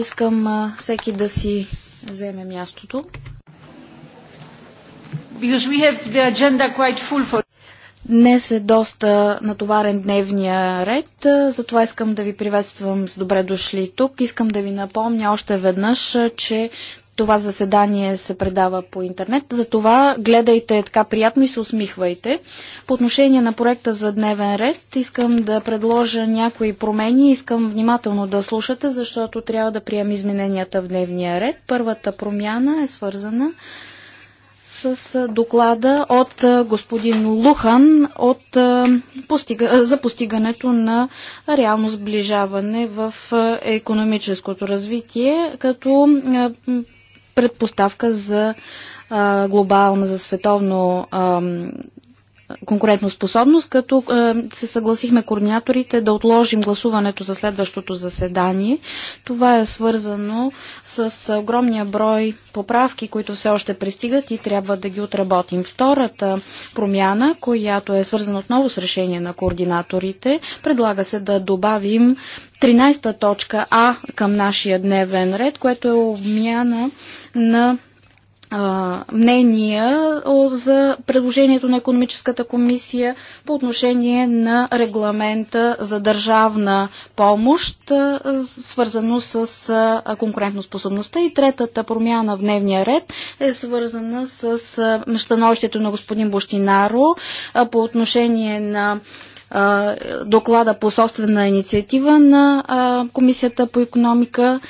Искам всеки да си вземе мястото. For... Днес е доста натоварен дневния ред, затова искам да ви приветствам с добре дошли тук. Искам да ви напомня още веднъж, че това заседание се предава по интернет. Затова гледайте така приятно и се усмихвайте. По отношение на проекта за дневен ред, искам да предложа някои промени. Искам внимателно да слушате, защото трябва да прием измененията в дневния ред. Първата промяна е свързана с доклада от господин Лухан от, постига, за постигането на реално сближаване в економическото развитие, като предпоставка за а, глобална, за световно а, конкурентоспособност, като е, се съгласихме координаторите да отложим гласуването за следващото заседание. Това е свързано с огромния брой поправки, които все още пристигат и трябва да ги отработим. Втората промяна, която е свързана отново с решение на координаторите, предлага се да добавим 13-та точка А към нашия дневен ред, което е обмяна на мнения за предложението на економическата комисия по отношение на регламента за държавна помощ, свързано с конкурентоспособността. И третата промяна в дневния ред е свързана с становището на господин Бощинаро по отношение на доклада по собствена инициатива на Комисията по економика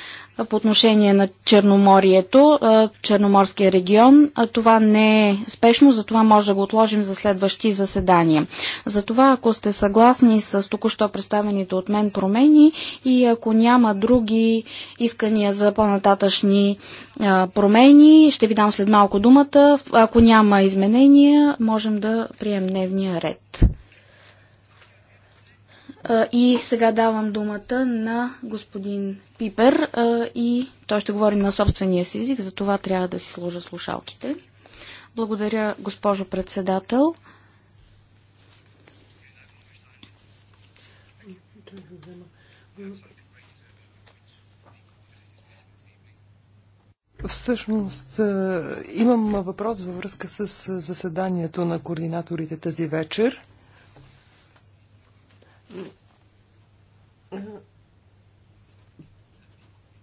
по отношение на Черноморието, Черноморския регион. Това не е спешно, затова може да го отложим за следващи заседания. Затова, ако сте съгласни с току-що представените от мен промени и ако няма други искания за по-нататъчни промени, ще ви дам след малко думата. Ако няма изменения, можем да приемем дневния ред. И сега давам думата на господин Пипер и той ще говори на собствения си език, за това трябва да си сложа слушалките. Благодаря, госпожо председател. Всъщност имам въпрос във връзка с заседанието на координаторите тази вечер.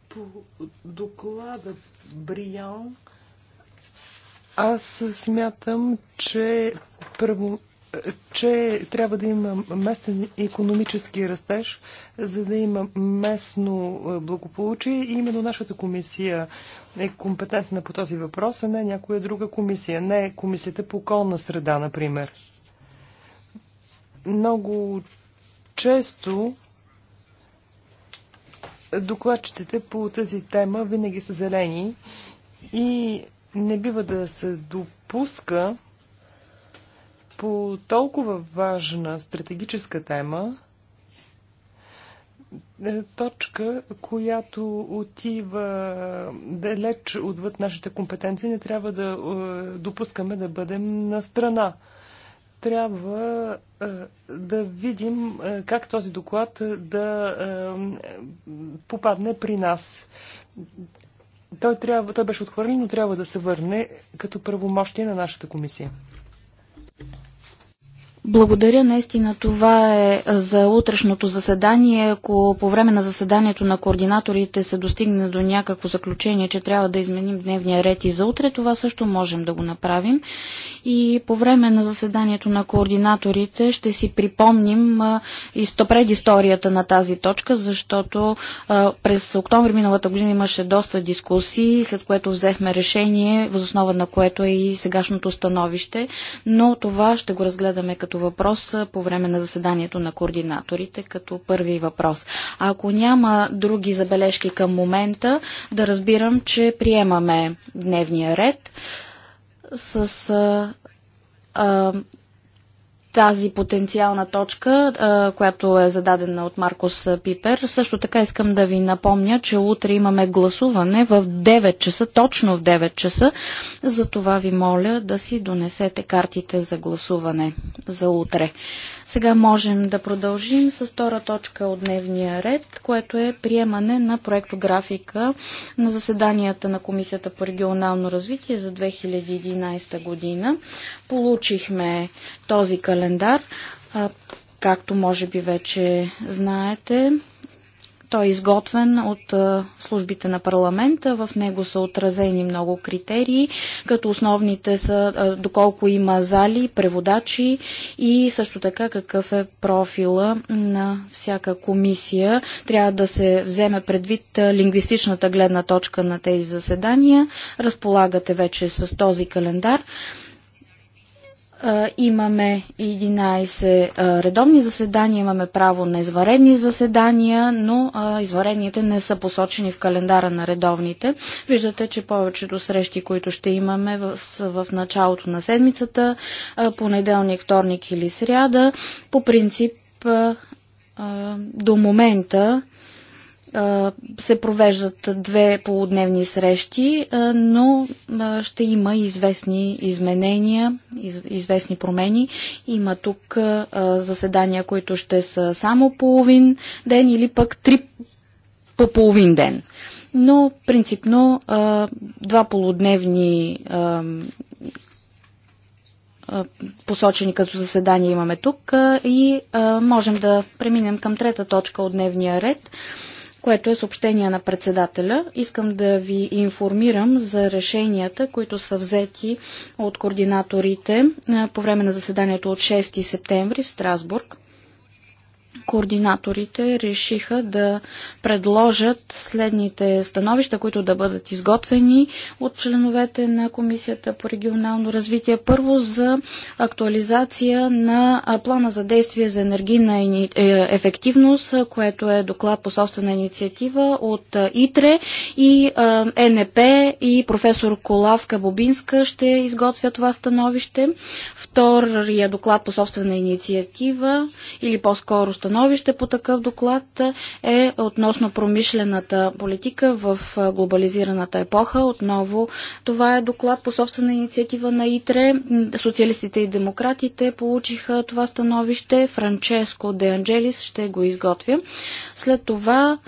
По доклада Бриан аз смятам, че първо че трябва да има местен економически растеж, за да има местно благополучие. И именно нашата комисия е компетентна по този въпрос, а не някоя друга комисия. Не е комисията по околна среда, например. Много често докладчиците по тази тема винаги са зелени и не бива да се допуска по толкова важна стратегическа тема е, точка, която отива далеч отвъд нашите компетенции, не трябва да е, допускаме да бъдем на страна трябва е, да видим е, как този доклад е, да попадне при нас. Той, трябва, той беше отхвърлен, но трябва да се върне като правомощие на нашата комисия. Благодаря наистина. Това е за утрешното заседание. Ако по време на заседанието на координаторите се достигне до някакво заключение, че трябва да изменим дневния ред и за утре, това също можем да го направим. И по време на заседанието на координаторите ще си припомним и историята на тази точка, защото през октомври миналата година имаше доста дискусии, след което взехме решение, възоснова на което е и сегашното становище, но това ще го разгледаме като като въпрос по време на заседанието на координаторите като първи въпрос. А ако няма други забележки към момента, да разбирам, че приемаме дневния ред с а, а, тази потенциална точка, която е зададена от Маркос Пипер. Също така искам да ви напомня, че утре имаме гласуване в 9 часа, точно в 9 часа. За това ви моля да си донесете картите за гласуване за утре. Сега можем да продължим с втора точка от дневния ред, което е приемане на проектографика на заседанията на Комисията по регионално развитие за 2011 година. Получихме този календар. Както може би вече знаете, той е изготвен от службите на парламента. В него са отразени много критерии, като основните са доколко има зали, преводачи и също така какъв е профила на всяка комисия. Трябва да се вземе предвид лингвистичната гледна точка на тези заседания. Разполагате вече с този календар имаме 11 редовни заседания, имаме право на изваредни заседания, но изварените не са посочени в календара на редовните. Виждате, че повечето срещи, които ще имаме са в началото на седмицата, понеделник, вторник или сряда, по принцип до момента се провеждат две полудневни срещи, но ще има известни изменения, известни промени. Има тук заседания, които ще са само половин ден или пък три по половин ден. Но принципно два полудневни посочени като заседания имаме тук и можем да преминем към трета точка от дневния ред – което е съобщение на председателя. Искам да ви информирам за решенията, които са взети от координаторите по време на заседанието от 6 септември в Страсбург координаторите решиха да предложат следните становища, които да бъдат изготвени от членовете на Комисията по регионално развитие. Първо за актуализация на плана за действие за енергийна е, ефективност, което е доклад по собствена инициатива от ИТРЕ и ЕНП и професор Коласка Бобинска ще изготвят това становище. Втория доклад по собствена инициатива или по-скоро становище становище по такъв доклад е относно промишлената политика в глобализираната епоха. Отново това е доклад по собствена инициатива на ИТРЕ. Социалистите и демократите получиха това становище. Франческо Де Анджелис ще го изготвя. След това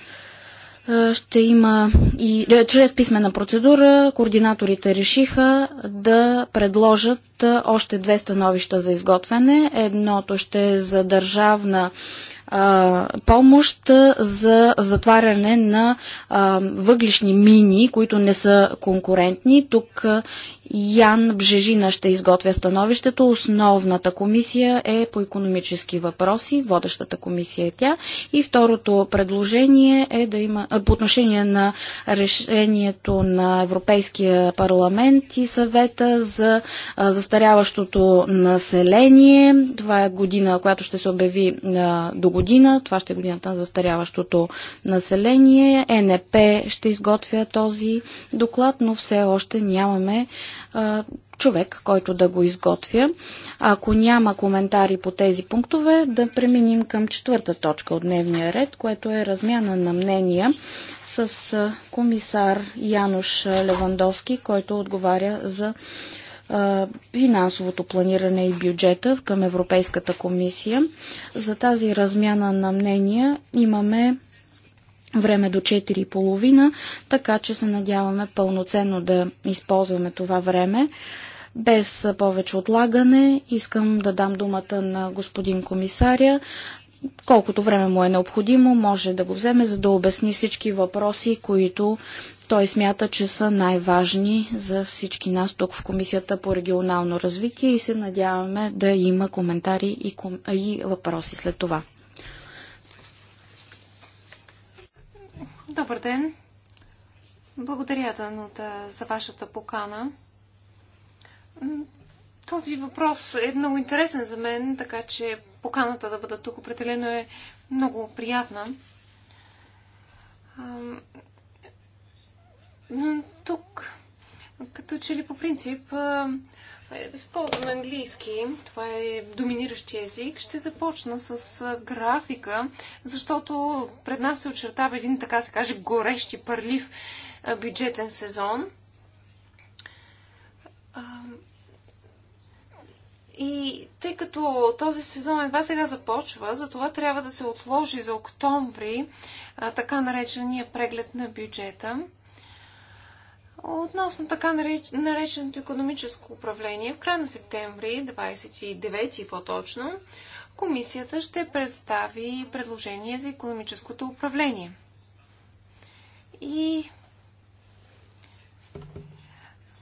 ще има и е, чрез писмена процедура координаторите решиха да предложат още две становища за изготвяне. Едното ще е за държавна помощ за затваряне на въглишни мини, които не са конкурентни. Тук Ян Бжежина ще изготвя становището. Основната комисия е по економически въпроси, водещата комисия е тя. И второто предложение е да има по отношение на решението на Европейския парламент и съвета за застаряващото население. Това е година, която ще се обяви до година. Това ще е годината на застаряващото население. ЕНП ще изготвя този доклад, но все още нямаме човек, който да го изготвя. Ако няма коментари по тези пунктове, да преминим към четвърта точка от дневния ред, което е размяна на мнения с комисар Януш Левандовски, който отговаря за финансовото планиране и бюджета към Европейската комисия. За тази размяна на мнения имаме време до 4.30, така че се надяваме пълноценно да използваме това време. Без повече отлагане искам да дам думата на господин комисаря. Колкото време му е необходимо, може да го вземе, за да обясни всички въпроси, които той смята, че са най-важни за всички нас тук в Комисията по регионално развитие и се надяваме да има коментари и, и въпроси след това. Добър ден! Благодаря, Данута, за вашата покана. Този въпрос е много интересен за мен, така че поканата да бъда тук определено е много приятна. тук, като че ли по принцип, е, използвам английски, това е доминиращ език. Ще започна с графика, защото пред нас се очертава един, така се каже, горещи, пърлив бюджетен сезон. И тъй като този сезон едва сега започва, за това трябва да се отложи за октомври така наречения преглед на бюджета. Относно така нареч... нареченото економическо управление, в края на септември, 29 по-точно, комисията ще представи предложение за економическото управление. И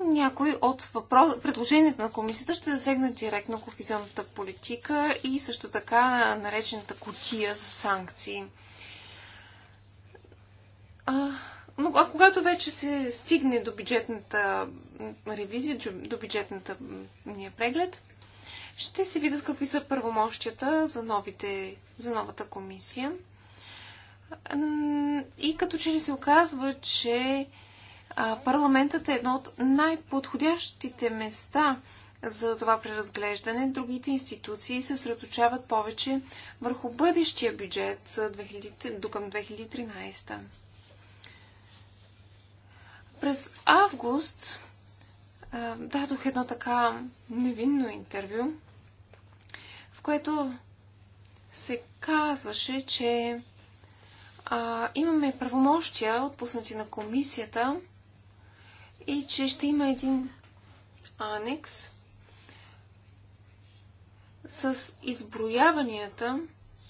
някои от въпрос... предложенията на комисията ще засегнат директно кохезионната политика и също така наречената котия за санкции. А, но, а когато вече се стигне до бюджетната ревизия, до бюджетната ния преглед, ще се видят какви са първомощията за, новите, за новата комисия. И като че ли се оказва, че парламентът е едно от най-подходящите места за това преразглеждане. Другите институции се средочават повече върху бъдещия бюджет за 2000, до към 2013. През август а, дадох едно така невинно интервю, в което се казваше, че а, имаме правомощия, отпуснати на комисията, и че ще има един анекс с изброяванията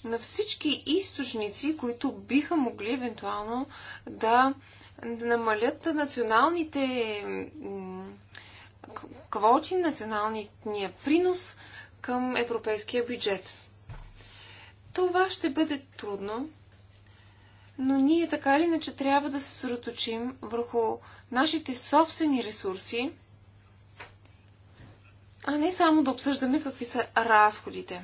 на всички източници, които биха могли евентуално да да намалят националните квоти, националния принос към европейския бюджет. Това ще бъде трудно, но ние така или иначе трябва да се съсредоточим върху нашите собствени ресурси, а не само да обсъждаме какви са разходите.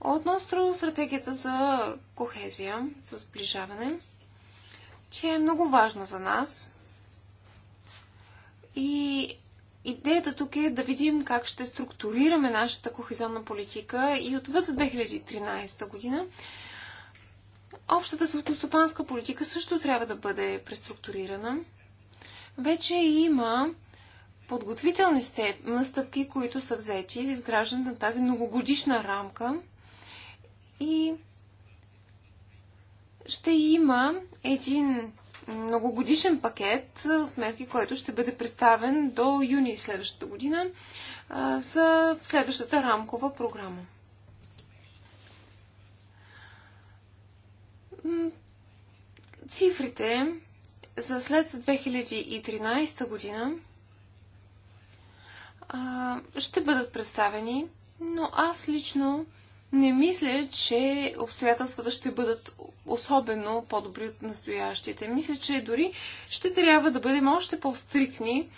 Относно стратегията за кохезия, за сближаване, че е много важна за нас. И идеята тук е да видим как ще структурираме нашата кохезионна политика и отвъд 2013 година. Общата селскостопанска политика също трябва да бъде преструктурирана. Вече има подготвителни стъпки, които са взети за изграждане на тази многогодишна рамка. И ще има един многогодишен пакет от мерки, който ще бъде представен до юни следващата година за следващата рамкова програма. Цифрите за след 2013 година ще бъдат представени, но аз лично не мисля, че обстоятелствата ще бъдат особено по-добри от настоящите. Мисля, че дори ще трябва да бъдем още по-стрикни,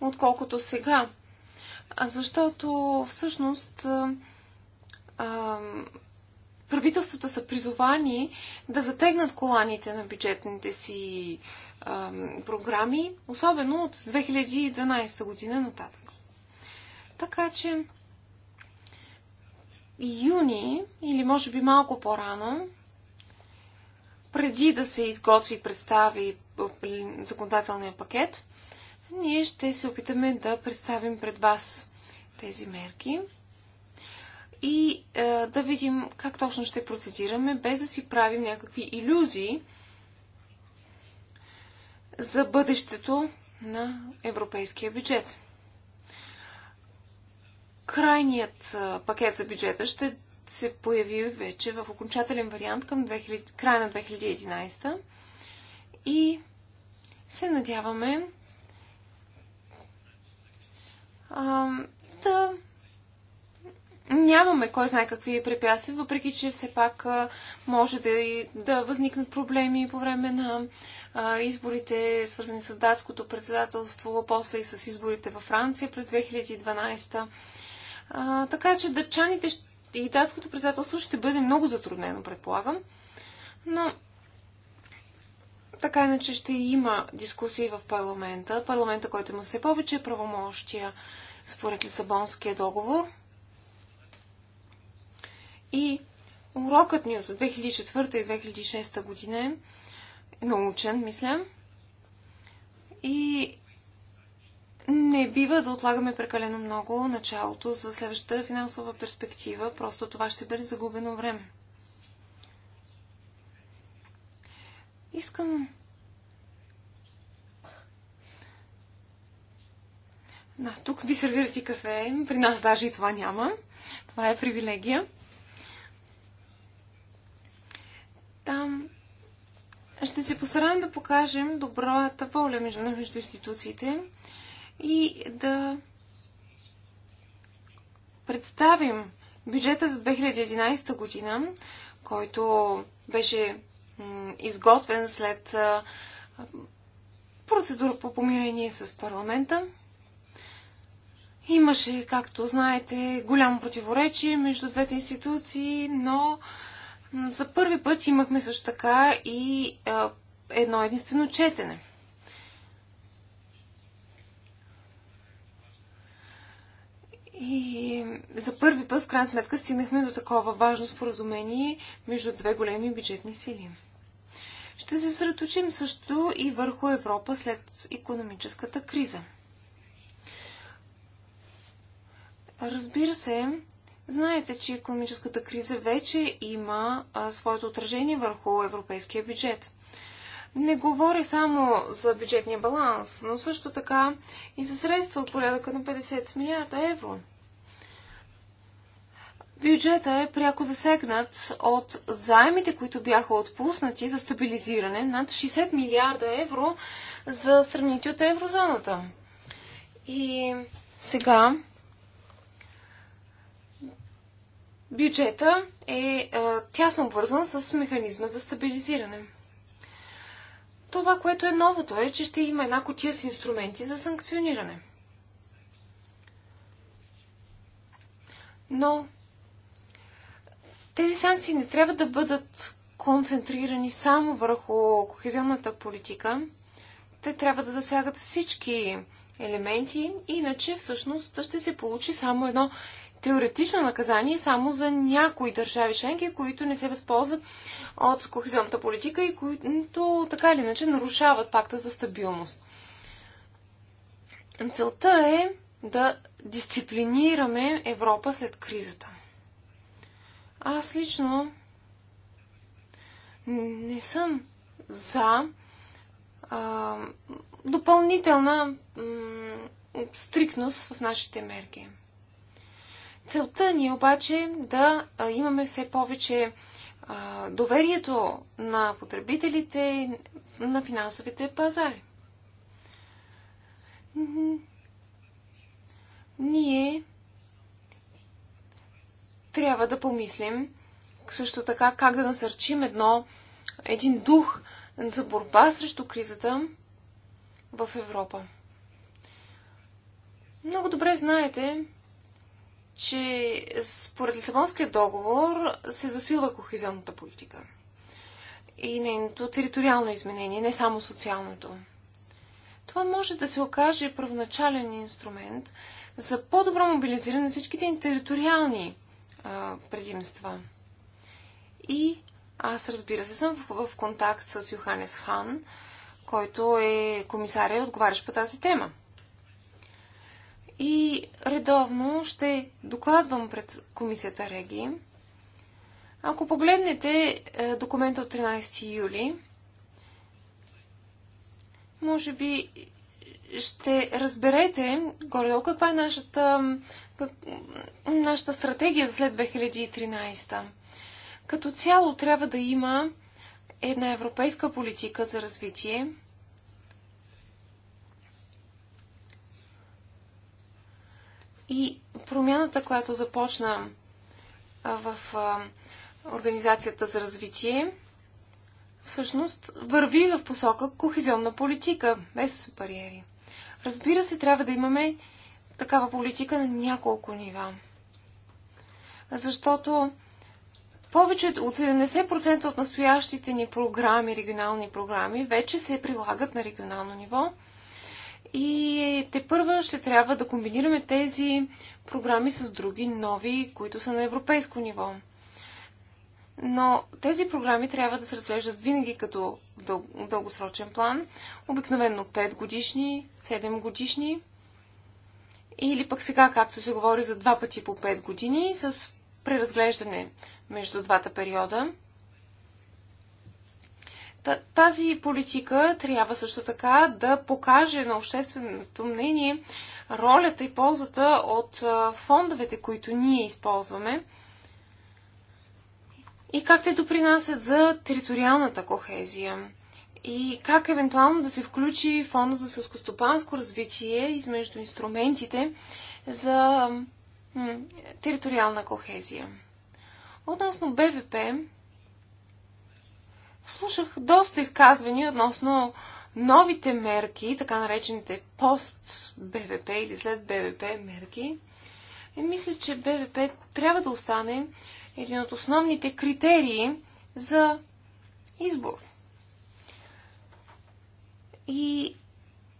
отколкото сега. защото всъщност а, правителствата са призовани да затегнат коланите на бюджетните си а, програми, особено от 2012 година нататък. Така че юни или може би малко по-рано, преди да се изготви и представи законодателния пакет, ние ще се опитаме да представим пред вас тези мерки и е, да видим как точно ще процедираме, без да си правим някакви иллюзии за бъдещето на европейския бюджет крайният пакет за бюджета ще се появи вече в окончателен вариант към 2000, края на 2011 и се надяваме а, да нямаме кой знае какви препятствия, въпреки че все пак а, може да, да възникнат проблеми по време на а, изборите, свързани с датското председателство, после и с изборите във Франция през 2012. А, така че дъчаните и датското председателство ще бъде много затруднено, предполагам. Но така иначе ще има дискусии в парламента. Парламента, който има все повече правомощия според Лисабонския договор. И урокът ни от 2004 и 2006 година е научен, мисля. И не бива да отлагаме прекалено много началото за следващата финансова перспектива. Просто това ще бъде загубено време. Искам Да, тук ви сервират и кафе. При нас даже и това няма. Това е привилегия. Там ще се постараем да покажем добрата воля между, между институциите и да представим бюджета за 2011 година, който беше изготвен след процедура по помирение с парламента. Имаше, както знаете, голямо противоречие между двете институции, но за първи път имахме също така и едно единствено четене. И за първи път, в крайна сметка, стигнахме до такова важно споразумение между две големи бюджетни сили. Ще се средоточим също и върху Европа след економическата криза. Разбира се, знаете, че економическата криза вече има а, своето отражение върху европейския бюджет не говори само за бюджетния баланс, но също така и за средства от порядъка на 50 милиарда евро. Бюджета е пряко засегнат от заемите, които бяха отпуснати за стабилизиране над 60 милиарда евро за страните от еврозоната. И сега бюджета е, е тясно обвързан с механизма за стабилизиране. Това, което е новото е, че ще има една котия с инструменти за санкциониране. Но тези санкции не трябва да бъдат концентрирани само върху кохезионната политика. Те трябва да засягат всички елементи, иначе всъщност ще се получи само едно теоретично наказание само за някои държави членки, които не се възползват от кохезионната политика и които така или иначе нарушават пакта за стабилност. Целта е да дисциплинираме Европа след кризата. Аз лично не съм за а, допълнителна м- стрикност в нашите мерки. Целта ни е обаче е да имаме все повече доверието на потребителите на финансовите пазари. Ние трябва да помислим също така как да насърчим едно, един дух за борба срещу кризата в Европа. Много добре знаете, че според Лисабонския договор се засилва кохезионната политика и нейното териториално изменение, не само социалното. Това може да се окаже първоначален инструмент за по-добро мобилизиране на всичките ни териториални а, предимства. И аз, разбира се, съм в, в контакт с Йоханес Хан, който е комисаря и отговарящ по тази тема и редовно ще докладвам пред комисията Реги. Ако погледнете е, документа от 13 юли, може би ще разберете горе каква е нашата, как, нашата стратегия след 2013. Като цяло трябва да има една европейска политика за развитие, И промяната, която започна в Организацията за развитие, всъщност върви в посока кохезионна политика, без бариери. Разбира се, трябва да имаме такава политика на няколко нива. Защото повече от 70% от настоящите ни програми, регионални програми, вече се прилагат на регионално ниво – и те първа ще трябва да комбинираме тези програми с други нови, които са на европейско ниво. Но тези програми трябва да се разглеждат винаги като дъл... дългосрочен план, обикновено 5 годишни, 7 годишни или пък сега, както се говори за два пъти по 5 години, с преразглеждане между двата периода – тази политика трябва също така да покаже на общественото мнение ролята и ползата от фондовете, които ние използваме и как те допринасят за териториалната кохезия и как евентуално да се включи фонда за селскостопанско развитие измежду инструментите за териториална кохезия. Относно БВП, слушах доста изказвания относно новите мерки, така наречените пост-БВП или след БВП мерки. И мисля, че БВП трябва да остане един от основните критерии за избор. И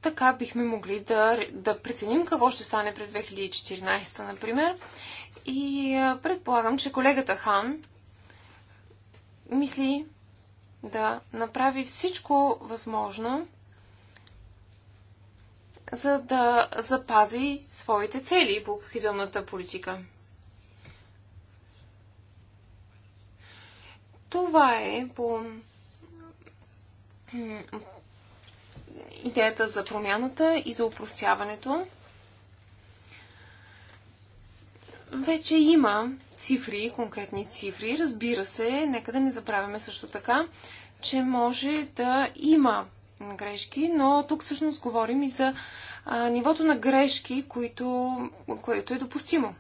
така бихме могли да, да преценим какво ще стане през 2014, например. И предполагам, че колегата Хан мисли да направи всичко възможно, за да запази своите цели по кохизионната политика. Това е по идеята за промяната и за упростяването. Вече има цифри, конкретни цифри. Разбира се, нека да не забравяме също така, че може да има грешки, но тук всъщност говорим и за а, нивото на грешки, които, което е допустимо.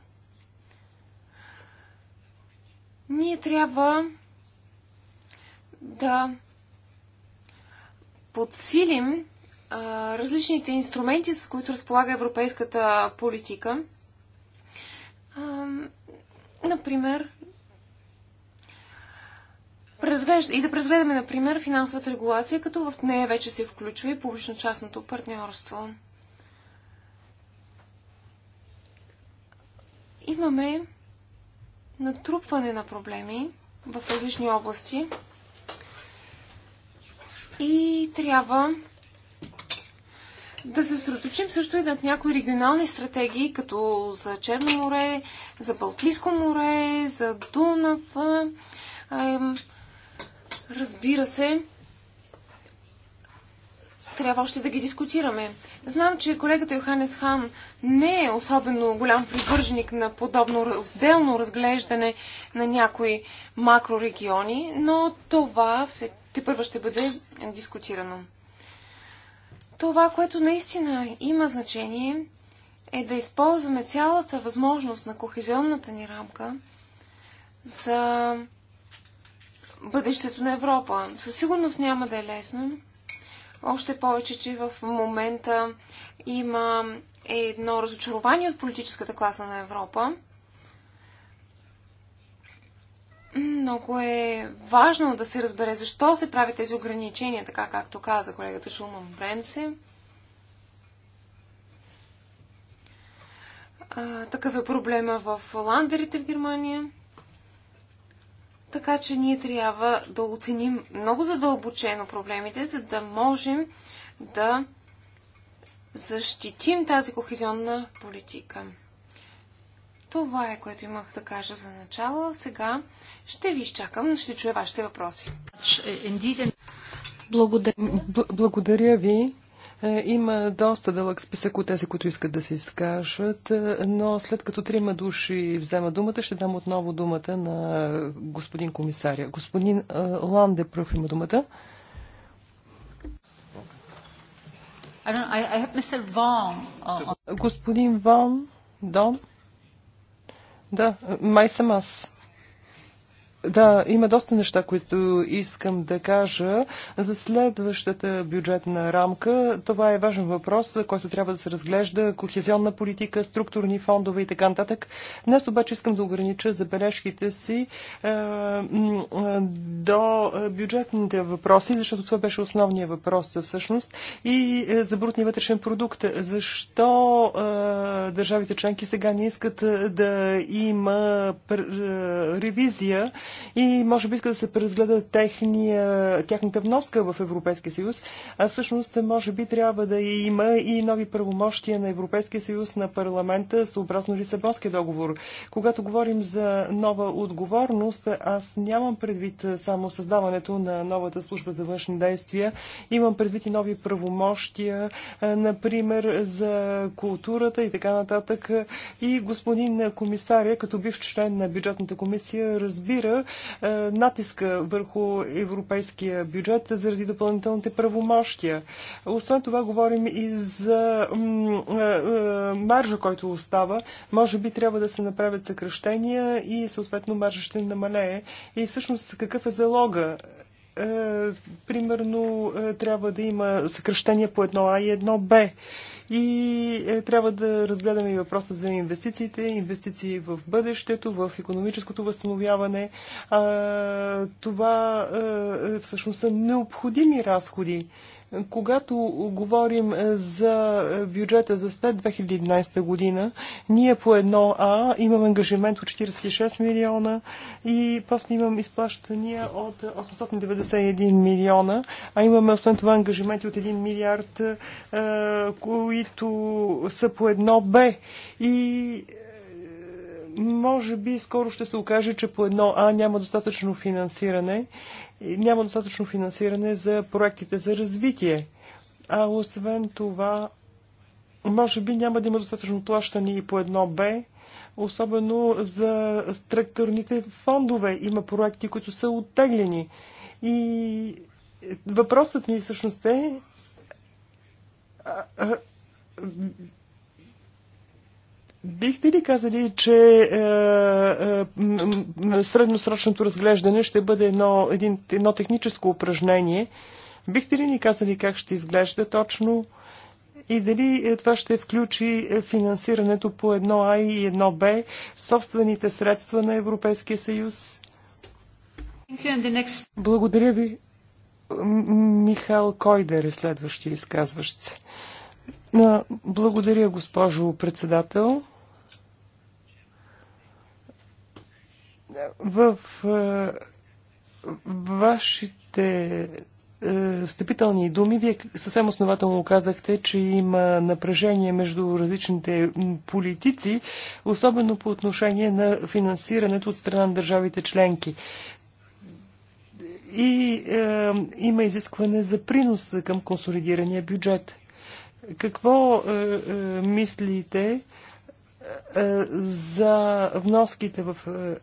Ние трябва да подсилим а, различните инструменти, с които разполага европейската политика. А, Например, и да презгледаме, например, финансовата регулация, като в нея вече се включва и публично-частното партньорство. Имаме натрупване на проблеми в различни области и трябва да се сроточим също и над някои регионални стратегии, като за Черно море, за Балтийско море, за Дунав. Разбира се, трябва още да ги дискутираме. Знам, че колегата Йоханес Хан не е особено голям привърженик на подобно разделно разглеждане на някои макрорегиони, но това все, те първо ще бъде дискутирано. Това, което наистина има значение, е да използваме цялата възможност на кохезионната ни рамка за бъдещето на Европа. Със сигурност няма да е лесно. Още повече, че в момента има едно разочарование от политическата класа на Европа – много е важно да се разбере защо се прави тези ограничения, така както каза колегата Шулман Бренси. такъв е проблема в ландерите в Германия. Така че ние трябва да оценим много задълбочено проблемите, за да можем да защитим тази кохезионна политика. Това е, което имах да кажа за начало. Сега ще ви изчакам, ще чуя вашите въпроси. Благодаря, ви. Е, има доста дълъг списък от тези, които искат да се изкажат, е, но след като трима души взема думата, ще дам отново думата на господин комисаря. Господин е, Ланде Пръв има думата. Uh, господин Вон, Дом. Да, май съм аз. Да, има доста неща, които искам да кажа за следващата бюджетна рамка. Това е важен въпрос, който трябва да се разглежда. Кохезионна политика, структурни фондове и така нататък. Днес обаче искам да огранича забележките си е, до бюджетните въпроси, защото това беше основния въпрос всъщност. И е, за брутния вътрешен продукт. Защо е, държавите членки сега не искат е, да има пр- е, ревизия? и може би иска да се преразгледа техния, тяхната вноска в Европейския съюз, а всъщност може би трябва да има и нови правомощия на Европейския съюз на парламента съобразно Лисабонския договор. Когато говорим за нова отговорност, аз нямам предвид само създаването на новата служба за външни действия, имам предвид и нови правомощия, например за културата и така нататък. И господин комисаря, като бив член на бюджетната комисия, разбира е, натиска върху европейския бюджет заради допълнителните правомощия. Освен това говорим и за е, е, маржа, който остава. Може би трябва да се направят съкръщения и съответно маржа ще намалее. И всъщност какъв е залога? примерно трябва да има съкръщения по едно А и едно Б. И е, трябва да разгледаме и въпроса за инвестициите, инвестиции в бъдещето, в економическото възстановяване. А, това а, е, е, всъщност са необходими разходи. Когато говорим за бюджета за след 2011 година, ние по едно А имам ангажимент от 46 милиона и после имам изплащания от 891 милиона, а имаме освен това ангажименти от 1 милиард, е, които са по едно Б. И е, може би скоро ще се окаже, че по едно А няма достатъчно финансиране няма достатъчно финансиране за проектите за развитие. А освен това, може би няма да има достатъчно плащане и по едно Б, особено за структурните фондове. Има проекти, които са оттеглени. И въпросът ми всъщност е Бихте ли казали, че е, е, средносрочното разглеждане ще бъде едно, един, едно техническо упражнение? Бихте ли ни казали как ще изглежда точно и дали е, това ще включи е, финансирането по едно А и едно Б, собствените средства на Европейския съюз? Благодаря ви. Михал Койдер е следващия изказващ се. Благодаря, госпожо председател. В е, вашите е, встъпителни думи, вие съвсем основателно казахте, че има напрежение между различните политици, особено по отношение на финансирането от страна на държавите членки. И е, има изискване за принос към консолидирания бюджет. Какво е, е, мислите е, е за вноските в е,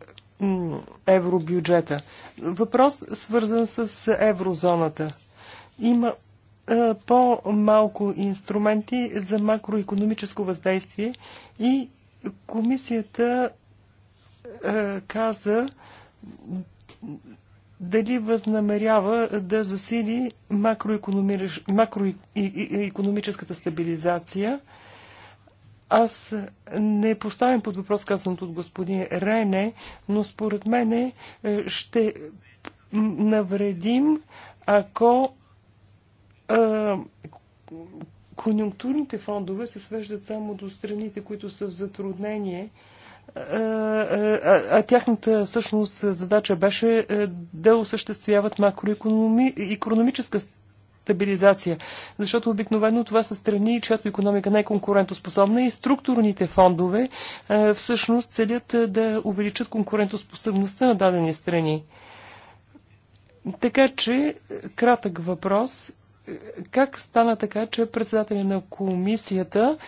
евробюджета? Въпрос свързан с еврозоната. Има е, по-малко инструменти за макроекономическо въздействие и комисията е, каза дали възнамерява да засили макроекономическата стабилизация. Аз не поставям под въпрос казаното от господин Рене, но според мене ще навредим, ако а, конюнктурните фондове се свеждат само до страните, които са в затруднение – а, е, е, е, а тяхната всъщност задача беше да осъществяват макроекономическа стабилизация. Защото обикновено това са страни, чиято економика не е конкурентоспособна и структурните фондове всъщност целят да увеличат конкурентоспособността на дадени страни. Така че, кратък въпрос. Как стана така, че председателя на комисията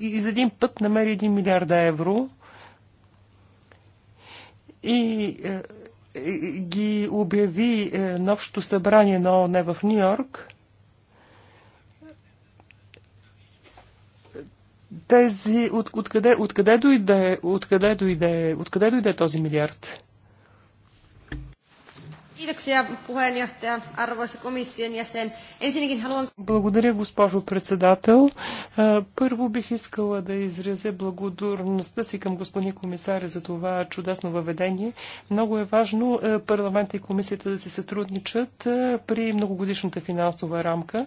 из един път намери 1 милиарда евро е, и ги обяви е, на общото събрание на ОНЕ в Нью Йорк, тези, от, откъде, откъде, дойде, откъде, дойде, откъде дойде този милиард? Kiitoksia puheenjohtaja, arvoisa komission jäsen. Ensinnäkin haluan... Благодаря, госпожо председател. Първо бих искала да изразя благодарността си към господин комисаря за това чудесно въведение. Много е важно парламента и комисията да се сътрудничат при многогодишната финансова рамка.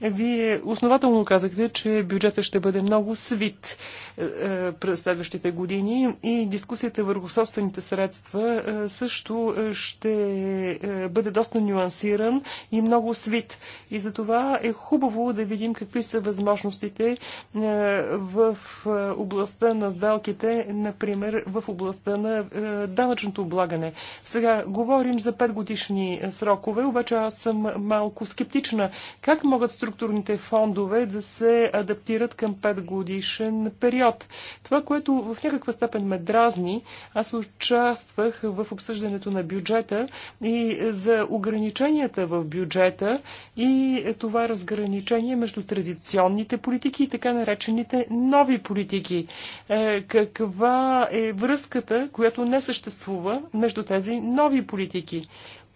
Е, вие основателно казахте, че бюджета ще бъде много свит е, е, през следващите години и дискусията върху собствените средства също ще бъде доста нюансиран и много свит. И за това е хубаво да видим какви са възможностите в областта на сделките, например в областта на данъчното облагане. Сега говорим за 5 годишни срокове, обаче аз съм малко скептична. Как могат структурните фондове да се адаптират към 5 годишен период. Това, което в някаква степен ме дразни, аз участвах в обсъждането на бюджета и за ограниченията в бюджета и това разграничение между традиционните политики и така наречените нови политики. Е, каква е връзката, която не съществува между тези нови политики?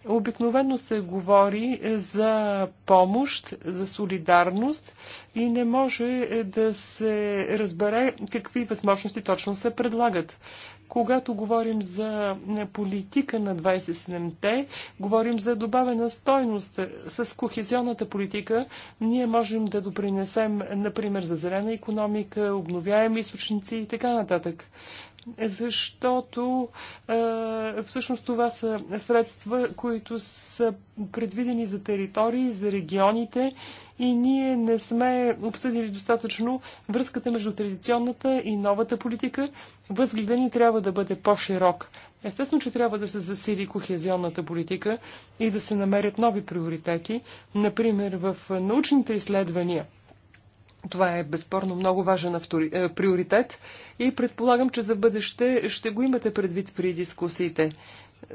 Обикновено се говори за помощ, за солидарност и не може да се разбере какви възможности точно се предлагат. Когато говорим за политика на 27-те, говорим за добавена стойност. С кохезионната политика ние можем да допринесем, например, за зелена економика, обновяеми източници и така нататък защото е, всъщност това са средства, които са предвидени за територии, за регионите и ние не сме обсъдили достатъчно връзката между традиционната и новата политика. Възгледа ни трябва да бъде по-широк. Естествено, че трябва да се засили кохезионната политика и да се намерят нови приоритети, например в научните изследвания – това е безспорно много важен автори... Е, приоритет и предполагам, че за бъдеще ще го имате предвид при дискусиите.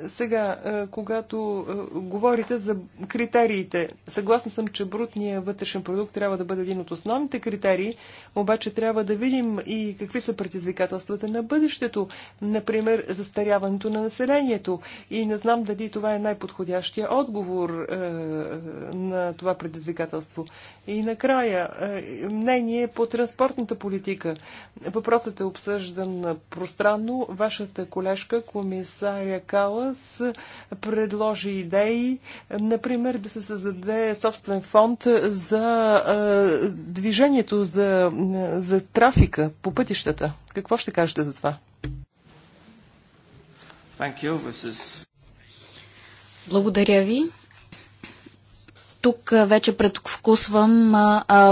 Сега, е, когато е, говорите за критериите, съгласна съм, че брутният вътрешен продукт трябва да бъде един от основните критерии, обаче трябва да видим и какви са предизвикателствата на бъдещето, например застаряването на населението. И не знам дали това е най-подходящия отговор е, на това предизвикателство. И накрая, мнение по транспортната политика. Въпросът е обсъждан пространно. Вашата колежка, комисаря Као, Далас предложи идеи, например да се създаде собствен фонд за а, движението, за, за трафика по пътищата. Какво ще кажете за това? Is... Благодаря ви тук вече предвкусвам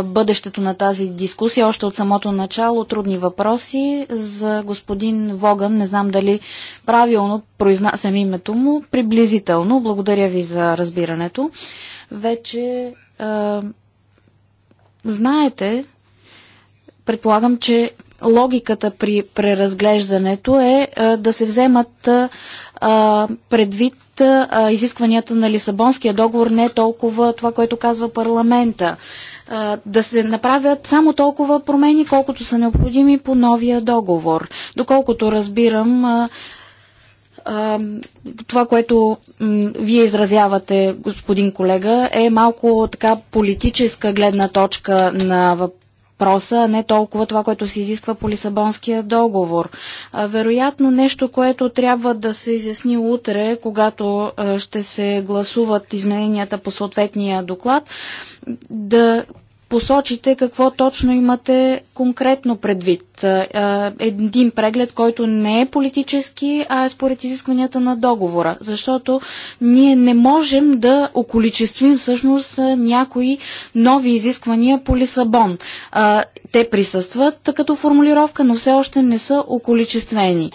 бъдещето на тази дискусия. Още от самото начало трудни въпроси за господин Воган. Не знам дали правилно произнасям името му. Приблизително. Благодаря ви за разбирането. Вече а, знаете, предполагам, че логиката при преразглеждането е а, да се вземат а, предвид а, изискванията на Лисабонския договор, не е толкова това, което казва парламента. А, да се направят само толкова промени, колкото са необходими по новия договор. Доколкото разбирам, а, това, което вие изразявате, господин колега, е малко така политическа гледна точка на, въпроса, а не толкова това, което се изисква по Лисабонския договор. Вероятно нещо, което трябва да се изясни утре, когато ще се гласуват измененията по съответния доклад, да посочите какво точно имате конкретно предвид. Е, е, един преглед, който не е политически, а е според изискванията на договора. Защото ние не можем да околичествим всъщност е, някои нови изисквания по Лисабон. Те присъстват като формулировка, но все още не са околичествени.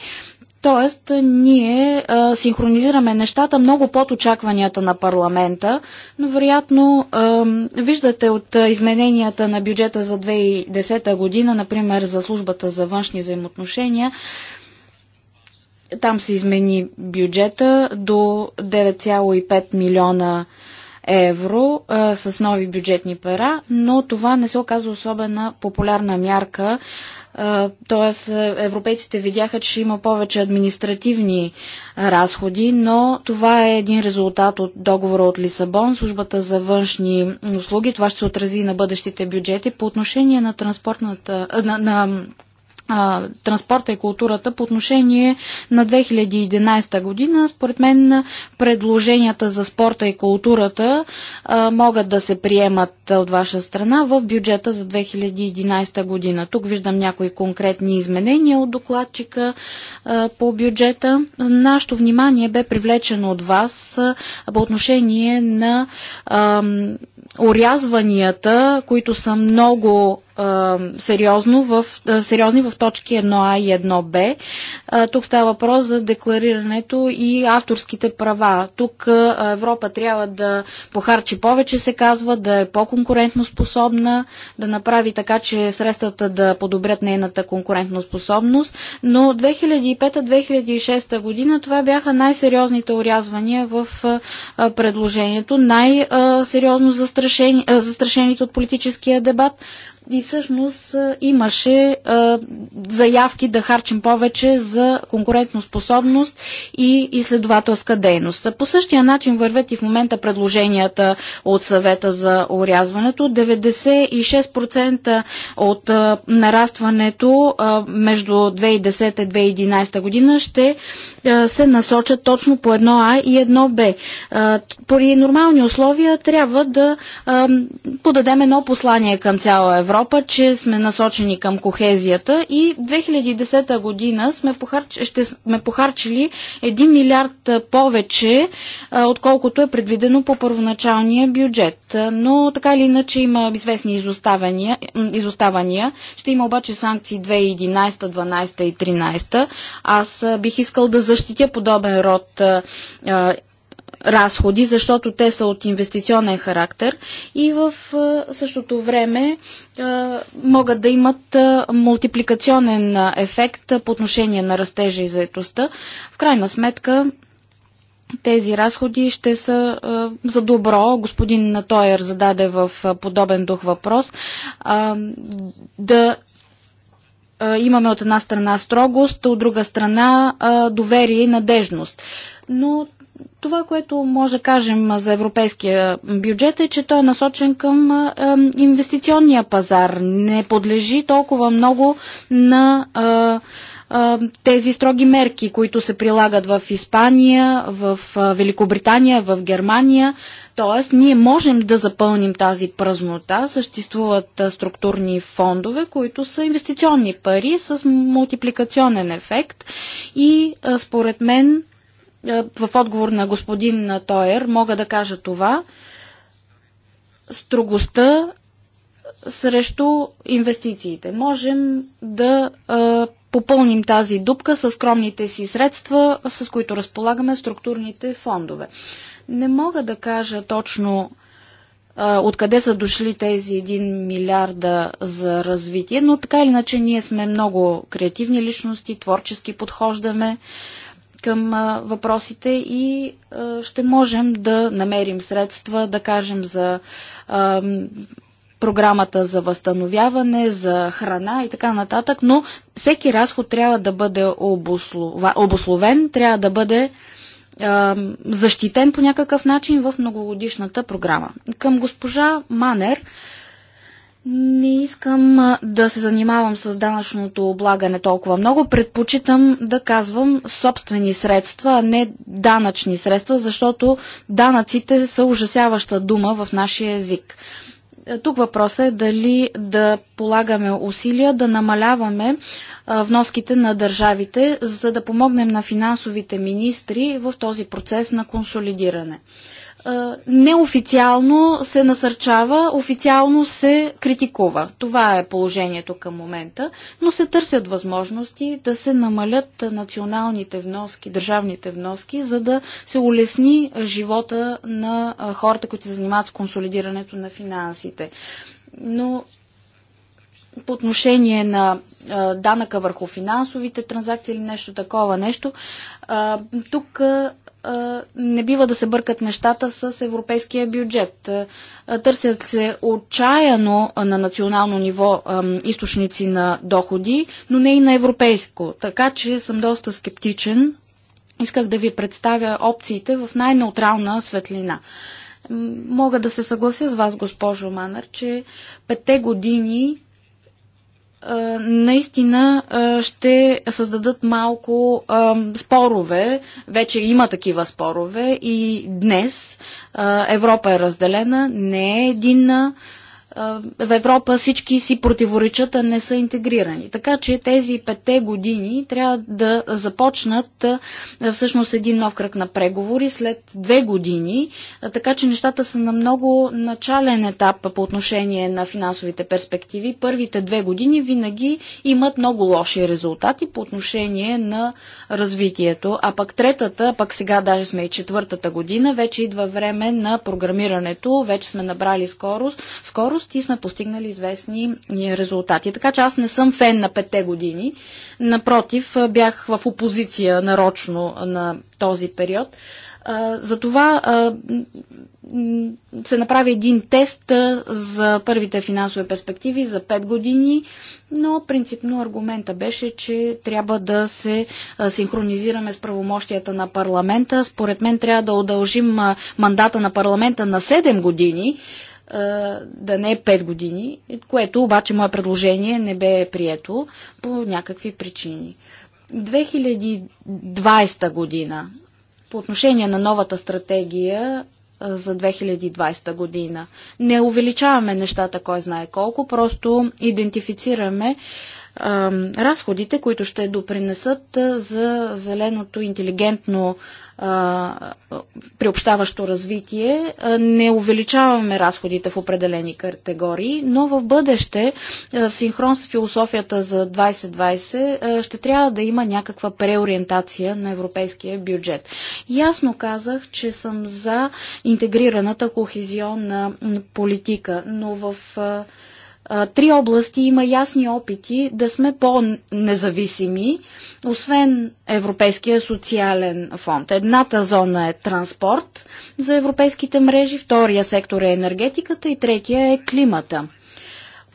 Тоест, ние а, синхронизираме нещата много под очакванията на парламента, но вероятно а, виждате от измененията на бюджета за 2010 година, например за службата за външни взаимоотношения, там се измени бюджета до 9,5 милиона евро а, с нови бюджетни пера, но това не се оказа особена популярна мярка Тоест, е, европейците видяха, че има повече административни разходи, но това е един резултат от договора от Лисабон, службата за външни услуги. Това ще се отрази на бъдещите бюджети. По отношение на транспортната, на, на транспорта и културата по отношение на 2011 година. Според мен предложенията за спорта и културата а, могат да се приемат от ваша страна в бюджета за 2011 година. Тук виждам някои конкретни изменения от докладчика а, по бюджета. Нашето внимание бе привлечено от вас а, по отношение на орязванията, които са много сериозно в, сериозни в точки 1А и 1Б. Тук става въпрос за декларирането и авторските права. Тук Европа трябва да похарчи повече, се казва, да е по-конкурентно способна, да направи така, че средствата да подобрят нейната конкурентно способност. Но 2005-2006 година това бяха най-сериозните урязвания в предложението, най-сериозно застрашени, застрашените от политическия дебат. И всъщност имаше а, заявки да харчим повече за конкурентоспособност и изследователска дейност. По същия начин вървят и в момента предложенията от съвета за урязването. 96% от а, нарастването а, между 2010 и 2011 година ще а, се насочат точно по едно А и едно Б. При нормални условия трябва да а, подадем едно послание към цяла Европа Европа, че сме насочени към кохезията и 2010 година сме похарч... ще сме похарчили 1 милиард повече, отколкото е предвидено по първоначалния бюджет. Но така или иначе има известни изоставания. изоставания. Ще има обаче санкции 2011, 2012 и 2013. Аз бих искал да защитя подобен род разходи, защото те са от инвестиционен характер и в същото време могат да имат мултипликационен ефект по отношение на растежа и заетостта. В крайна сметка тези разходи ще са а, за добро. Господин Натойер зададе в а, подобен дух въпрос. А, да а, имаме от една страна строгост, от друга страна а, доверие и надежност. Но това, което може да кажем за европейския бюджет е, че той е насочен към инвестиционния пазар. Не подлежи толкова много на тези строги мерки, които се прилагат в Испания, в Великобритания, в Германия. Тоест, ние можем да запълним тази празнота. Съществуват структурни фондове, които са инвестиционни пари с мултипликационен ефект и според мен е, в отговор на господин Тойер мога да кажа това. Строгостта срещу инвестициите. Можем да е, попълним тази дупка с скромните си средства, с които разполагаме в структурните фондове. Не мога да кажа точно е, откъде са дошли тези 1 милиарда за развитие, но така или иначе ние сме много креативни личности, творчески подхождаме към а, въпросите и а, ще можем да намерим средства, да кажем за а, програмата за възстановяване, за храна и така нататък, но всеки разход трябва да бъде обословен, трябва да бъде защитен по някакъв начин в многогодишната програма. Към госпожа Манер не искам да се занимавам с данъчното облагане толкова много. Предпочитам да казвам собствени средства, а не данъчни средства, защото данъците са ужасяваща дума в нашия език. Е, тук въпросът е дали да полагаме усилия да намаляваме вноските на държавите, за да помогнем на финансовите министри в този процес на консолидиране неофициално се насърчава, официално се критикува. Това е положението към момента, но се търсят възможности да се намалят националните вноски, държавните вноски, за да се улесни живота на хората, които се занимават с консолидирането на финансите. Но по отношение на данъка върху финансовите транзакции или нещо такова нещо. тук не бива да се бъркат нещата с европейския бюджет. Търсят се отчаяно на национално ниво източници на доходи, но не и на европейско. Така че съм доста скептичен. Исках да ви представя опциите в най-неутрална светлина. Мога да се съглася с вас, госпожо Манър, че петте години наистина ще създадат малко спорове. Вече има такива спорове и днес Европа е разделена, не е единна в Европа всички си противоречат, а не са интегрирани. Така че тези петте години трябва да започнат всъщност един нов кръг на преговори след две години, така че нещата са на много начален етап по отношение на финансовите перспективи. Първите две години винаги имат много лоши резултати по отношение на развитието, а пък третата, пък сега даже сме и четвъртата година, вече идва време на програмирането, вече сме набрали скорост, скорост дейност и сме постигнали известни е, резултати. Така че аз не съм фен на петте години. Напротив, е, бях в опозиция нарочно на този период. Е, затова се направи един тест за първите финансови перспективи за 5 години, но принципно аргумента беше, че трябва да се синхронизираме с правомощията на парламента. Според мен трябва да удължим мандата на парламента на 7 години, да не е 5 години, което обаче мое предложение не бе прието по някакви причини. 2020 година. По отношение на новата стратегия за 2020 година. Не увеличаваме нещата, кой знае колко, просто идентифицираме разходите, които ще допринесат за зеленото интелигентно приобщаващо развитие, не увеличаваме разходите в определени категории, но в бъдеще, в синхрон с философията за 2020, ще трябва да има някаква преориентация на европейския бюджет. Ясно казах, че съм за интегрираната кохезионна политика, но в три области има ясни опити да сме по-независими, освен Европейския социален фонд. Едната зона е транспорт за европейските мрежи, втория сектор е енергетиката и третия е климата.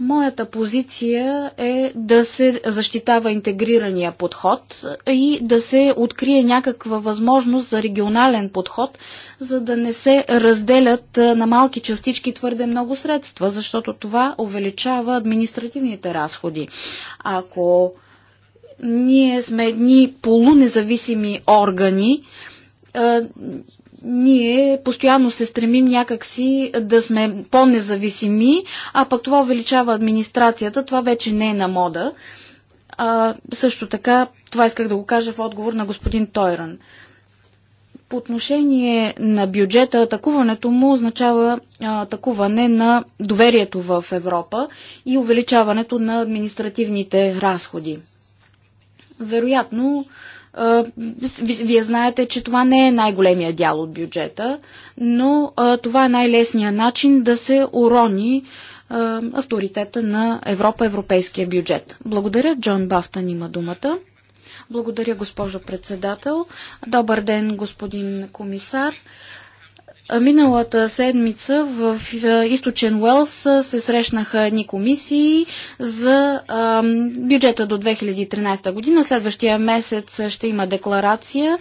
Моята позиция е да се защитава интегрирания подход и да се открие някаква възможност за регионален подход, за да не се разделят на малки частички твърде много средства, защото това увеличава административните разходи. Ако ние сме едни полунезависими органи, ние постоянно се стремим някакси да сме по-независими, а пък това увеличава администрацията, това вече не е на мода. А, също така, това исках да го кажа в отговор на господин Тойран. По отношение на бюджета, атакуването му означава атакуване на доверието в Европа и увеличаването на административните разходи. Вероятно, вие знаете, че това не е най-големия дял от бюджета, но това е най-лесният начин да се урони авторитета на Европа, европейския бюджет. Благодаря. Джон Бафтан има думата. Благодаря, госпожо председател. Добър ден, господин комисар. Миналата седмица в източен Уелс се срещнаха едни комисии за бюджета до 2013 година. Следващия месец ще има декларация.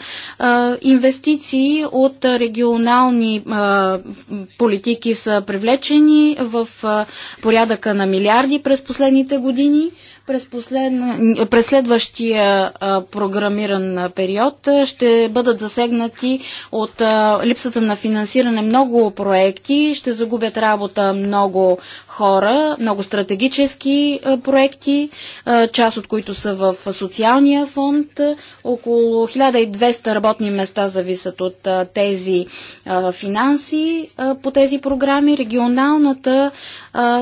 Инвестиции от регионални политики са привлечени в порядъка на милиарди през последните години. През, последна, през следващия а, програмиран период ще бъдат засегнати от а, липсата на финансиране много проекти, ще загубят работа много хора, много стратегически а, проекти, част от които са в социалния фонд. Около 1200 работни места зависят от тези финанси по тези програми. Регионалната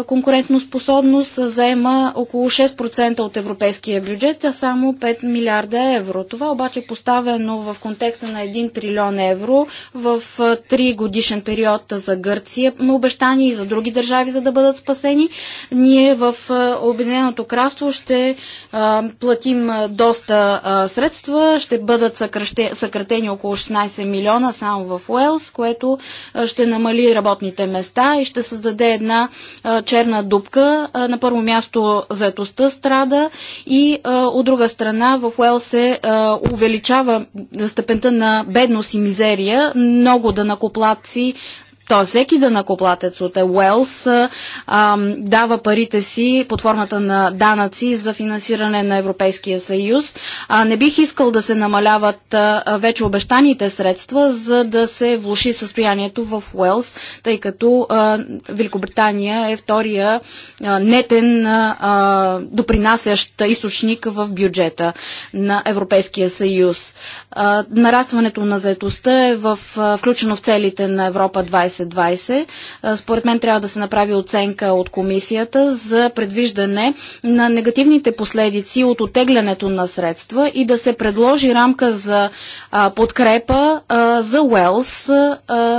конкурентоспособност заема около 6% 3% от европейския бюджет, а само 5 милиарда евро. Това обаче е поставено в контекста на 1 трилион евро в 3 годишен период за Гърция, но обещани и за други държави, за да бъдат спасени. Ние в Обединеното кралство ще платим доста средства, ще бъдат съкратени около 16 милиона само в Уелс, което ще намали работните места и ще създаде една черна дупка. На първо място заетостта страда и от друга страна в Уел се увеличава степента на бедност и мизерия. Много дънакоплатци. То всеки накоплатец от Уелс дава парите си под формата на данъци за финансиране на Европейския съюз. А, не бих искал да се намаляват а, вече обещаните средства, за да се влуши състоянието в Уелс, тъй като а, Великобритания е втория а, нетен а, допринасящ източник в бюджета на Европейския съюз. А, нарастването на заетостта е в, а, включено в целите на Европа 20 2020. Според мен трябва да се направи оценка от комисията за предвиждане на негативните последици от отеглянето на средства и да се предложи рамка за подкрепа за Уелс,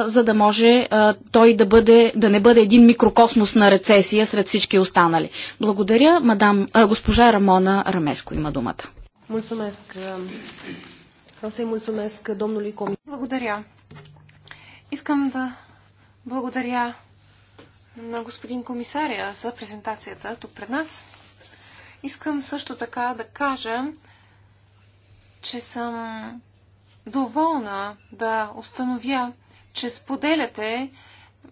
за да може той да, бъде, да не бъде един микрокосмос на рецесия сред всички останали. Благодаря. Мадам, госпожа Рамона Рамеско има думата. Благодаря. Искам да благодаря на господин комисаря за презентацията тук пред нас. Искам също така да кажа, че съм доволна да установя, че споделяте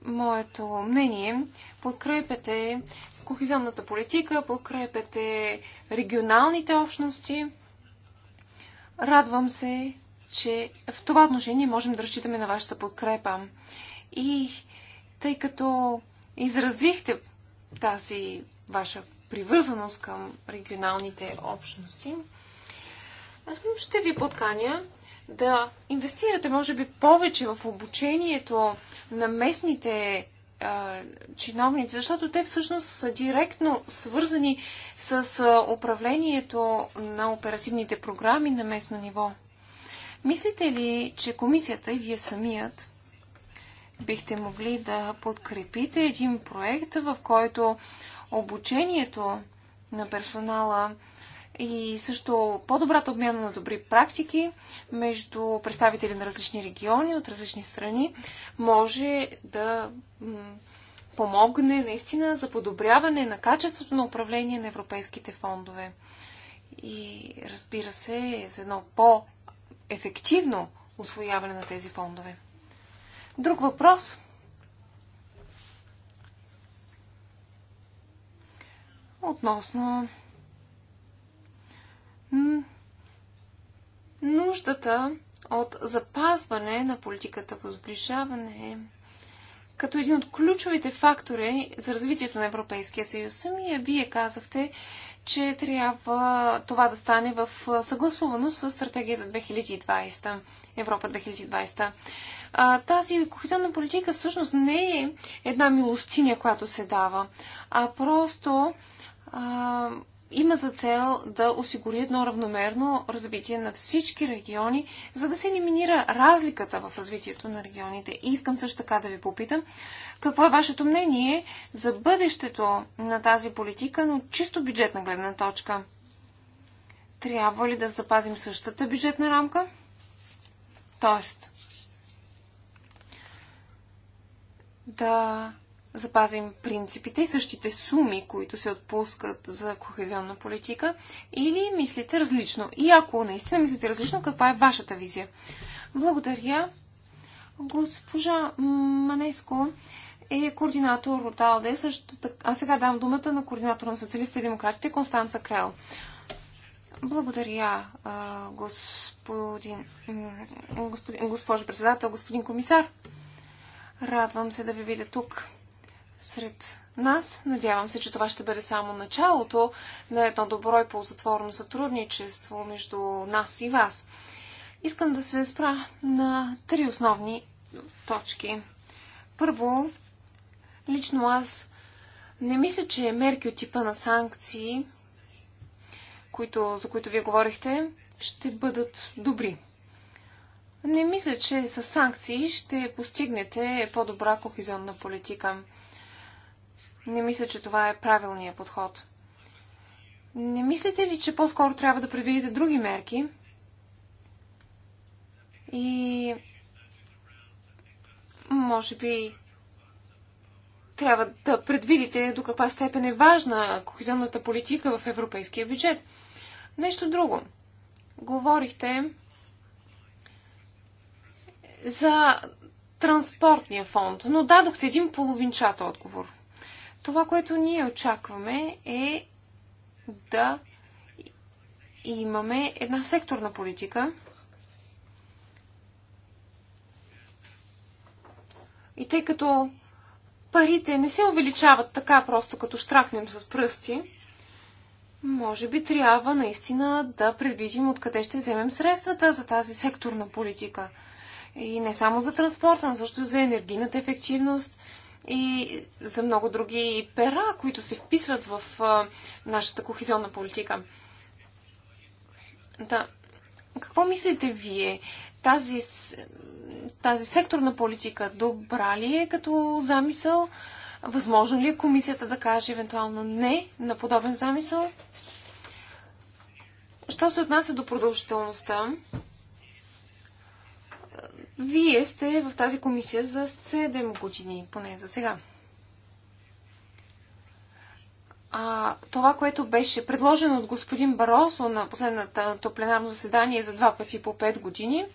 моето мнение, подкрепяте кохизионната политика, подкрепяте регионалните общности. Радвам се, че в това отношение можем да разчитаме на вашата подкрепа. И тъй като изразихте тази ваша привързаност към регионалните общности, ще ви подканя да инвестирате, може би, повече в обучението на местните чиновници, защото те всъщност са директно свързани с управлението на оперативните програми на местно ниво. Мислите ли, че комисията и вие самият бихте могли да подкрепите един проект, в който обучението на персонала и също по-добрата обмяна на добри практики между представители на различни региони от различни страни може да помогне наистина за подобряване на качеството на управление на европейските фондове. И разбира се, за едно по-ефективно освояване на тези фондове. Друг въпрос? Относно нуждата от запазване на политиката по сближаване като един от ключовите фактори за развитието на Европейския съюз. Самия вие казахте, че трябва това да стане в съгласуваност с стратегията 2020, Европа 2020 а, тази кохезионна политика всъщност не е една милостиня, която се дава, а просто а, има за цел да осигури едно равномерно развитие на всички региони, за да се елиминира разликата в развитието на регионите. И искам също така да ви попитам, какво е вашето мнение за бъдещето на тази политика, но чисто бюджетна гледна точка? Трябва ли да запазим същата бюджетна рамка? Тоест, да запазим принципите и същите суми, които се отпускат за кохезионна политика, или мислите различно? И ако наистина мислите различно, каква е вашата визия? Благодаря. Госпожа Манеско е координатор от АЛДЕ. Също така... А сега дам думата на координатор на социалистите и демократите Констанца Крел. Благодаря, господин, господин, госпожо председател, господин комисар. Радвам се да ви видя тук сред нас. Надявам се, че това ще бъде само началото на едно добро и ползотворно сътрудничество между нас и вас. Искам да се спра на три основни точки. Първо, лично аз не мисля, че е мерки от типа на санкции, които, за които вие говорихте, ще бъдат добри. Не мисля, че с санкции ще постигнете по-добра кохезионна политика. Не мисля, че това е правилният подход. Не мислите ли, че по-скоро трябва да предвидите други мерки? И може би трябва да предвидите до каква степен е важна кохезионната политика в европейския бюджет. Нещо друго. Говорихте за транспортния фонд, но дадохте един половинчат отговор. Това, което ние очакваме е да имаме една секторна политика. И тъй като парите не се увеличават така просто, като штракнем с пръсти, може би трябва наистина да предвидим откъде ще вземем средствата за тази секторна политика – и не само за транспорта, но също за енергийната ефективност и за много други пера, които се вписват в нашата кохизионна политика. Да. Какво мислите вие? Тази, тази секторна политика добра ли е като замисъл? Възможно ли е комисията да каже евентуално не на подобен замисъл? Що се отнася до продължителността, вие сте в тази комисия за 7 години, поне за сега. А, това, което беше предложено от господин Баросо на последното пленарно заседание за два пъти по 5 години,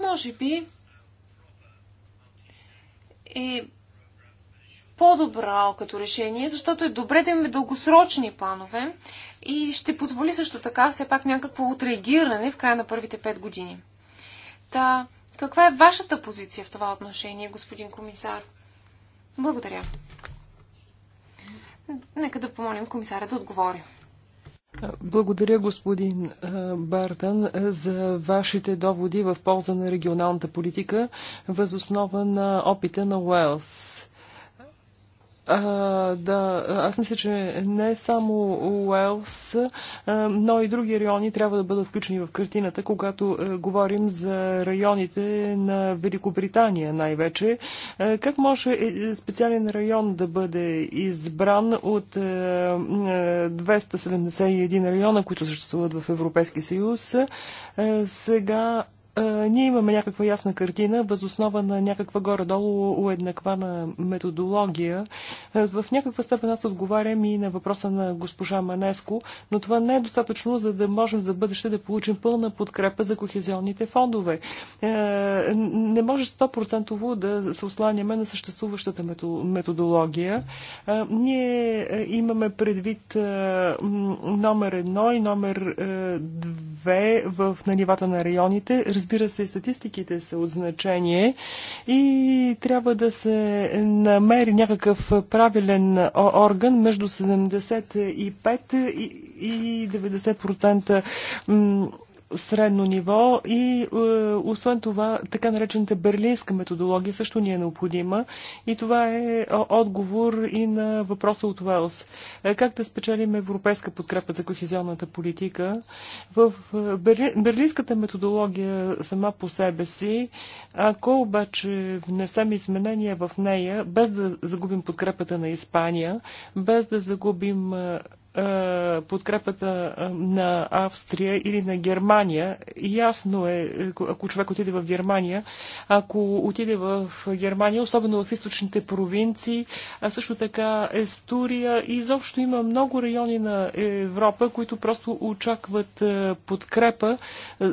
може би е по-добра като решение, защото е добре да имаме дългосрочни планове и ще позволи също така все пак някакво отреагиране в края на първите 5 години. Та, каква е вашата позиция в това отношение, господин комисар? Благодаря. Нека да помолим комисара да отговори. Благодаря, господин Бартън, за вашите доводи в полза на регионалната политика, възоснова на опита на Уелс. А, да, аз мисля, че не само Уелс, но и други райони трябва да бъдат включени в картината, когато говорим за районите на Великобритания най-вече. Как може е, е, специален район да бъде избран от 271 района, които съществуват в Европейския съюз? Сега ние имаме някаква ясна картина, възоснова на някаква горе-долу уеднаквана методология. В някаква степен аз отговарям и на въпроса на госпожа Манеско, но това не е достатъчно, за да можем за бъдеще да получим пълна подкрепа за кохезионните фондове. Не може 100% да се осланяме на съществуващата методология. Ние имаме предвид номер едно и номер две в на нивата на районите, Разбира се, статистиките са от значение и трябва да се намери някакъв правилен орган между 75 и 90% средно ниво и е, освен това така наречената берлинска методология също ни е необходима и това е отговор и на въпроса от Уелс. Е, как да спечелим европейска подкрепа за кохезионната политика? В е, берлинската методология сама по себе си, ако обаче внесем изменения в нея, без да загубим подкрепата на Испания, без да загубим е, е, подкрепата е, на Австрия или на Германия. Ясно е, е, ако човек отиде в Германия, ако отиде в Германия, особено в източните провинции, а също така Естурия и изобщо има много райони на Европа, които просто очакват подкрепа,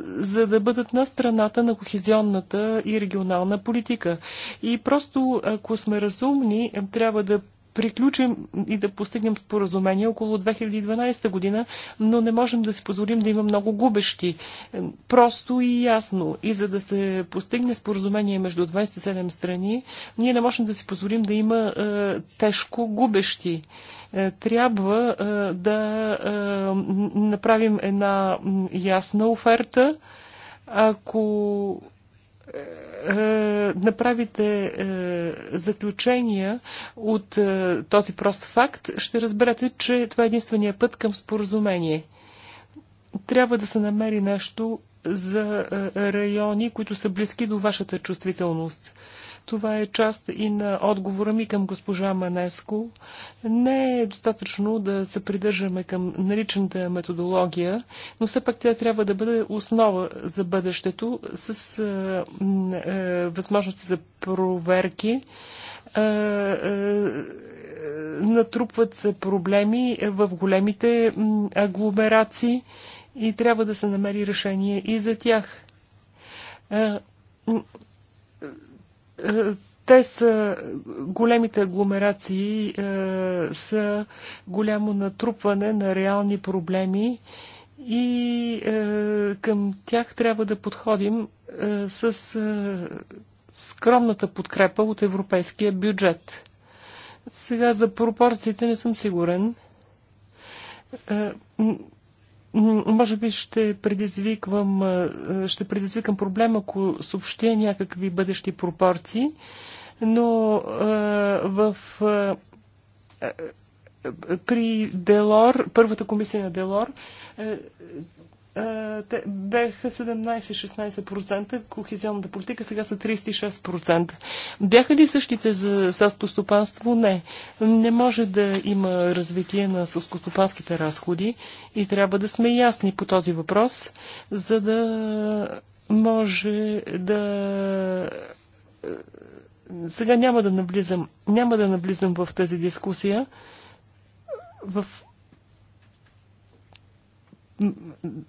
за да бъдат на страната на кохезионната и регионална политика. И просто, ако сме разумни, трябва да приключим и да постигнем споразумение около 2012 година, но не можем да си позволим да има много губещи. Просто и ясно. И за да се постигне споразумение между 27 страни, ние не можем да си позволим да има е, тежко губещи. Е, трябва е, да е, направим една ясна оферта. Ако е, направите е, заключения от е, този прост факт, ще разберете, че това е единствения път към споразумение. Трябва да се намери нещо за райони, които са близки до вашата чувствителност. Това е част и на отговора ми към госпожа Манеско. Не е достатъчно да се придържаме към наличната методология, но все пак тя трябва да бъде основа за бъдещето с е, е, възможности за проверки. Е, натрупват се проблеми в големите агломерации и трябва да се намери решение и за тях те са големите агломерации, е, са голямо натрупване на реални проблеми и е, към тях трябва да подходим е, с е, скромната подкрепа от европейския бюджет. Сега за пропорциите не съм сигурен. Е, може би ще предизвиквам, ще предизвикам проблем, ако съобщя някакви бъдещи пропорции, но в при Делор, първата комисия на Делор, те бяха 17-16%, кохезионната политика сега са 36%. Бяха ли същите за селскостопанство? Не. Не може да има развитие на селскостопанските разходи и трябва да сме ясни по този въпрос, за да може да сега няма да навлизам, няма да навлизам в тази дискусия. В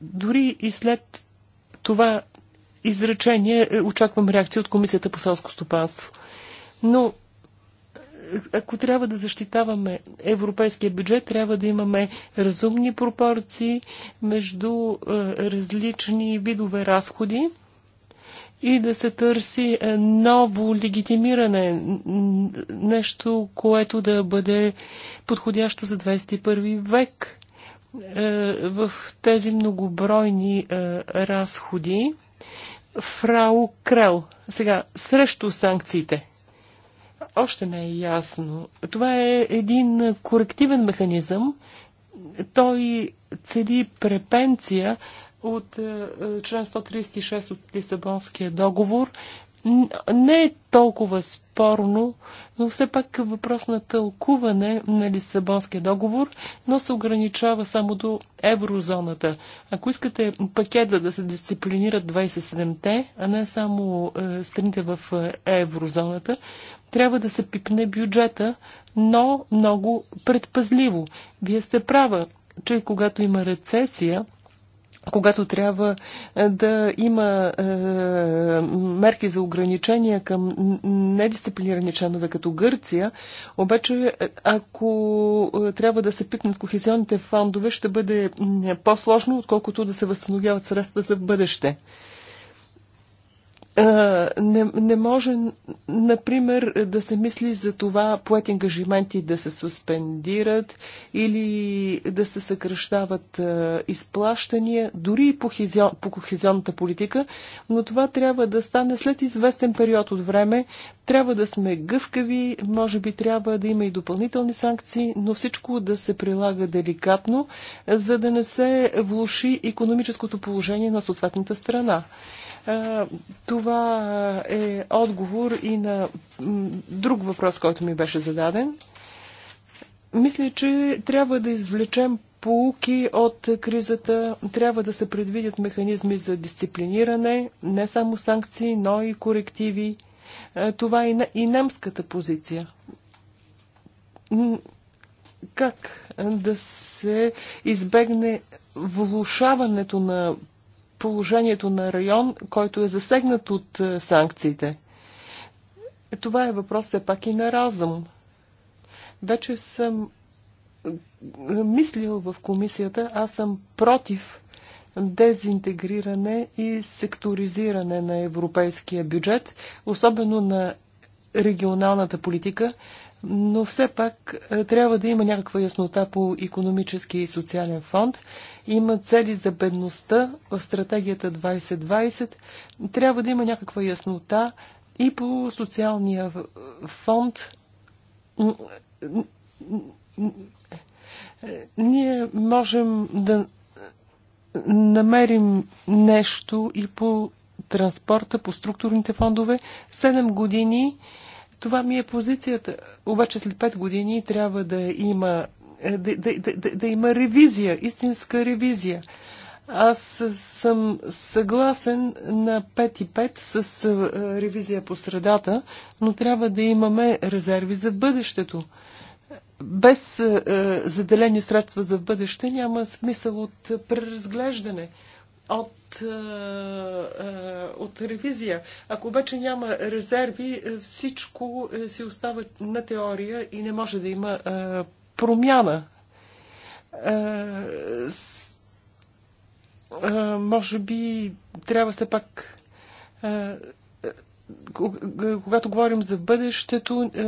дори и след това изречение е, очаквам реакция от Комисията по селско стопанство. Но е, ако трябва да защитаваме европейския бюджет, трябва да имаме разумни пропорции между е, различни видове разходи и да се търси ново легитимиране, нещо, което да бъде подходящо за 21 век. Е, в тези многобройни е, разходи Фрау Крел. Сега, срещу санкциите. Още не е ясно. Това е един корективен механизъм. Той цели препенция от е, член 136 от Лисабонския договор. Не е толкова спорно но все пак въпрос на тълкуване на Лисабонския договор, но се ограничава само до еврозоната. Ако искате пакет за да се дисциплинират 27-те, а не само е, страните в е, еврозоната, трябва да се пипне бюджета, но много предпазливо. Вие сте права, че когато има рецесия, когато трябва е, да има е, мерки за ограничения към недисциплинирани членове като Гърция, обаче е, ако е, трябва да се пипнат кохезионните фондове, ще бъде по-сложно, отколкото да се възстановяват средства за бъдеще не, не може, например, да се мисли за това поети ангажименти да се суспендират или да се съкръщават изплащания, дори и по, хизион, по кохезионната политика, но това трябва да стане след известен период от време, трябва да сме гъвкави, може би трябва да има и допълнителни санкции, но всичко да се прилага деликатно, за да не се влуши економическото положение на съответната страна. Това е отговор и на друг въпрос, който ми беше зададен. Мисля, че трябва да извлечем полуки от кризата. Трябва да се предвидят механизми за дисциплиниране, не само санкции, но и корективи. Е, това е и немската позиция. Как е, да се избегне влушаването на положението на район, който е засегнат от е, санкциите? Това е въпрос все пак и на разум. Вече съм мислил в комисията, аз съм против дезинтегриране и секторизиране на европейския бюджет, особено на регионалната политика, но все пак е, трябва да има някаква яснота по економически и социален фонд. Има цели за бедността в стратегията 2020. Трябва да има някаква яснота и по социалния фонд. Е, ние можем да намерим нещо и по транспорта, по структурните фондове. 7 години това ми е позицията. Обаче след 5 години трябва да има, е, да, да, да, да има ревизия, истинска ревизия. Аз съм съгласен на 5 и 5 с е, ревизия по средата, но трябва да имаме резерви за бъдещето без е, е, заделени средства за бъдеще няма смисъл от преразглеждане, от, е, е, от ревизия. Ако обаче няма резерви, е, всичко е, си остава на теория и не може да има е, промяна. Е, с, е, може би трябва все пак е, когато говорим за бъдещето, е,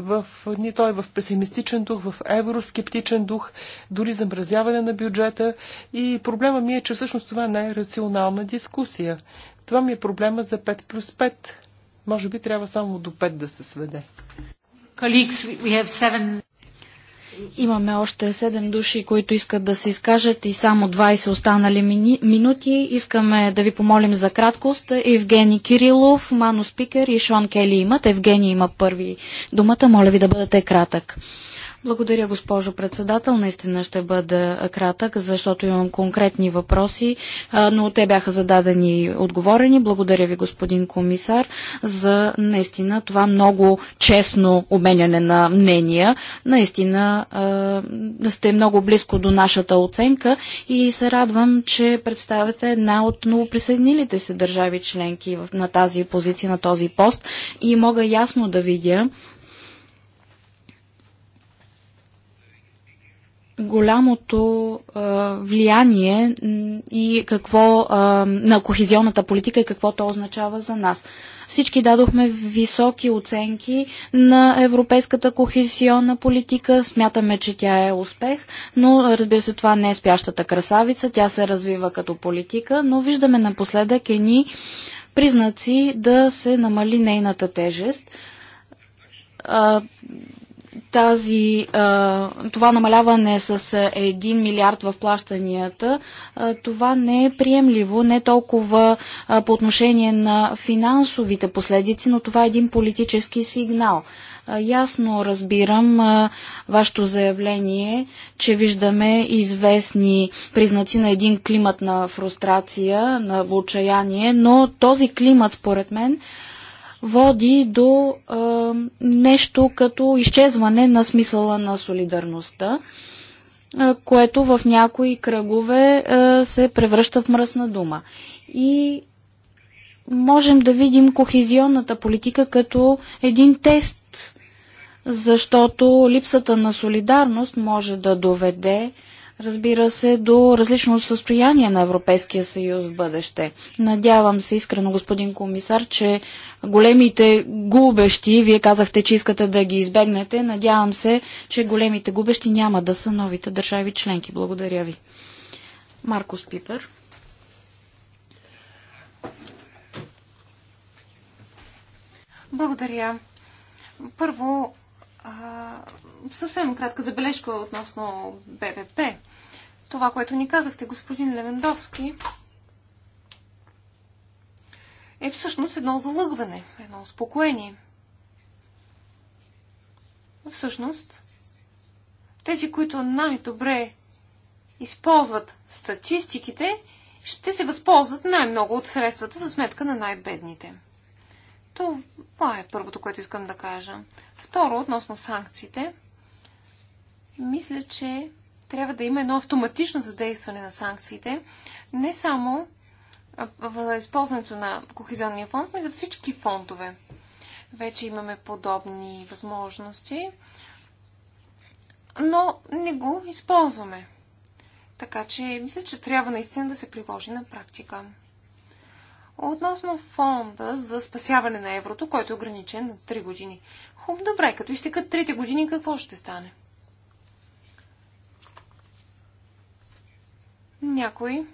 в, ние той е в песимистичен дух, в евроскептичен дух, дори замразяване на бюджета. И проблема ми е, че всъщност това не е рационална дискусия. Това ми е проблема за 5 плюс 5. Може би трябва само до 5 да се сведе. Colleagues, we have seven... Имаме още 7 души, които искат да се изкажат и само 20 останали мини, минути. Искаме да ви помолим за краткост. Евгений Кирилов, Мано Спикер и Шон Кели имат. Евгений има първи думата. Моля ви да бъдете кратък. Благодаря, госпожо председател. Наистина ще бъда кратък, защото имам конкретни въпроси, но те бяха зададени и отговорени. Благодаря ви, господин комисар, за наистина това много честно обменяне на мнения. Наистина сте много близко до нашата оценка и се радвам, че представяте една от новоприсъединилите се държави членки на тази позиция, на този пост и мога ясно да видя, голямото а, влияние и какво а, на кохезионната политика и какво то означава за нас. Всички дадохме високи оценки на европейската кохезионна политика. Смятаме, че тя е успех, но разбира се, това не е спящата красавица. Тя се развива като политика, но виждаме напоследък едни признаци да се намали нейната тежест тази, това намаляване с 1 милиард в плащанията, това не е приемливо, не толкова по отношение на финансовите последици, но това е един политически сигнал. Ясно разбирам вашето заявление, че виждаме известни признаци на един климат на фрустрация, на отчаяние, но този климат, според мен, води до а, нещо като изчезване на смисъла на солидарността, а, което в някои кръгове а, се превръща в мръсна дума. И можем да видим кохезионната политика като един тест, защото липсата на солидарност може да доведе разбира се, до различно състояние на Европейския съюз в бъдеще. Надявам се искрено, господин комисар, че големите губещи, вие казахте, че искате да ги избегнете, надявам се, че големите губещи няма да са новите държави членки. Благодаря ви. Маркус Пипер. Благодаря. Първо, а, съвсем кратка забележка относно БВП. Това, което ни казахте, господин Левендовски, е всъщност едно залъгване, едно успокоение. Всъщност, тези, които най-добре използват статистиките, ще се възползват най-много от средствата за сметка на най-бедните. Това е първото, което искам да кажа. Второ, относно санкциите, мисля, че трябва да има едно автоматично задействане на санкциите, не само в използването на кохезионния фонд, но и за всички фондове. Вече имаме подобни възможности, но не го използваме. Така че мисля, че трябва наистина да се приложи на практика. Относно фонда за спасяване на еврото, който е ограничен на 3 години. Хуб, добре, като изтекат 3 години, какво ще стане? Някой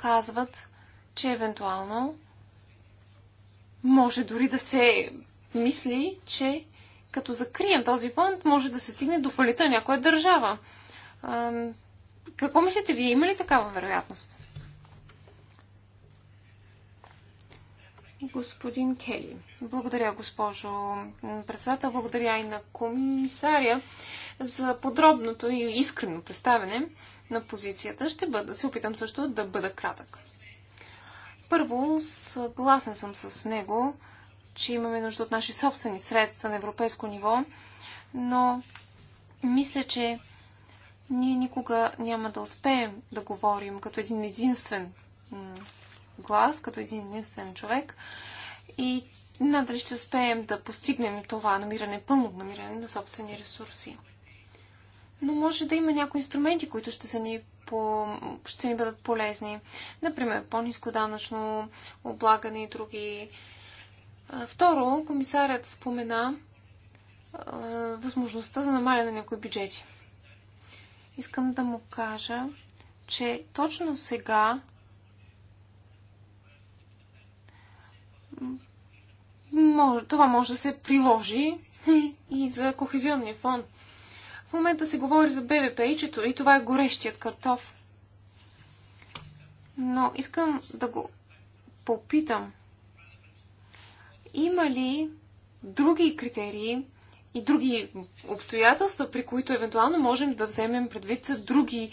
казват, че евентуално може дори да се мисли, че като закрием този фонд, може да се стигне до фалита на някоя държава. какво мислите вие? Има ли такава вероятност? Господин Кели. Благодаря, госпожо председател. Благодаря и на комисаря за подробното и искрено представене на позицията. Ще бъда, се опитам също да бъда кратък. Първо, съгласен съм с него, че имаме нужда от наши собствени средства на европейско ниво, но мисля, че ние никога няма да успеем да говорим като един единствен глас, като един единствен човек. И надали ще успеем да постигнем това намиране, пълно намиране на собствени ресурси но може да има някои инструменти, които ще, са ни, по, ще ни бъдат полезни. Например, по-низко данъчно облагане и други. Второ, комисарят спомена е, възможността за намаляне на някои бюджети. Искам да му кажа, че точно сега може, това може да се приложи и за кохезионния фонд. В момента се говори за БВП и, че, и това е горещият картоф. Но искам да го попитам. Има ли други критерии и други обстоятелства, при които евентуално можем да вземем предвид други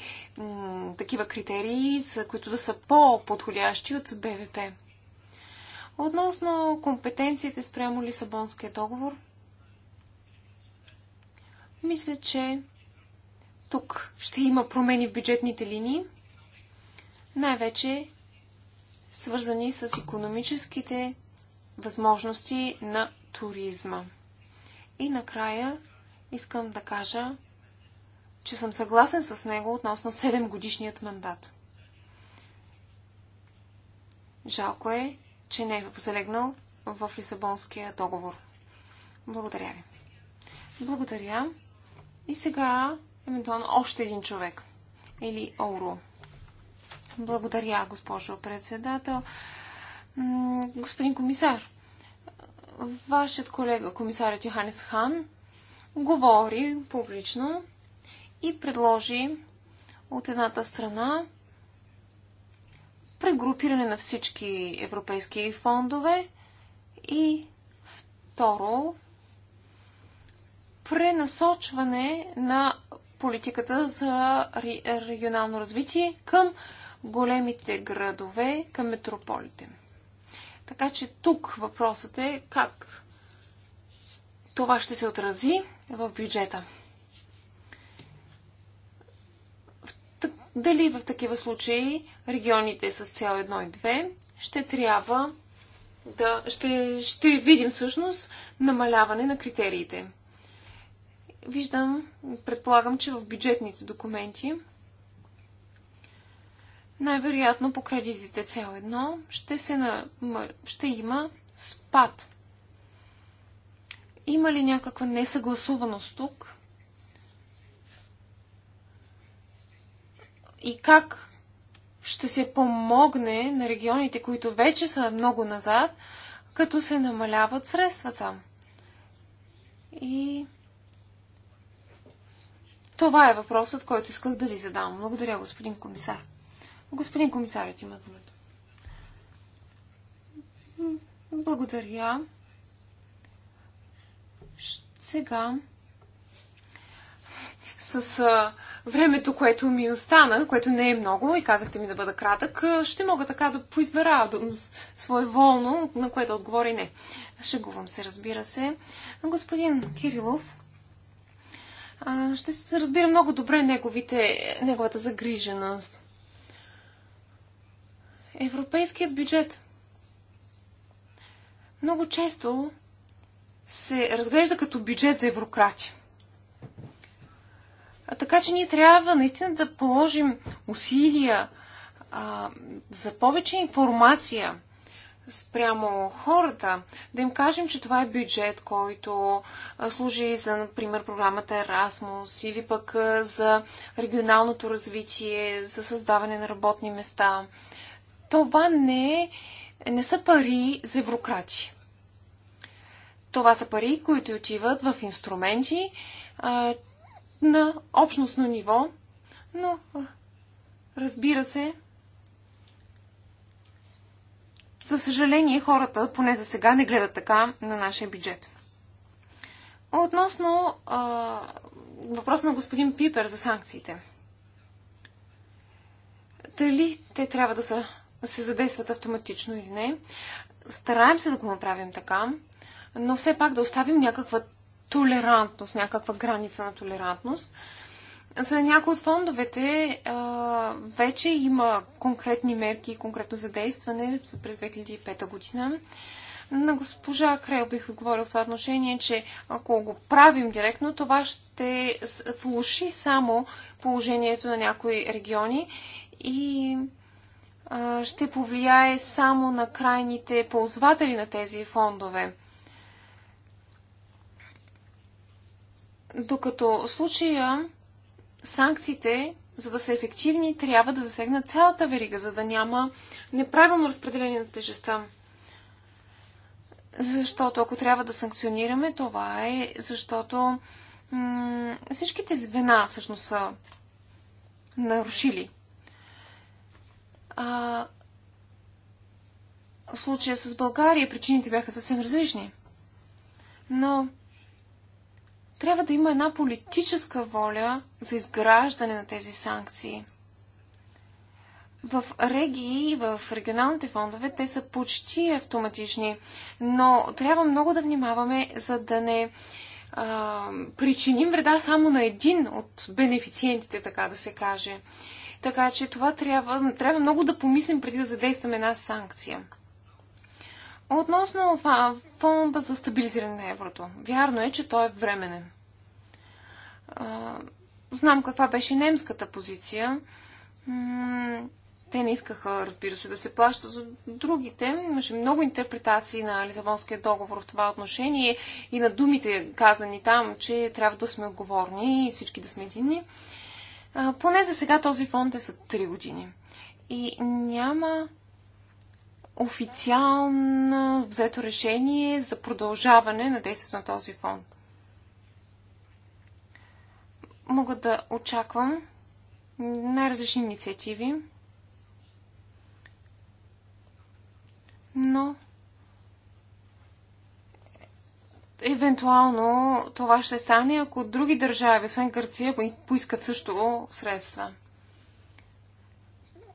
такива критерии, за които да са по-подходящи от БВП? Относно компетенциите спрямо Лисабонския договор – мисля, че тук ще има промени в бюджетните линии, най-вече свързани с економическите възможности на туризма. И накрая искам да кажа, че съм съгласен с него относно 7 годишният мандат. Жалко е, че не е залегнал в Лисабонския договор. Благодаря ви. Благодаря. И сега, евентуално, още един човек. Или Оро. Благодаря, госпожо председател. Господин комисар, вашият колега, комисарят Йоханес Хан, говори публично и предложи от едната страна прегрупиране на всички европейски фондове и второ пренасочване на политиката за регионално развитие към големите градове, към метрополите. Така че тук въпросът е как това ще се отрази в бюджета. Дали в такива случаи регионите с цел 1 и 2 ще трябва да. Ще, ще видим всъщност намаляване на критериите. Виждам, предполагам, че в бюджетните документи най-вероятно по кредитите цел едно ще, се на... ще има спад. Има ли някаква несъгласуваност тук? И как ще се помогне на регионите, които вече са много назад, като се намаляват средствата? И това е въпросът, който исках да ви задам. Благодаря, господин комисар. Господин комисарът има думата. Благодаря. Сега с а, времето, което ми остана, което не е много и казахте ми да бъда кратък, ще мога така да поизбера своеволно, на което отговори не. Шегувам се, разбира се. Господин Кирилов, ще се разбира много добре неговите, неговата загриженост. Европейският бюджет много често се разглежда като бюджет за еврократи. А така че ние трябва наистина да положим усилия а, за повече информация спрямо хората, да им кажем, че това е бюджет, който служи за, например, програмата Erasmus или пък за регионалното развитие, за създаване на работни места. Това не, не са пари за еврократи. Това са пари, които отиват в инструменти а, на общностно ниво, но разбира се, за съжаление, хората, поне за сега, не гледат така на нашия бюджет. Относно а, въпроса на господин Пипер за санкциите. Дали те трябва да, са, да се задействат автоматично или не? Стараем се да го направим така, но все пак да оставим някаква толерантност, някаква граница на толерантност, за някои от фондовете а, вече има конкретни мерки конкретно задействане през 2005 година. На госпожа Крел бих говорил в това отношение, че ако го правим директно, това ще влуши само положението на някои региони и а, ще повлияе само на крайните ползватели на тези фондове. Докато случая санкциите, за да са ефективни, трябва да засегнат цялата верига, за да няма неправилно разпределение на тежестта. Защото ако трябва да санкционираме, това е защото всичките звена всъщност са нарушили. А, в случая с България причините бяха съвсем различни. Но трябва да има една политическа воля за изграждане на тези санкции. В регии и в регионалните фондове те са почти автоматични, но трябва много да внимаваме, за да не а, причиним вреда само на един от бенефициентите, така да се каже. Така че това трябва, трябва много да помислим преди да задействаме една санкция. Относно фонда за стабилизиране на еврото. Вярно е, че той е временен. Знам каква беше немската позиция. Те не искаха, разбира се, да се плаща за другите. Имаше много интерпретации на Лизабонския договор в това отношение и на думите казани там, че трябва да сме отговорни и всички да сме единни. Поне за сега този фонд е за 3 години. И няма официално взето решение за продължаване на действието на този фонд. Мога да очаквам най-различни инициативи, но евентуално това ще стане, ако други държави, освен Гърция, поискат също средства.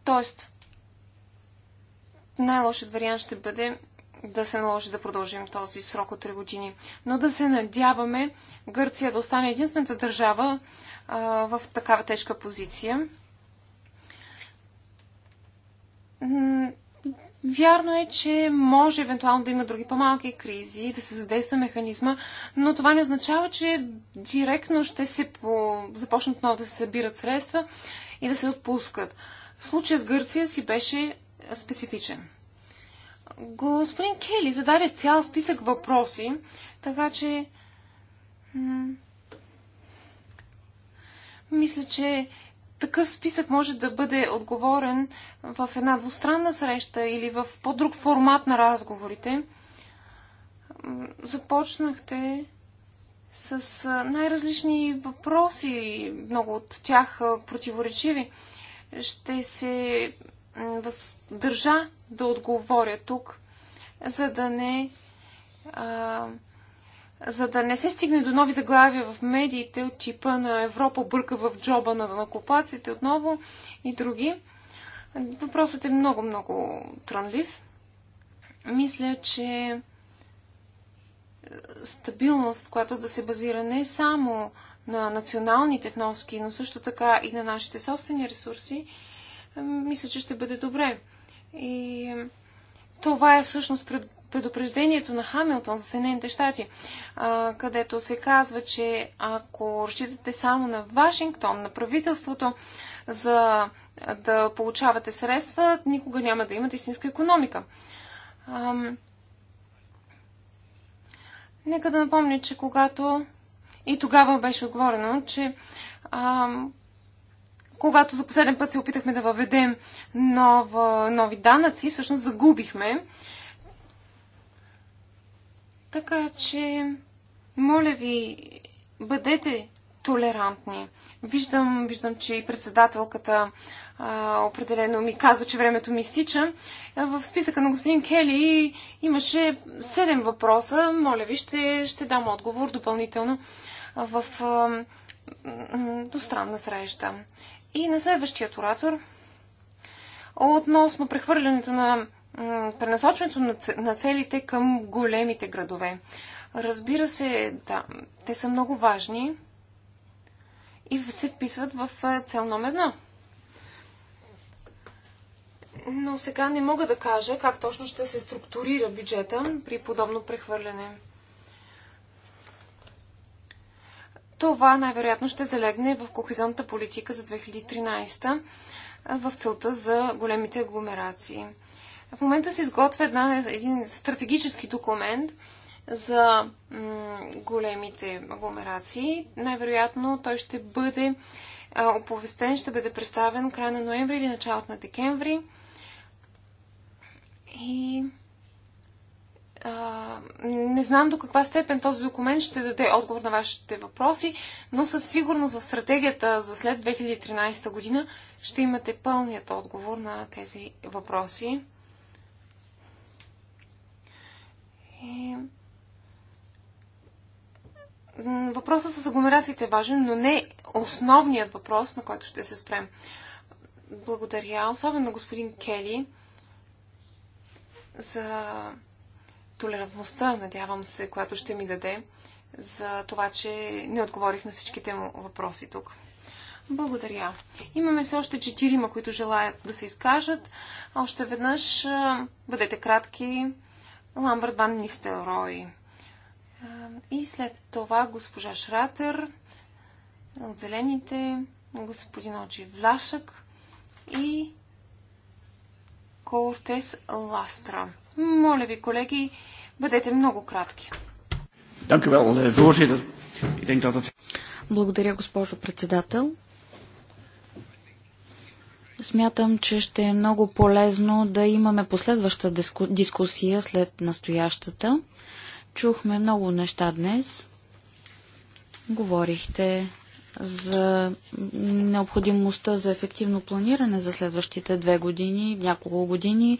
Тоест, най-лошият вариант ще бъде да се наложи да продължим този срок от 3 години. Но да се надяваме Гърция да остане единствената държава а, в такава тежка позиция. Вярно е, че може евентуално да има други по-малки кризи, да се задейства механизма, но това не означава, че директно ще се по... започнат отново да се събират средства и да се отпускат. Случая с Гърция си беше специфичен. Господин Кели зададе цял списък въпроси, така че мисля, че такъв списък може да бъде отговорен в една двустранна среща или в по-друг формат на разговорите. Започнахте с най-различни въпроси, много от тях противоречиви. Ще се въздържа да отговоря тук, за да не. А, за да не се стигне до нови заглавия в медиите от типа на Европа бърка в джоба на накоплаците отново и други. Въпросът е много-много трънлив. Мисля, че стабилност, която да се базира не само на националните вноски, но също така и на нашите собствени ресурси, Ами, мисля, че ще бъде добре. И това е всъщност пред, предупреждението на Хамилтон за Съединените щати, където се казва, че ако разчитате само на Вашингтон, на правителството, за да получавате средства, никога няма да имате истинска економика. Ам... Нека да напомня, че когато и тогава беше отговорено, че ам, когато за последен път се опитахме да въведем нов, нови данъци, всъщност загубихме. Така че, моля ви, бъдете толерантни. Виждам, виждам че и председателката а, определено ми казва, че времето ми изтича. В списъка на господин Кели имаше седем въпроса. Моля ви, ще, ще дам отговор допълнително в а, странна среща. И на следващият оратор относно прехвърлянето на пренасочването на целите към големите градове. Разбира се, да, те са много важни и се вписват в цел номер 1. Но сега не мога да кажа как точно ще се структурира бюджета при подобно прехвърляне. Това най-вероятно ще залегне в кохезионната политика за 2013 в целта за големите агломерации. В момента се изготвя една, един стратегически документ за големите агломерации. Най-вероятно той ще бъде а, оповестен, ще бъде представен края на ноември или началото на декември. И не знам до каква степен този документ ще даде отговор на вашите въпроси, но със сигурност в стратегията за след 2013 година ще имате пълният отговор на тези въпроси. И... Въпросът с агломерациите е важен, но не основният въпрос, на който ще се спрем. Благодаря, особено господин Кели, за толерантността, надявам се, която ще ми даде за това, че не отговорих на всичките му въпроси тук. Благодаря. Имаме все още четирима, които желаят да се изкажат. Още веднъж бъдете кратки. Ламбърт Ван Нистелрой. И след това госпожа Шратер от Зелените, господин Оджи Влашък и Кортес Ластра. Моля ви, колеги, бъдете много кратки. Eh, Благодаря, госпожо председател. Смятам, че ще е много полезно да имаме последваща дискусия след настоящата. Чухме много неща днес. Говорихте за необходимостта за ефективно планиране за следващите две години, няколко години.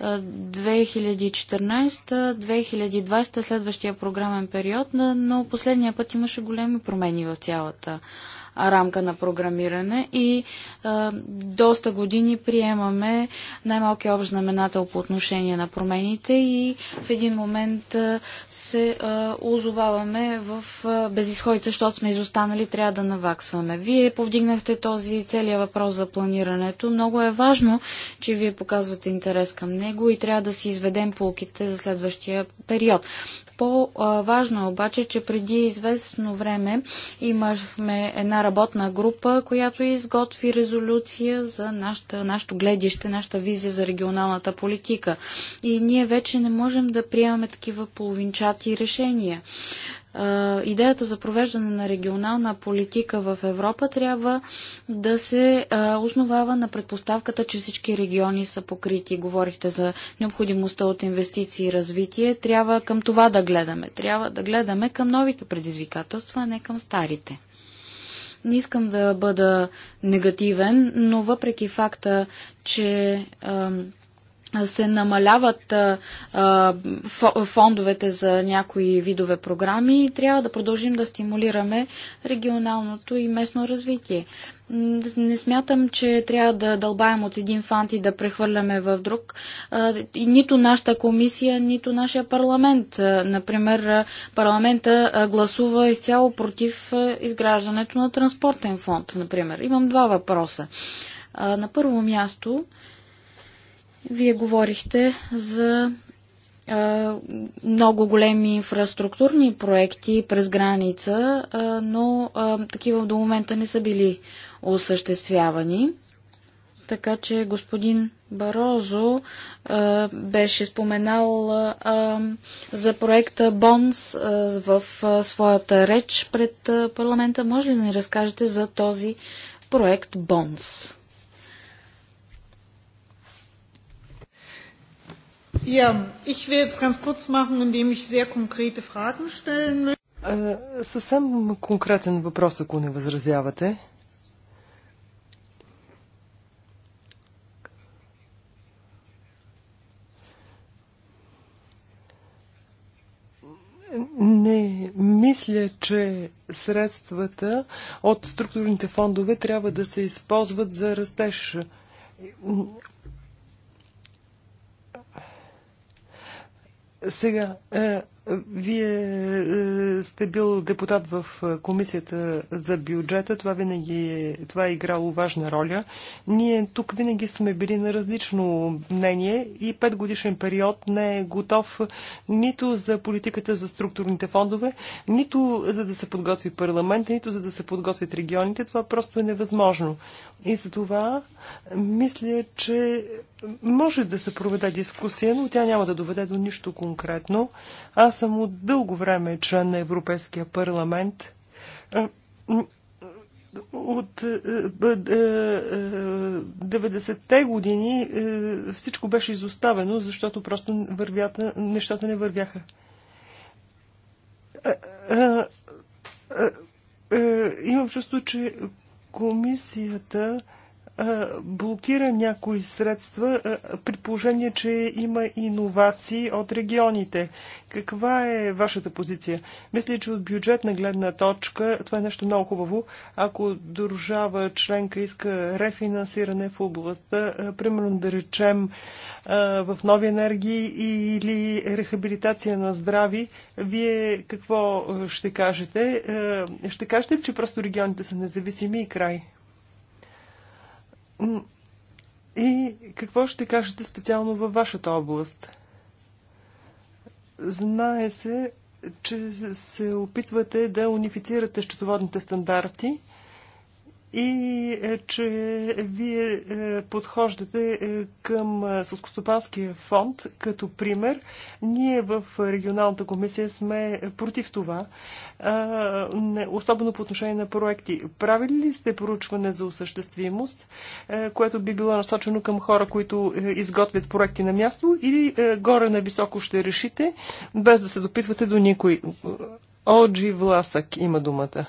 2014-2020 е, следващия програмен период, но последния път имаше големи промени в цялата рамка на програмиране и а, е, доста години приемаме най-малкия общ знаменател по отношение на промените и в един момент а, е, се а, е, озоваваме в а, безисходица, защото сме изостанали, трябва да наваксваме. Вие повдигнахте този целият въпрос за планирането. Много е важно, че вие показвате интерес към него и трябва да си изведем полките за следващия период. По-важно е обаче, че преди известно време имахме една работна група, която изготви резолюция за нашата, нашето гледище, нашата визия за регионалната политика. И ние вече не можем да приемаме такива половинчати решения идеята за провеждане на регионална политика в Европа трябва да се основава на предпоставката, че всички региони са покрити. Говорихте за необходимостта от инвестиции и развитие. Трябва към това да гледаме. Трябва да гледаме към новите предизвикателства, а не към старите. Не искам да бъда негативен, но въпреки факта, че се намаляват фондовете за някои видове програми и трябва да продължим да стимулираме регионалното и местно развитие. Не смятам, че трябва да дълбаем от един фант и да прехвърляме в друг. И нито нашата комисия, нито нашия парламент. Например, парламента гласува изцяло против изграждането на транспортен фонд, например. Имам два въпроса. На първо място, вие говорихте за много големи инфраструктурни проекти през граница, но такива до момента не са били осъществявани. Така че господин Барозо а, беше споменал а, за проекта Бонс а, в а, своята реч пред а, парламента. Може ли да ни разкажете за този проект Бонс? Ja, ich will jetzt ganz kurz machen, indem ich sehr konkrete Fragen stellen möchte. Съвсем конкретен въпрос, ако не възразявате. Не, мисля, че средствата от структурните фондове трябва да се използват за растеж. Сега, е, вие е, сте бил депутат в комисията за бюджета. Това винаги е, това е играло важна роля. Ние тук винаги сме били на различно мнение и пет годишен период не е готов нито за политиката за структурните фондове, нито за да се подготви парламент, нито за да се подготвят регионите. Това просто е невъзможно. И за това мисля, че може да се проведе дискусия, но тя няма да доведе до нищо конкретно. Аз съм от дълго време член на Европейския парламент. Е, от 90-те е, е, години всичко беше изоставено, защото просто вървята, нещата не вървяха имам чувство, че комисията блокира някои средства при положение, че има иновации от регионите. Каква е вашата позиция? Мисля, че от бюджетна гледна точка това е нещо много хубаво. Ако държава членка иска рефинансиране в областта, примерно да речем в нови енергии или рехабилитация на здрави, вие какво ще кажете? Ще кажете ли, че просто регионите са независими и край? И какво ще кажете специално във вашата област? Знае се, че се опитвате да унифицирате счетоводните стандарти – и е, че вие е, подхождате е, към Съскостопанския фонд като пример. Ние в регионалната комисия сме против това, особено по отношение на проекти. Правили ли сте проучване за осъществимост, което би било насочено към хора, които изготвят проекти на място или горе на високо ще решите, без да се допитвате до никой? Оджи Власък има думата.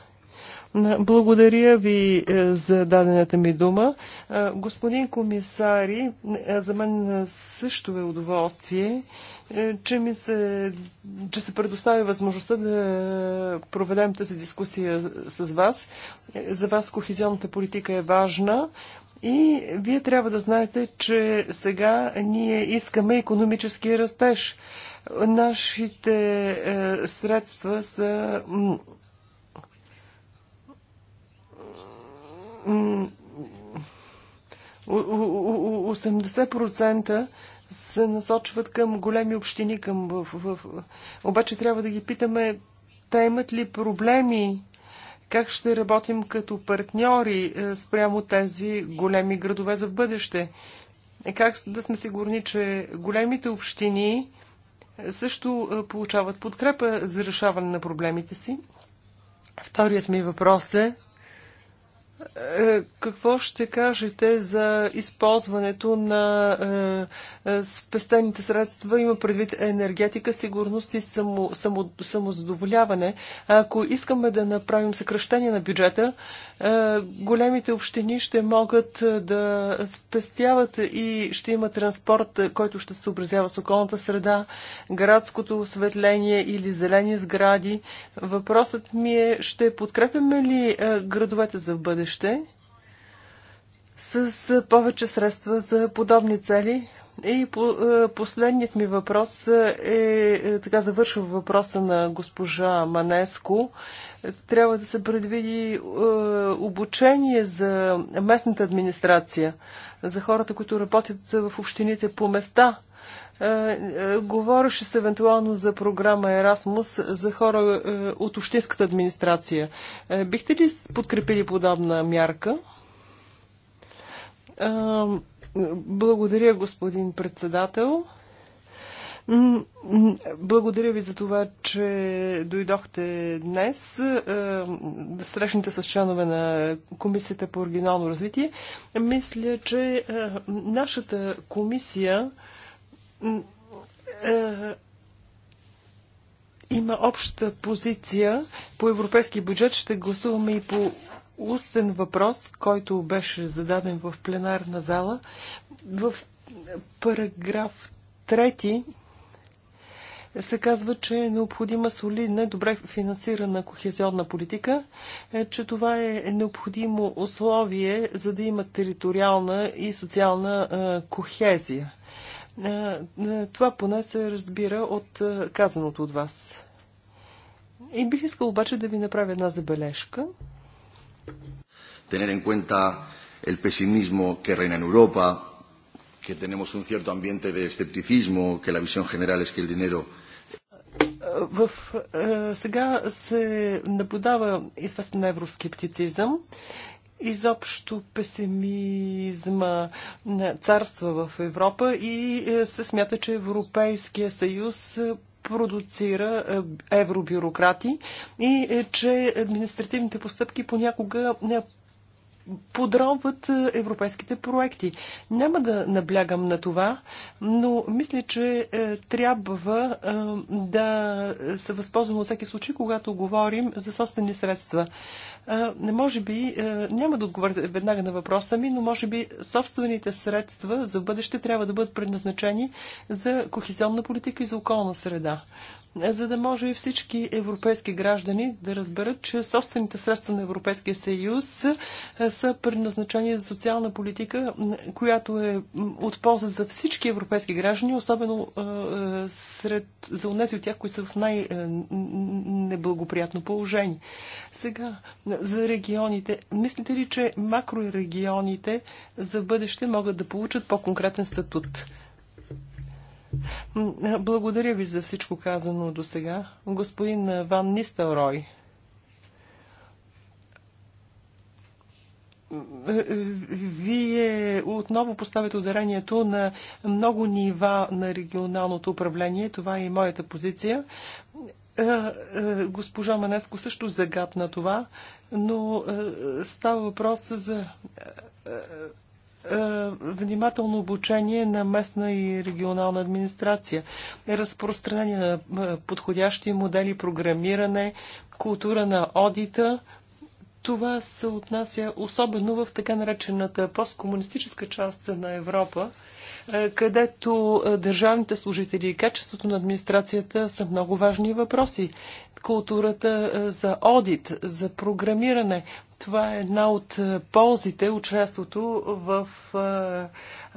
Благодаря ви е, за дадената ми дума. Е, господин комисари, е, за мен също е удоволствие, че, ми се, че се предостави възможността да проведем тази дискусия с вас. За вас кохезионната политика е важна. И вие трябва да знаете, че сега ние искаме економически растеж. Нашите е, средства са 80% се насочват към големи общини, към, в, в, в. обаче трябва да ги питаме, те имат ли проблеми, как ще работим като партньори е, спрямо тези големи градове за бъдеще. Е, как да сме сигурни, че големите общини е, също получават подкрепа за решаване на проблемите си? Вторият ми въпрос е е, какво ще кажете за използването на е, е, спестените средства? Има предвид енергетика, сигурност и само, само, самозадоволяване. Ако искаме да направим съкръщение на бюджета, големите общини ще могат да спестяват и ще има транспорт, който ще се образява с околната среда, градското осветление или зелени сгради. Въпросът ми е, ще подкрепяме ли градовете за в бъдеще? бъдеще с повече средства за подобни цели. И е, последният ми въпрос е, е, така завършва въпроса на госпожа Манеско. Трябва да се предвиди е, обучение за местната администрация, за хората, които работят в общините по места – е, е, говореше се евентуално за програма Erasmus за хора е, от общинската администрация. Бихте ли подкрепили подобна мярка? Благодаря, господин председател. Благодаря ви за това, че дойдохте днес да срещнете с членове на Комисията по оригинално развитие. Мисля, че нашата комисия е, има обща позиция по европейски бюджет. Ще гласуваме и по устен въпрос, който беше зададен в пленарна зала. В параграф 3 се казва, че е необходима солидна, добре финансирана кохезионна политика, е, че това е необходимо условие, за да има териториална и социална е, кохезия. Това поне се разбира от казаното от вас. И бих искал обаче да ви направя една забележка. Tener en cuenta el pesimismo que reina en Europa, que tenemos un cierto ambiente de escepticismo, que la visión general es que el dinero в, е, сега се наблюдава известен евроскептицизъм изобщо песимизма царства в Европа и е, се смята, че Европейския съюз е, продуцира е, евробюрократи и че административните постъпки понякога подробват е, европейските проекти. Няма да наблягам на това, но мисля, че е, трябва е, да се възползвам от всеки случай, когато говорим за собствени средства. Не може би, няма да отговорите веднага на въпроса ми, но може би собствените средства за бъдеще трябва да бъдат предназначени за кохезионна политика и за околна среда. Е, за да може и всички европейски граждани да разберат, че собствените средства на Европейския съюз е, са предназначени за социална политика, която е от полза за всички европейски граждани, особено е, сред, за унези от тях, които са в най-неблагоприятно положение. Сега, за регионите. Мислите ли, че макрорегионите за бъдеще могат да получат по-конкретен статут? Благодаря ви за всичко казано до сега. Господин Ван Рой. Вие отново поставяте ударението на много нива на регионалното управление. Това е и моята позиция. Е, е, госпожа Манеско също загадна това, но е, става въпрос за е, внимателно обучение на местна и регионална администрация, разпространение на е, подходящи модели, програмиране, култура на одита. Това се отнася особено в така наречената посткомунистическа част на Европа, е, където държавните служители и качеството на администрацията са много важни въпроси. Културата за одит, за програмиране, това е една от е, ползите, учаството в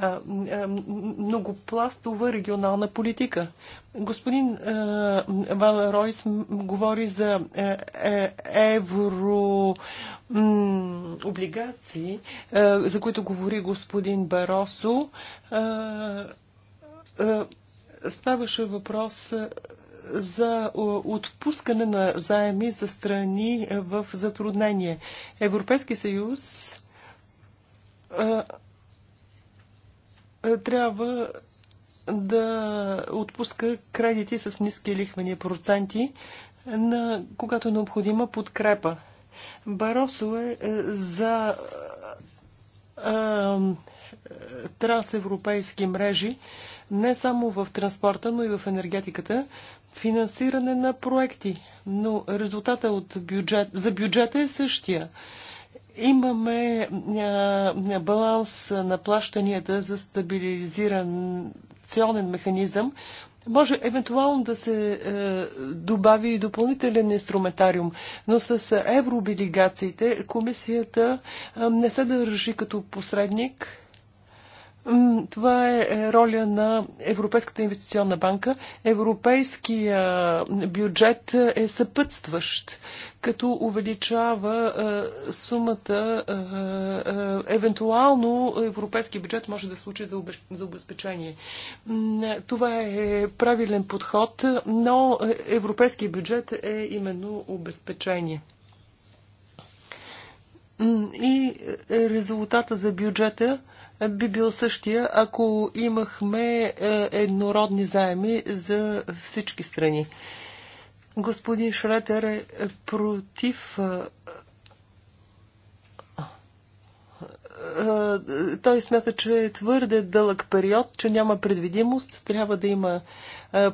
е, е, многопластова регионална политика. Господин Ван Ройс говори за евро облигации, за които говори господин Баросо. Ставаше въпрос за е, отпускане на заеми за страни е, в затруднение. Европейски съюз е, трябва да отпуска кредити с ниски лихвени проценти, на, когато е необходима подкрепа. Баросо е за а, трансевропейски мрежи, не само в транспорта, но и в енергетиката, финансиране на проекти, но резултата от бюджет, за бюджета е същия. Имаме а, баланс на плащанията за стабилизационен механизъм. Може евентуално да се а, добави и допълнителен инструментариум, но с еврооблигациите комисията а, не се държи като посредник това е, е роля на Европейската инвестиционна банка. Европейския бюджет е съпътстващ, като увеличава е, сумата. Е, евентуално европейски бюджет може да случи за обезпечение. Това е правилен подход, но европейския бюджет е именно обезпечение. И резултата за бюджета – би бил същия, ако имахме е, еднородни заеми за всички страни. Господин Шретер е против е, е, той смята, че е твърде дълъг период, че няма предвидимост, трябва да има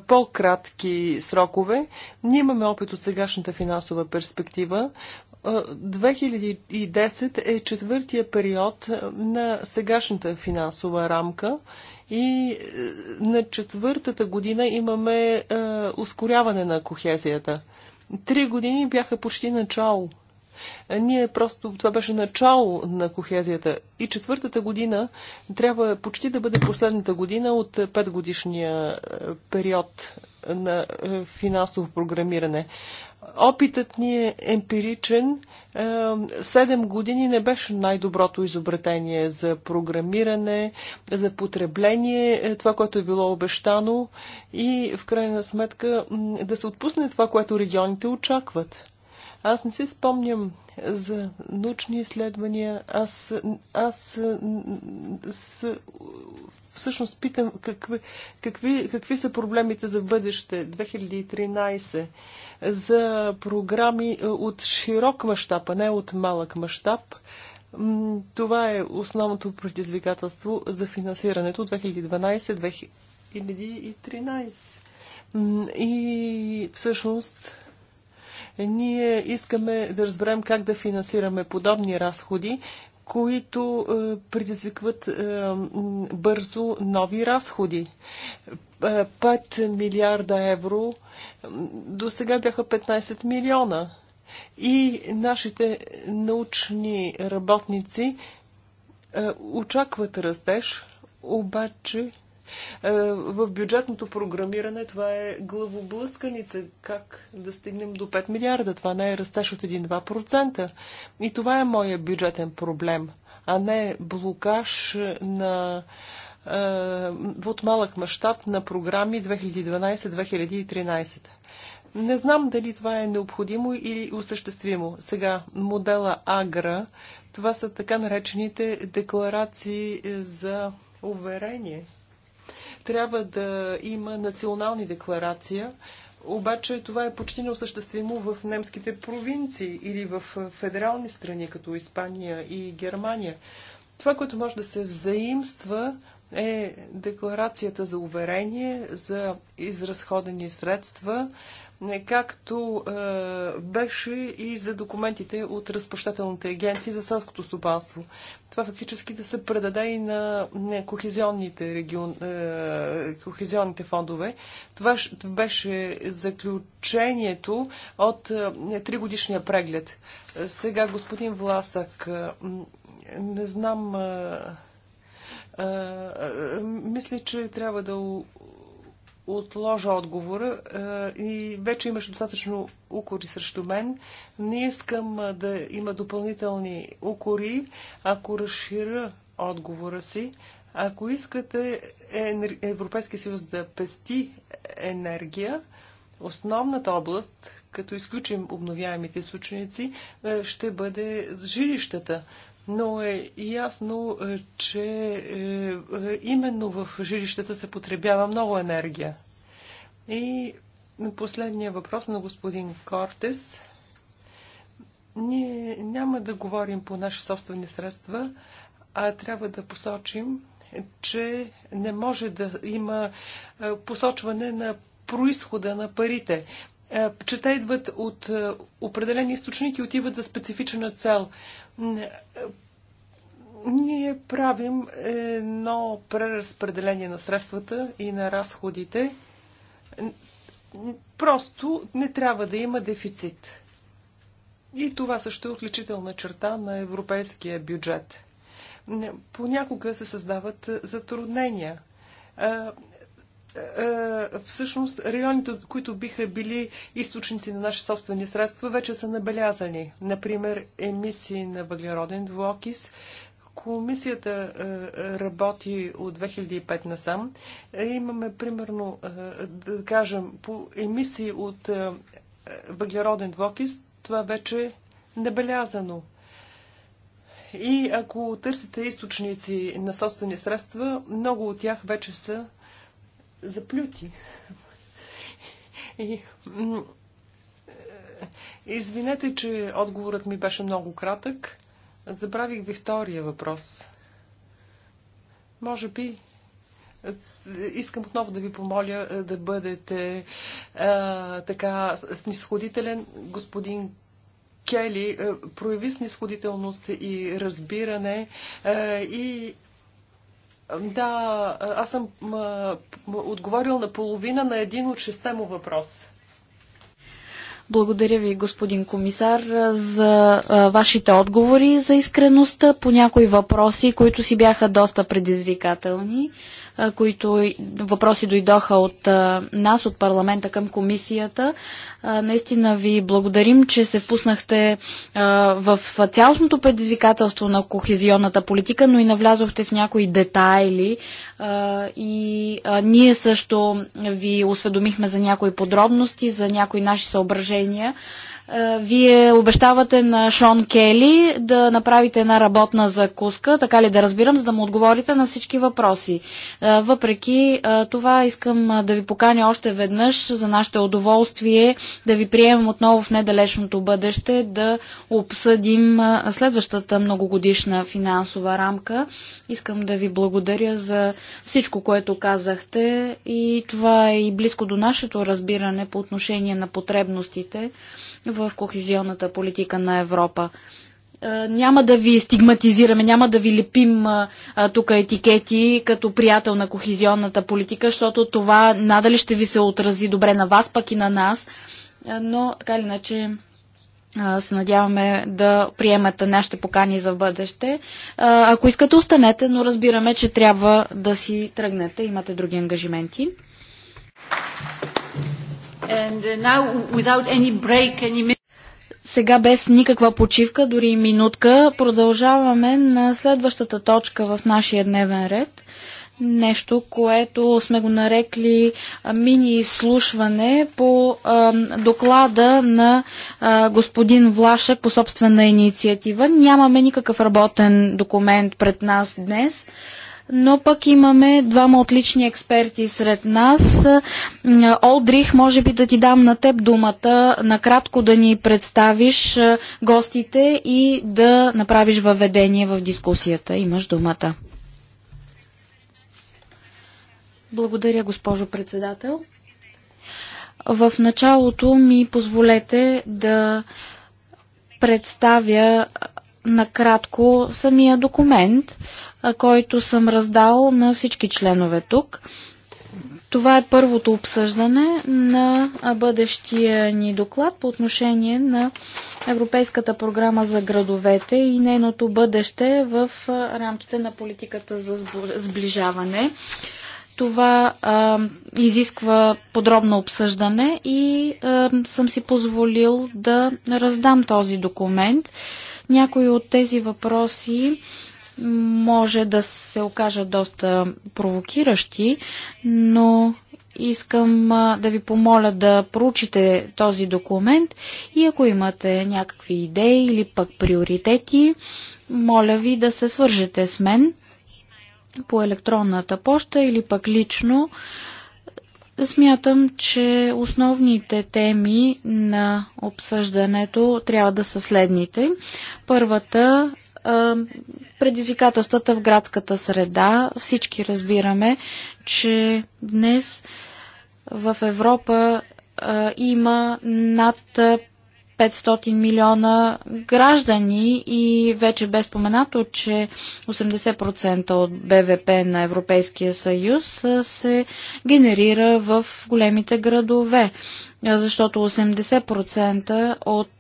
по-кратки срокове. Ние имаме опит от сегашната финансова перспектива. 2010 е четвъртия период е, на сегашната финансова рамка и е, на четвъртата година имаме е, ускоряване на кохезията. Три години бяха почти начало. Ние просто, това беше начало на кохезията. И четвъртата година трябва почти да бъде последната година от петгодишния период на финансово програмиране. Опитът ни е емпиричен. Е, седем години не беше най-доброто изобретение за програмиране, за потребление, е, това, което е било обещано и в крайна сметка да се отпусне това, което регионите очакват. Аз не си спомням за научни изследвания. Аз, аз с, всъщност питам какви, какви, какви са проблемите за бъдеще 2013 за програми е, от широк мащаб, а не от малък мащаб. Това е основното предизвикателство за финансирането 2012-2013. И всъщност е, ние искаме да разберем как да финансираме подобни разходи, които е, предизвикват е, бързо нови разходи. 5 е, милиарда евро до сега бяха 15 милиона. И нашите научни работници очакват растеж, обаче е, в бюджетното програмиране това е главоблъсканица. Как да стигнем до 5 милиарда? Това не е растеж от 1-2%. И това е моя бюджетен проблем, а не блокаж на е, от малък мащаб на програми 2012-2013. Не знам дали това е необходимо или осъществимо. Сега, модела Агра, това са така наречените декларации е, за уверение. Трябва да има национални декларация, обаче това е почти неосъществимо в немските провинции или в федерални страни, като Испания и Германия. Това, което може да се взаимства, е декларацията за уверение, за изразходени средства, не както е, беше и за документите от разпощателните агенции за селското стопанство. Това фактически да се предаде и на не, кохезионните, регион, е, кохезионните фондове. Това беше заключението от е, тригодишния преглед. Сега господин Власък, е, не знам. Е, е, е мисля, че трябва да отложа отговора е, и вече имаш достатъчно укори срещу мен. Не искам е, да има допълнителни укори, ако разширя отговора си. Ако искате Европейския съюз да пести енергия, основната област, като изключим обновяемите източници, е, ще бъде жилищата но е ясно, е, че е, е, именно в жилищата се потребява много енергия. И последния въпрос на господин Кортес. Ние няма да говорим по наши собствени средства, а трябва да посочим, че не може да има посочване на происхода на парите. Е, че те идват от е, определени източники и отиват за специфична цел. Е, ние правим едно преразпределение на средствата и на разходите. Просто не трябва да има дефицит. И това също е отличителна черта на европейския бюджет. Понякога се създават затруднения. Е, всъщност районите, които биха били източници на наши собствени средства, вече са набелязани. Например, емисии на въглероден двуокис, Комисията е, е, работи от 2005 насам. Имаме примерно, да кажем, по емисии от въглероден двуокис, това вече е набелязано. И ако търсите източници на собствени средства, много от тях вече са заплюти. И, извинете, че отговорът ми беше много кратък. Забравих ви втория въпрос. Може би е, искам отново да ви помоля е, да бъдете а, е, така снисходителен. Господин Кели прояви снисходителност и разбиране а, и да, аз съм а, отговорил на половина на един от шесте му въпроса. Благодаря ви, господин комисар, за а, вашите отговори за искреността по някои въпроси, които си бяха доста предизвикателни, а, които въпроси дойдоха от а, нас, от парламента към комисията. Наистина ви благодарим, че се впуснахте в цялостното предизвикателство на кохезионната политика, но и навлязохте в някои детайли. И ние също ви осведомихме за някои подробности, за някои наши съображения отношения. Е, вие обещавате на Шон Кели да направите една работна закуска, така ли да разбирам, за да му отговорите на всички въпроси. Е, въпреки е, това искам да ви поканя още веднъж за нашето удоволствие да ви приемем отново в недалечното бъдеще да обсъдим следващата многогодишна финансова рамка. Искам да ви благодаря за всичко, което казахте и това е и близко до нашето разбиране по отношение на потребностите в кохезионната политика на Европа. Е, няма да ви стигматизираме, няма да ви лепим е, е, тук етикети като приятел на кохезионната политика, защото това надали ще ви се отрази добре на вас, пък и на нас. Но така или иначе се надяваме да приемете нашите покани за бъдеще. Ако искате, останете, но разбираме, че трябва да си тръгнете. Имате други ангажименти. Uh, Сега без никаква почивка, дори минутка, продължаваме на следващата точка в нашия дневен ред. Нещо, което сме го нарекли мини-изслушване по а, доклада на а, господин Влашек по собствена инициатива. Нямаме никакъв работен документ пред нас днес но пък имаме двама отлични експерти сред нас. Е, Олдрих, може би да ти дам на теб думата, накратко да ни представиш е, гостите и да направиш въведение в дискусията. Имаш думата. Благодаря, госпожо председател. В началото ми позволете да представя накратко самия документ, който съм раздал на всички членове тук. Това е първото обсъждане на бъдещия ни доклад по отношение на Европейската програма за градовете и нейното бъдеще в рамките на политиката за сближаване. Това а, изисква подробно обсъждане и а, съм си позволил да раздам този документ. Някои от тези въпроси може да се окажат доста провокиращи, но искам да ви помоля да проучите този документ и ако имате някакви идеи или пък приоритети, моля ви да се свържете с мен по електронната поща или пък лично. Смятам, че основните теми на обсъждането трябва да са следните. Първата предизвикателствата в градската среда. Всички разбираме, че днес в Европа има над 500 милиона граждани и вече бе споменато, че 80% от БВП на Европейския съюз се генерира в големите градове защото 80% от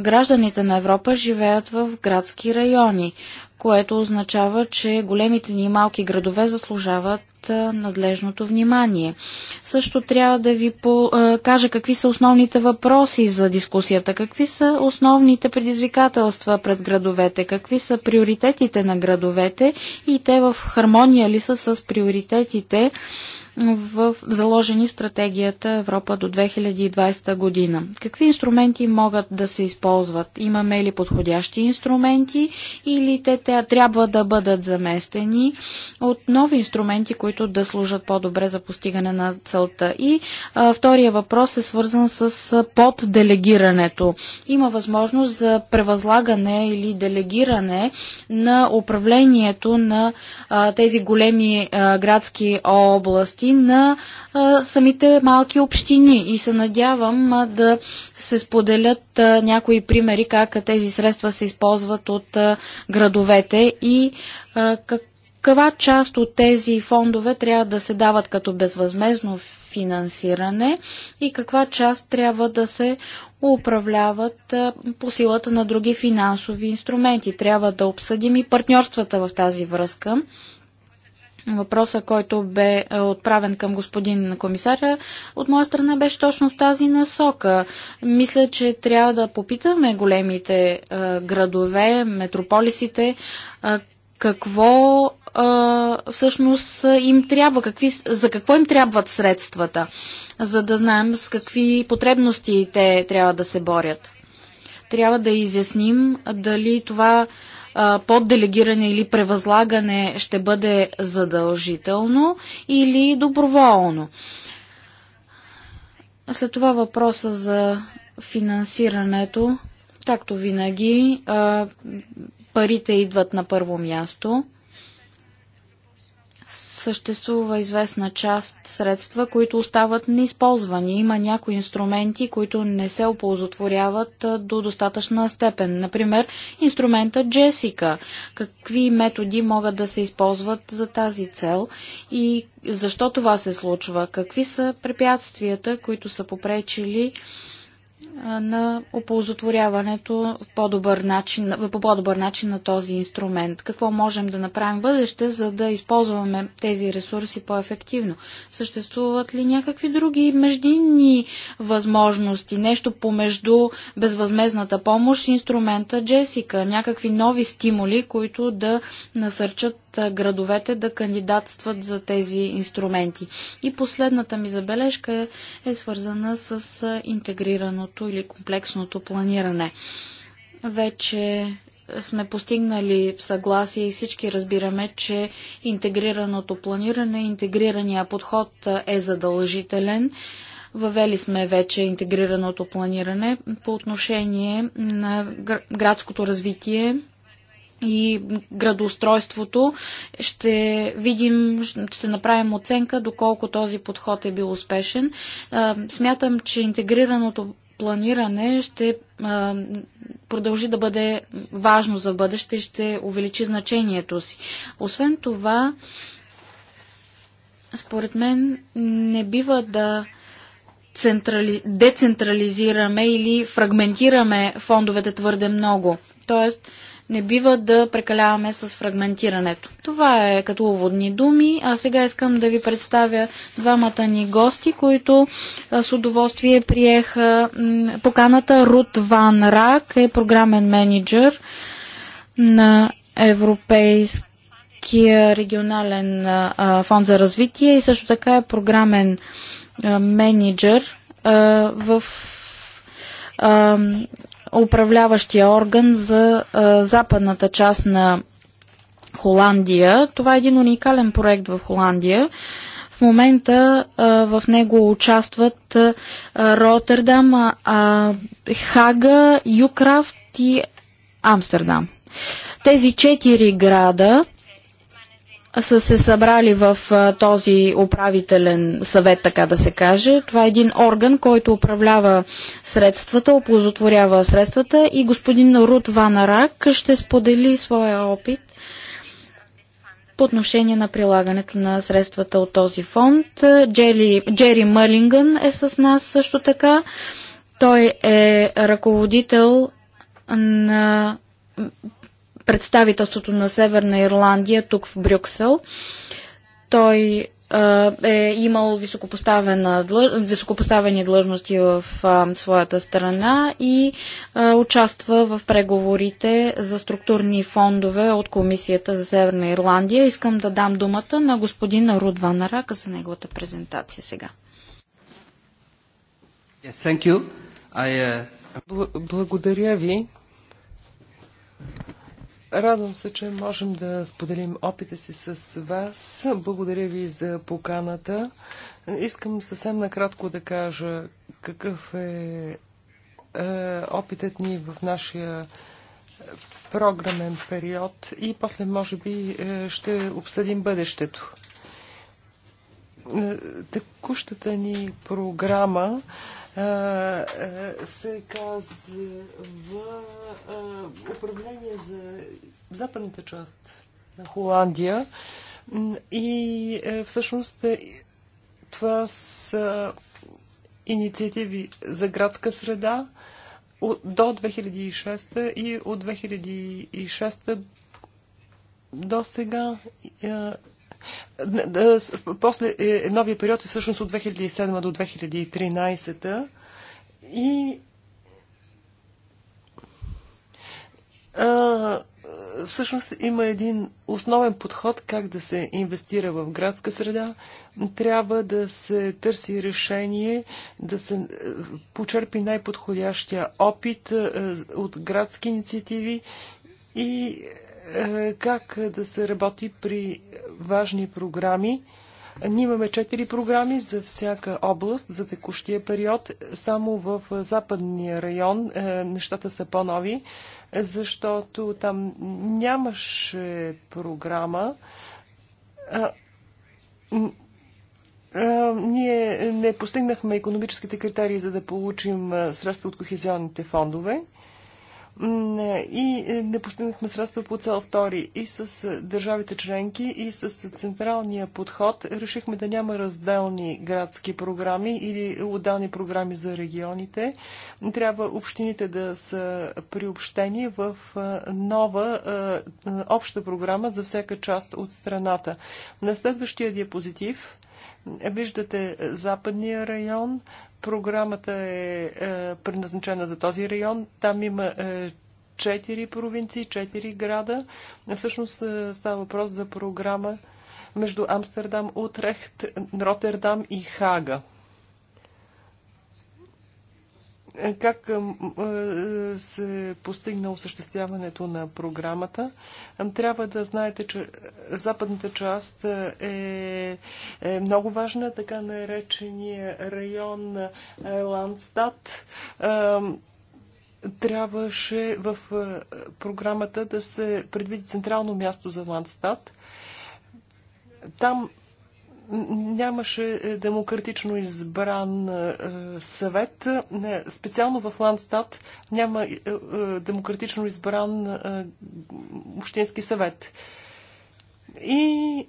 гражданите на Европа живеят в градски райони, което означава, че големите ни малки градове заслужават надлежното внимание. Също трябва да ви по, кажа какви са основните въпроси за дискусията, какви са основните предизвикателства пред градовете, какви са приоритетите на градовете и те в хармония ли са с приоритетите в заложени стратегията Европа до 2020 година. Какви инструменти могат да се използват? Имаме ли подходящи инструменти или те, те трябва да бъдат заместени от нови инструменти, които да служат по-добре за постигане на целта? И а, втория въпрос е свързан с подделегирането. Има възможност за превъзлагане или делегиране на управлението на а, тези големи а, градски области дейности на а, самите малки общини и се надявам а, да се споделят а, някои примери как а, тези средства се използват от а, градовете и а, как каква част от тези фондове трябва да се дават като безвъзмезно финансиране и каква част трябва да се управляват по силата на други финансови инструменти. Трябва да обсъдим и партньорствата в тази връзка въпроса, който бе е, отправен към господин комисаря, от моя страна беше точно в тази насока. Мисля, че трябва да попитаме големите е, градове, метрополисите, е, какво всъщност им трябва, какви, за какво им трябват средствата, за да знаем с какви потребности те трябва да се борят. Трябва да изясним дали това подделегиране или превъзлагане ще бъде задължително или доброволно. След това въпроса за финансирането. Както винаги, парите идват на първо място съществува известна част средства, които остават неизползвани. Има някои инструменти, които не се оползотворяват до достатъчна степен. Например, инструмента Джесика. Какви методи могат да се използват за тази цел и защо това се случва? Какви са препятствията, които са попречили на оползотворяването по-добър начин, по по-добър начин на този инструмент. Какво можем да направим в бъдеще, за да използваме тези ресурси по-ефективно? Съществуват ли някакви други междинни възможности? Нещо помежду безвъзмезната помощ, инструмента Джесика, някакви нови стимули, които да насърчат градовете да кандидатстват за тези инструменти. И последната ми забележка е, е свързана с интегрираното или комплексното планиране. Вече сме постигнали съгласие и всички разбираме, че интегрираното планиране, интегрирания подход е задължителен. Въвели сме вече интегрираното планиране по отношение на градското развитие и градоустройството. Ще видим, ще направим оценка доколко този подход е бил успешен. Смятам, че интегрираното планиране ще продължи да бъде важно за бъдеще и ще увеличи значението си. Освен това, според мен не бива да централи... децентрализираме или фрагментираме фондовете твърде много. Тоест, не бива да прекаляваме с фрагментирането. Това е като уводни думи, а сега искам да ви представя двамата ни гости, които с удоволствие приеха поканата. Рут Ван Рак е програмен менеджер на Европейския регионален фонд за развитие и също така е програмен менеджер в управляващия орган за а, западната част на Холандия. Това е един уникален проект в Холандия. В момента а, в него участват а, Роттердам, а, Хага, Юкрафт и Амстердам. Тези четири града са се събрали в този управителен съвет, така да се каже. Това е един орган, който управлява средствата, оползотворява средствата и господин Рут Ванарак ще сподели своя опит по отношение на прилагането на средствата от този фонд. Джери, Джери Мърлинган е с нас също така. Той е ръководител на представителството на Северна Ирландия тук в Брюксел. Той е имал високопоставени длъжности в своята страна и участва в преговорите за структурни фондове от Комисията за Северна Ирландия. Искам да дам думата на господин Руд Ванарака за неговата презентация сега. Yes, I, uh... Благодаря ви. Радвам се, че можем да споделим опита си с вас. Благодаря ви за поканата. Искам съвсем накратко да кажа какъв е, е опитът ни в нашия програмен период и после може би е, ще обсъдим бъдещето. Е, текущата ни програма се казва управление за западната част на Холандия. И е, всъщност е, това са инициативи за градска среда до 2006 и от 2006 до сега е, после е, новия период е всъщност от 2007 до 2013 и а, всъщност има един основен подход как да се инвестира в градска среда. Трябва да се търси решение, да се е, почерпи най-подходящия опит е, от градски инициативи и е, как да се работи при важни програми. Ние имаме четири програми за всяка област за текущия период. Само в западния район е, нещата са по-нови, защото там нямаше програма. Ние не постигнахме економическите критерии, за да получим средства от кохезионните фондове и е, не постигнахме средства по цел втори и с е, държавите членки и с е, централния подход. Решихме да няма разделни градски програми или отделни програми за регионите. Трябва общините да са приобщени в нова обща програма за всяка част от страната. На следващия диапозитив виждате западния район, Програмата е, е предназначена за този район. Там има е, четири провинции, четири града. Всъщност е, става въпрос за програма между Амстердам, Утрехт, Ротердам и Хага как се постигна осъществяването на програмата. Трябва да знаете, че западната част е, е, много важна, така наречения район Ландстад. Трябваше в програмата да се предвиди централно място за Ландстад. Там нямаше е, демократично избран е, съвет. Е, специално в Ландстат няма демократично избран общински съвет. И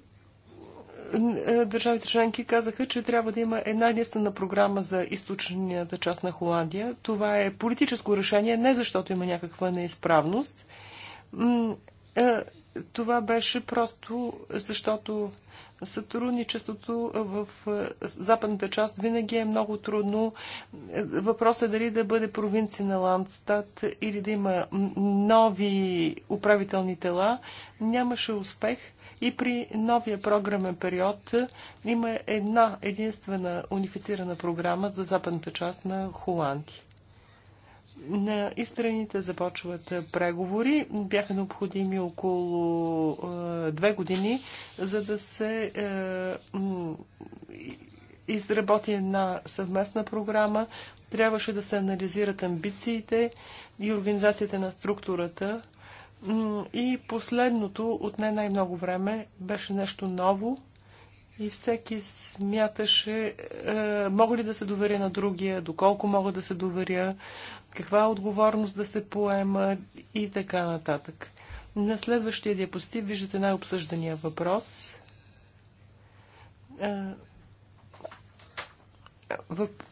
държавите членки казаха, че трябва да има една единствена програма за източната част на Холандия. Това е политическо решение, не защото има някаква неизправност. Това беше просто защото сътрудничеството в е, западната част винаги е много трудно. Въпросът е дали да бъде провинци на Ландстат или да има нови управителни тела. Нямаше успех. И при новия програмен период има една единствена унифицирана програма за западната част на Холандия. На и страните започват преговори. Бяха необходими около е, две години, за да се е, изработи една съвместна програма. Трябваше да се анализират амбициите и организацията на структурата. И последното отне най-много време беше нещо ново, и всеки смяташе е, мога ли да се доверя на другия, доколко мога да се доверя, каква е отговорност да се поема и така нататък. На следващия диапозитив виждате най-обсъждания въпрос. Е, въп,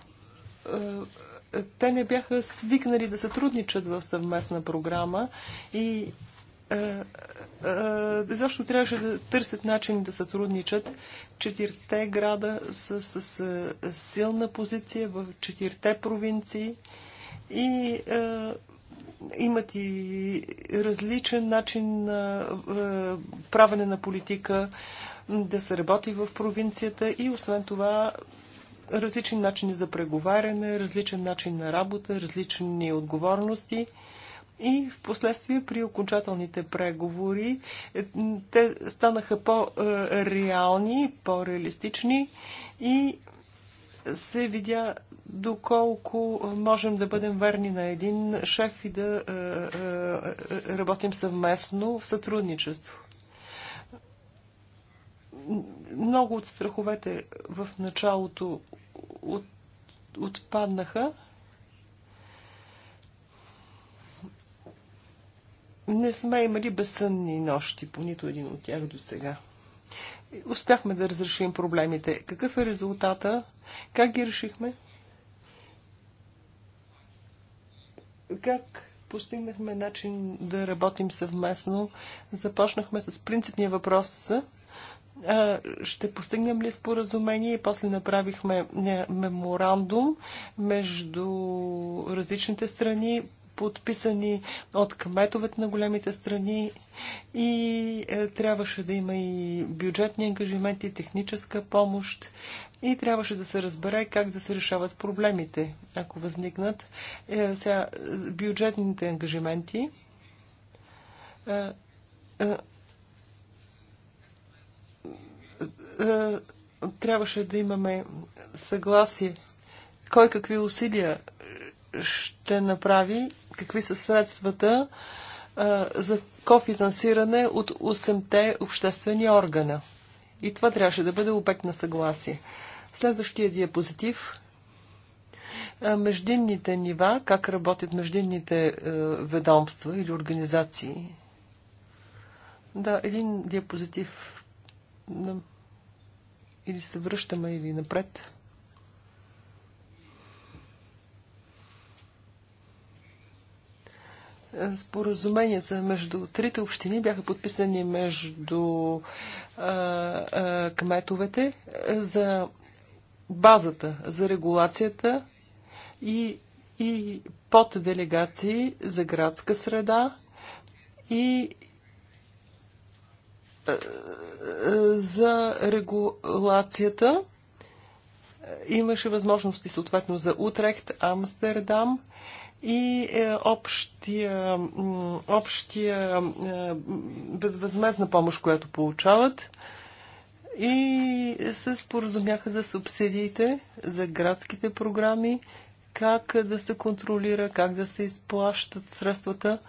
е, те не бяха свикнали да сътрудничат в съвместна програма и е, е, е, Защо трябваше да търсят начин да сътрудничат. Четирте града с, с, с силна позиция в четирте провинции и е, имат и различен начин на е, правене на политика, да се работи в провинцията и освен това различни начини за преговаряне, различен начин на работа, различни отговорности – и в последствие при окончателните преговори е, те станаха по-реални, по-реалистични и се видя доколко можем да бъдем верни на един шеф и да е, е, работим съвместно в сътрудничество. Много от страховете в началото от, отпаднаха. Не сме имали безсънни нощи по нито един от тях до сега. Успяхме да разрешим проблемите. Какъв е резултата? Как ги решихме? Как постигнахме начин да работим съвместно? Започнахме с принципния въпрос ще постигнем ли споразумение и после направихме е, меморандум между различните страни подписани от кметовете на големите страни и е, трябваше да има и бюджетни ангажименти, техническа помощ и трябваше да се разбере как да се решават проблемите, ако възникнат. Е, сега, бюджетните ангажименти е, е, е, е трябваше да имаме съгласие кой какви усилия ще направи, какви са средствата а, за кофинансиране от 8-те обществени органа. И това трябваше да бъде обект на съгласие. Следващия диапозитив. А, междинните нива, как работят междинните а, е, ведомства или организации. Да, един диапозитив. Или се връщаме, или напред. Споразуменията между трите общини бяха подписани между а, а, кметовете за базата, за регулацията и, и подделегации за градска среда и за регулацията. Имаше възможности съответно за Утрехт, Амстердам, и е, общия, общия е, безвъзмезна помощ, която получават. И се споразумяха за субсидиите, за градските програми, как да се контролира, как да се изплащат средствата –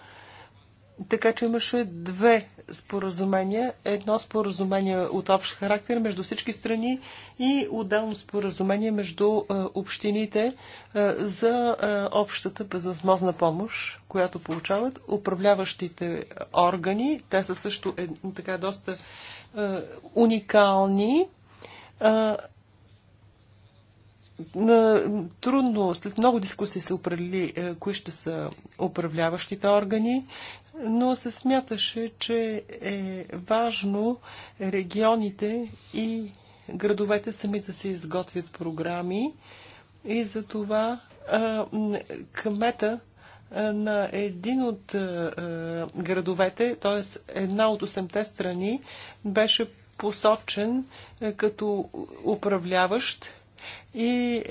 така че имаше две споразумения. Едно споразумение от общ характер между всички страни и отделно споразумение между е, общините е, за е, общата безвъзмозна помощ, която получават управляващите органи. Те са също е, така доста е, уникални. Е, на, трудно, след много дискусии се определи е, кои ще са управляващите органи но се смяташе, че е важно регионите и градовете сами да се изготвят програми и за това кмета на един от градовете, т.е. една от 8 страни, беше посочен като управляващ и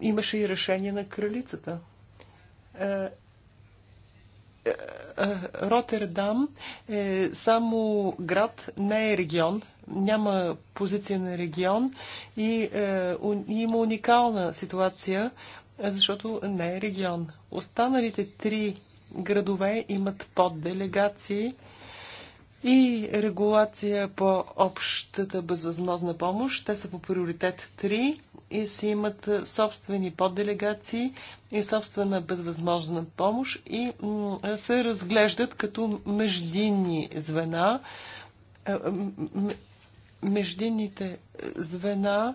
имаше и решение на кралицата. Е, е, е, Ротердам е само град, не е регион, няма позиция на регион и е, има уникална ситуация, защото не е регион. Останалите три градове имат подделегации и регулация по общата безвъзможна помощ. Те са по приоритет 3 и си имат собствени подделегации и собствена безвъзможна помощ и се разглеждат като междинни звена. Междинните звена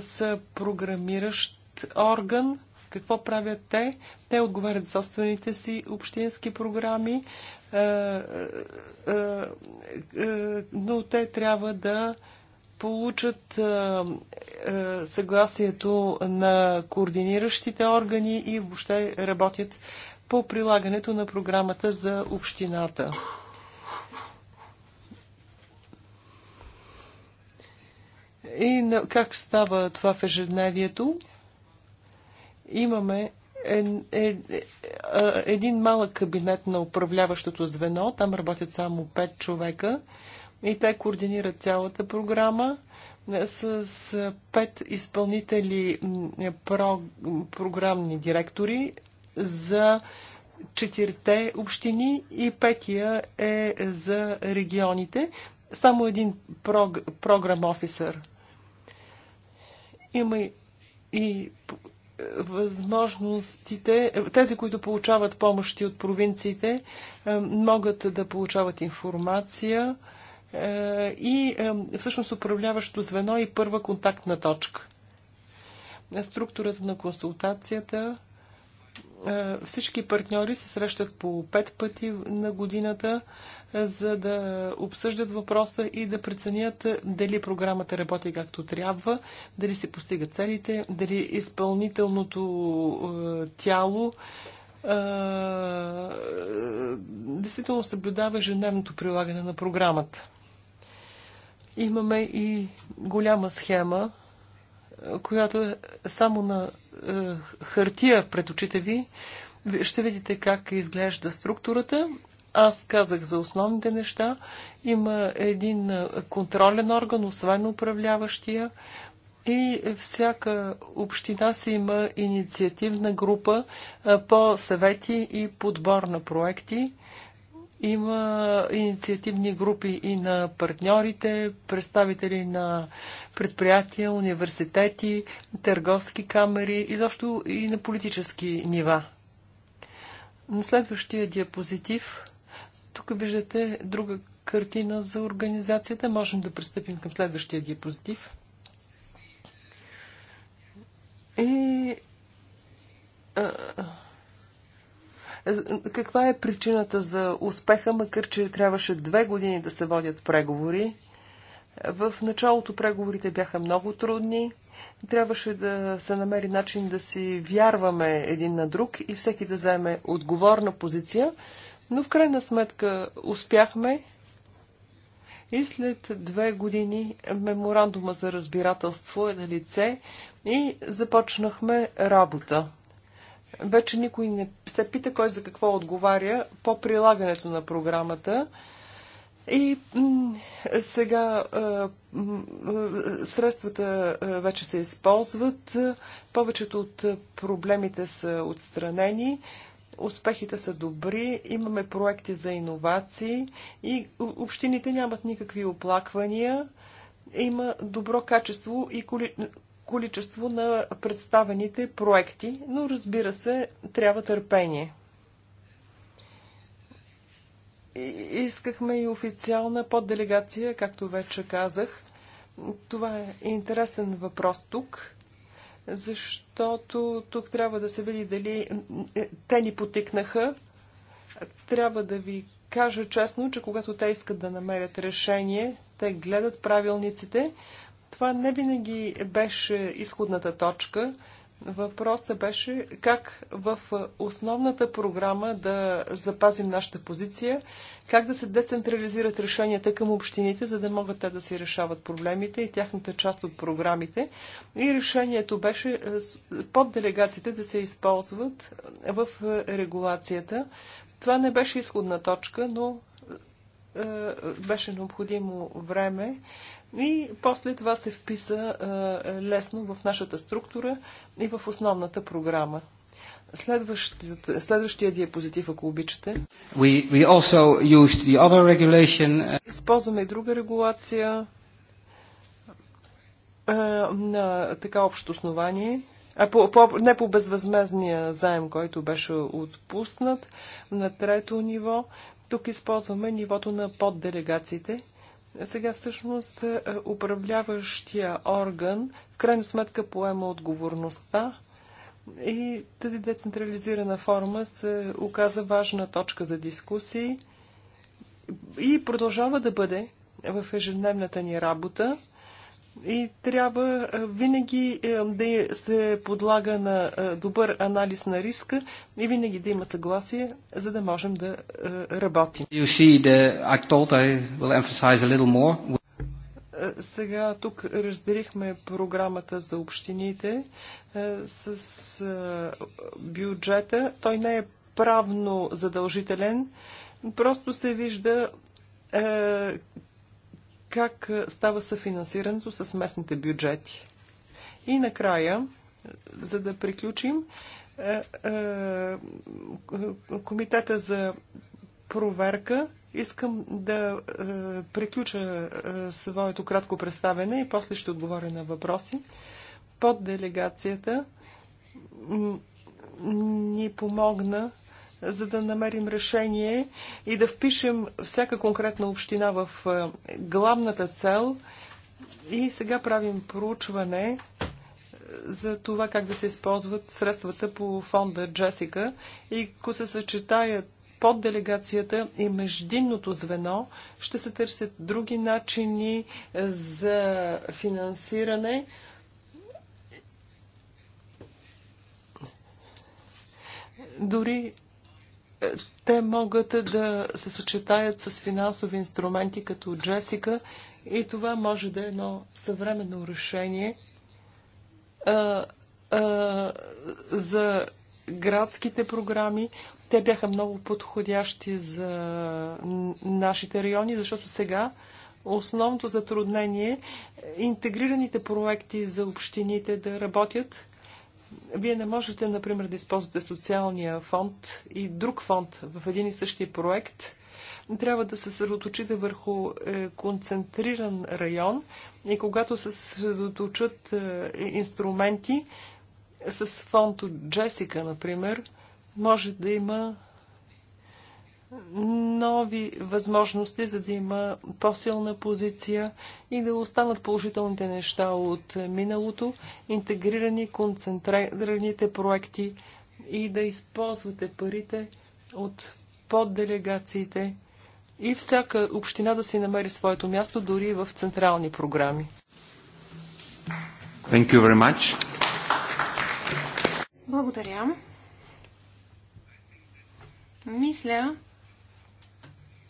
са програмиращ орган. Какво правят те? Те отговарят собствените си общински програми, но те трябва да получат съгласието на координиращите органи и въобще работят по прилагането на програмата за общината. И на, как става това в ежедневието? Имаме е, е, е, един малък кабинет на управляващото звено. Там работят само 5 човека. Е, и те координират цялата програма е, с, пет изпълнители е, про, програмни директори за четирите общини и петия е за регионите. Само един прог, програм офисър. Има и, и е, възможностите, тези, които получават помощи от провинциите, могат да получават информация е, и е, всъщност управляващо звено и първа контактна точка. Структурата на консултацията е, всички партньори се срещат по пет пъти на годината, за да обсъждат въпроса и да преценят дали програмата работи както трябва, дали се постигат целите, дали изпълнителното тяло действително съблюдава ежедневното прилагане на програмата. Имаме и голяма схема, която е само на е, хартия пред очите ви. Ще видите как изглежда структурата. Аз казах за основните неща. Има един е, контролен орган, освен управляващия. И всяка община си има инициативна група е, по съвети и подбор на проекти. Има инициативни групи и на партньорите, представители на предприятия, университети, търговски камери и защо и на политически нива. На следващия диапозитив, тук виждате друга картина за организацията. Можем да пристъпим към следващия диапозитив. И а, каква е причината за успеха, макар че трябваше две години да се водят преговори? В началото преговорите бяха много трудни. Трябваше да се намери начин да си вярваме един на друг и всеки да вземе отговорна позиция, но в крайна сметка успяхме и след две години меморандума за разбирателство е на лице и започнахме работа вече никой не се пита кой за какво отговаря по прилагането на програмата. И сега средствата вече се използват, повечето от проблемите са отстранени, успехите са добри, имаме проекти за иновации и общините нямат никакви оплаквания. Има добро качество и коли количество на представените проекти, но разбира се, трябва търпение. И искахме и официална подделегация, както вече казах. Това е интересен въпрос тук, защото тук трябва да се види дали е, те ни потикнаха. Трябва да ви кажа честно, че когато те искат да намерят решение, те гледат правилниците, това не винаги беше изходната точка. Въпросът беше как в основната програма да запазим нашата позиция, как да се децентрализират решенията към общините, за да могат те да си решават проблемите и тяхната част от програмите. И решението беше е, под делегациите да се използват е, в е, регулацията. Това не беше изходна точка, но беше необходимо време и после това се вписа лесно в нашата структура и в основната програма. Следващия диапозитив, ако обичате. We, we also used the other regulation. Uh, използваме и друга регулация а, на така общо основание. А по, по, не по безвъзмезния заем, който беше отпуснат на трето ниво. Тук използваме нивото на подделегациите сега всъщност е, е, управляващия орган в крайна сметка поема отговорността и тази децентрализирана форма се оказа важна точка за дискусии и продължава да бъде в ежедневната ни работа и трябва винаги да е, се подлага на добър анализ на риска и винаги да има съгласие, за да можем да работим. The... Сега тук разделихме програмата за общините с бюджета. Той не е правно задължителен, просто се вижда как става съфинансирането с местните бюджети. И накрая, за да приключим, Комитета за проверка. Искам да приключа своето кратко представене и после ще отговоря на въпроси. Под делегацията ни помогна за да намерим решение и да впишем всяка конкретна община в е, главната цел. И сега правим проучване е, за това как да се използват средствата по фонда Джесика и ако се съчетаят под делегацията и междинното звено ще се търсят други начини е, за финансиране. Дори те могат да се съчетаят с финансови инструменти като Джесика и това може да е едно съвременно решение а, а, за градските програми. Те бяха много подходящи за нашите райони, защото сега основното затруднение е интегрираните проекти за общините да работят – вие не можете, например, да използвате социалния фонд и друг фонд в един и същи проект. Трябва да се съсредоточите върху е, концентриран район и когато се съсредоточат е, инструменти с фонд от Джесика, например, може да има нови възможности, за да има по-силна позиция и да останат положителните неща от миналото, интегрирани, концентрираните проекти и да използвате парите от подделегациите и всяка община да си намери своето място дори в централни програми. Thank you very much. Благодаря. Мисля,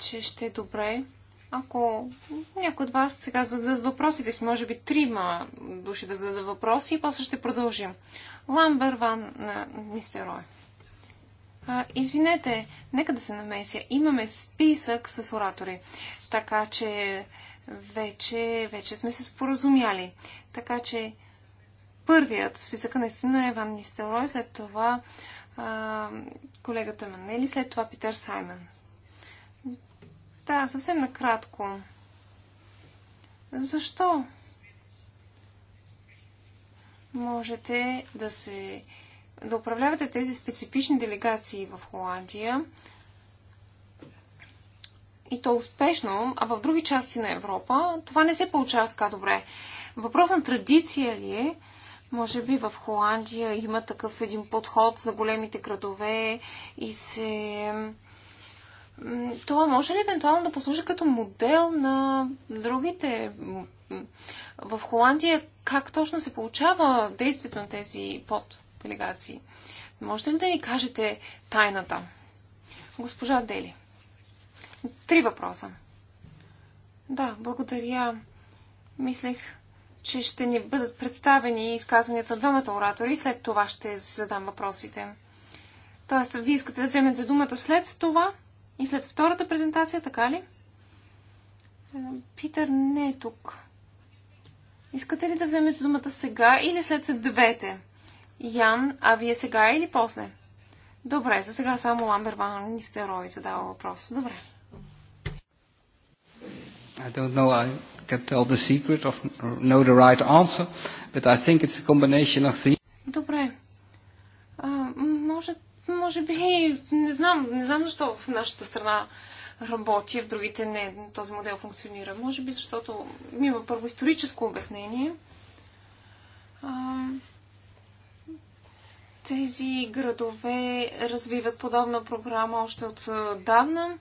че ще е добре, ако някой от вас сега зададат въпросите си, може би трима души да зададат въпроси и после ще продължим. Ламбер Ван на Нистерой. А, извинете, нека да се намеся. Имаме списък с оратори, така че вече, вече сме се споразумяли. Така че първият списък наистина е Ван Нистерой, след това а, колегата Манели, след това Питер Саймън. Да, съвсем накратко. Защо? Можете да се да управлявате тези специфични делегации в Холандия и то успешно, а в други части на Европа това не се получава така добре. Въпрос на традиция ли е? Може би в Холандия има такъв един подход за големите градове и се това може ли евентуално да послужи като модел на другите? В Холандия как точно се получава действието на тези подделегации? Можете ли да ни кажете тайната? Госпожа Дели. Три въпроса. Да, благодаря. Мислех, че ще ни бъдат представени изказванията на двамата оратори и след това ще задам въпросите. Тоест, вие искате да вземете думата след това? И след втората презентация, така ли? Е, Питър не е тук. Искате ли да вземете думата сега или след двете? Ян, а вие сега или после? Добре, за сега само Ламбер Ван Нистерой задава въпрос. Добре. I don't know I can tell the secret of know the right answer, but I think it's a combination of Добре. А, може може би, не знам, не знам защо в нашата страна работи, в другите не, този модел функционира. Може би, защото има първо историческо обяснение. Тези градове развиват подобна програма още от давна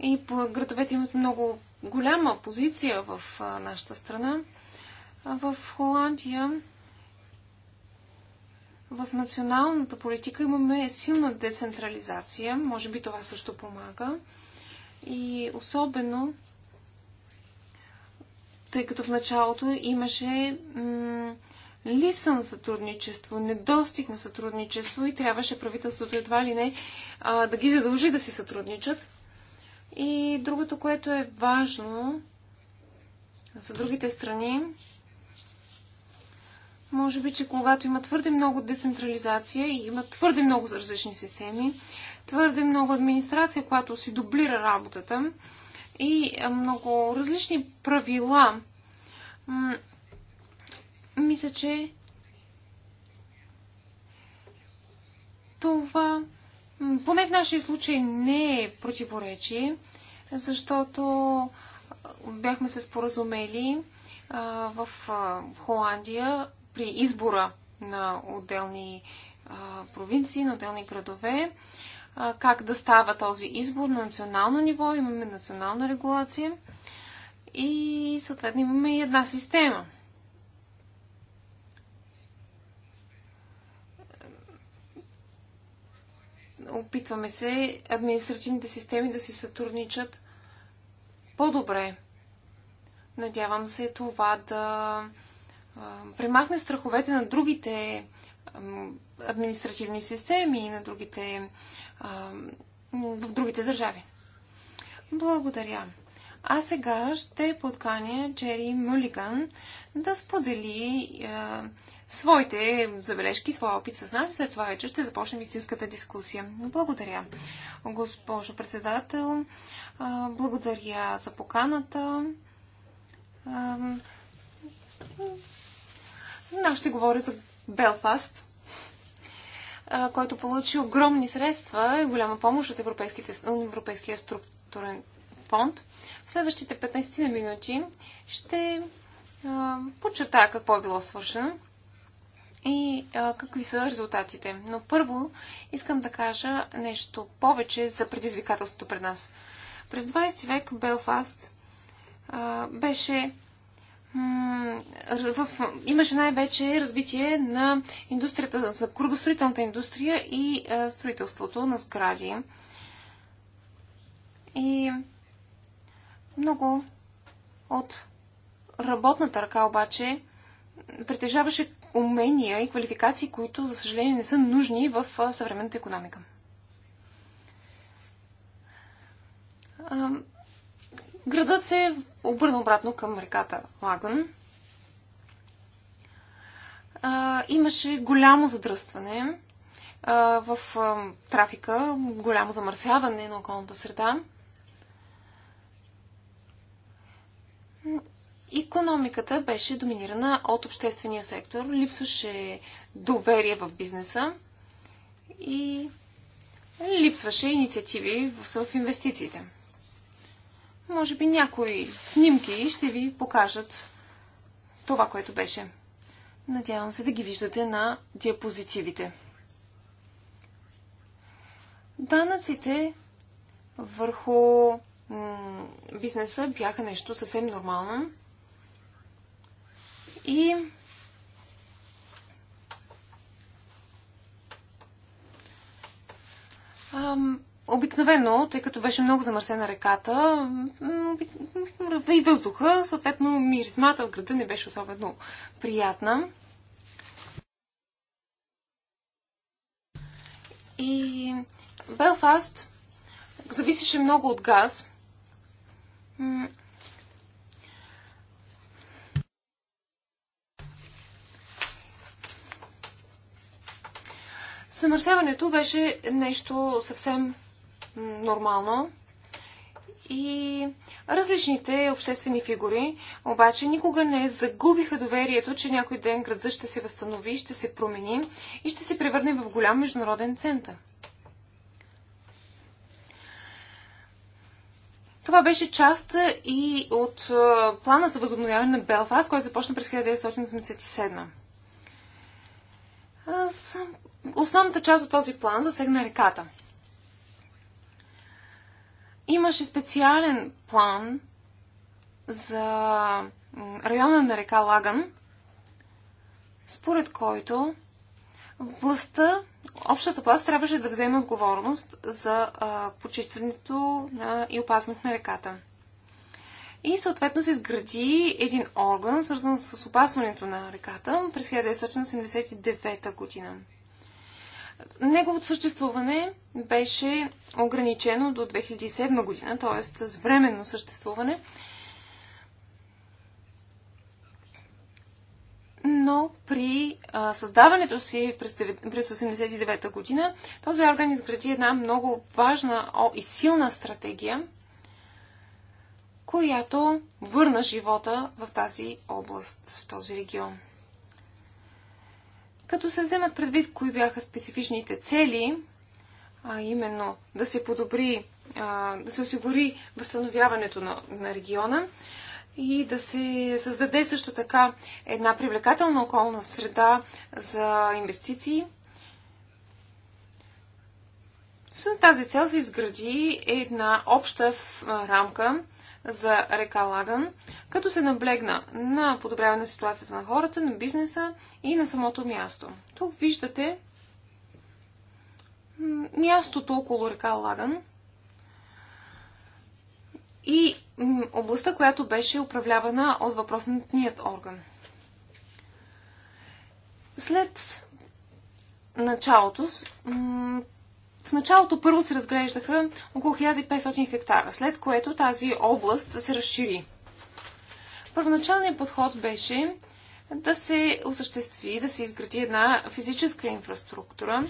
и градовете имат много голяма позиция в нашата страна. В Холандия в националната политика имаме силна децентрализация, може би това също помага. И особено, тъй като в началото имаше липса на сътрудничество, недостиг на сътрудничество и трябваше правителството едва ли не а, да ги задължи да си сътрудничат. И другото, което е важно за другите страни, може би, че когато има твърде много децентрализация и има твърде много различни системи, твърде много администрация, която си дублира работата и много различни правила, мисля, че това поне в нашия случай не е противоречие, защото бяхме се споразумели в Холандия при избора на отделни провинции, на отделни градове, как да става този избор на национално ниво. Имаме национална регулация и съответно имаме и една система. Опитваме се административните системи да си сътрудничат по-добре. Надявам се това да премахне страховете на другите административни системи и на другите, в другите държави. Благодаря. А сега ще подканя Джери Мюлиган да сподели е, своите забележки, своя опит с нас и след това вече ще започнем истинската дискусия. Благодаря, госпожо председател. Е, благодаря за поканата. Е, но ще говоря за Белфаст, който получи огромни средства и голяма помощ от Европейския структурен фонд. В следващите 15 на минути ще подчертая какво е било свършено и какви са резултатите. Но първо искам да кажа нещо повече за предизвикателството пред нас. През 20 век Белфаст беше в, имаше най-вече развитие на индустрията, за кругостроителната индустрия и а, е, строителството на сгради. И много от работната ръка обаче притежаваше умения и квалификации, които, за съжаление, не са нужни в е, съвременната економика. Градът се обърна обратно към реката Лагън. Имаше голямо задръстване в трафика, голямо замърсяване на околната среда. Икономиката беше доминирана от обществения сектор, липсваше доверие в бизнеса и липсваше инициативи в инвестициите. Може би някои снимки ще ви покажат това, което беше. Надявам се да ги виждате на диапозитивите. Данъците върху бизнеса бяха нещо съвсем нормално. И ам, Обикновено, тъй като беше много замърсена реката и въздуха, съответно миризмата в града не беше особено приятна. И Белфаст зависеше много от газ. Съмърсяването беше нещо съвсем нормално. И различните обществени фигури обаче никога не загубиха доверието, че някой ден града ще се възстанови, ще се промени и ще се превърне в голям международен център. Това беше част и от плана за възобновяване на Белфаст, който започна през 1987. Основната част от този план засегна реката – Имаше специален план за района на река Лаган, според който властта, общата власт трябваше да вземе отговорност за а, почистването на, и опазването на реката. И съответно се изгради един орган, свързан с опасването на реката през 1989 година. Неговото съществуване беше ограничено до 2007 година, т.е. с временно съществуване. Но при а, създаването си през, през 1989 година този орган изгради една много важна о, и силна стратегия, която върна живота в тази област, в този регион като се вземат предвид кои бяха специфичните цели, а именно да се подобри, а, да се осигури възстановяването на, на региона и да се създаде също така една привлекателна околна среда за инвестиции. С тази цел се изгради една обща рамка за река Лаган, като се наблегна на подобряване на ситуацията на хората, на бизнеса и на самото място. Тук виждате мястото около река Лаган и областта, която беше управлявана от въпросният орган. След началото в началото първо се разглеждаха около 1500 хектара, след което тази област се разшири. Първоначалният подход беше да се осъществи, да се изгради една физическа инфраструктура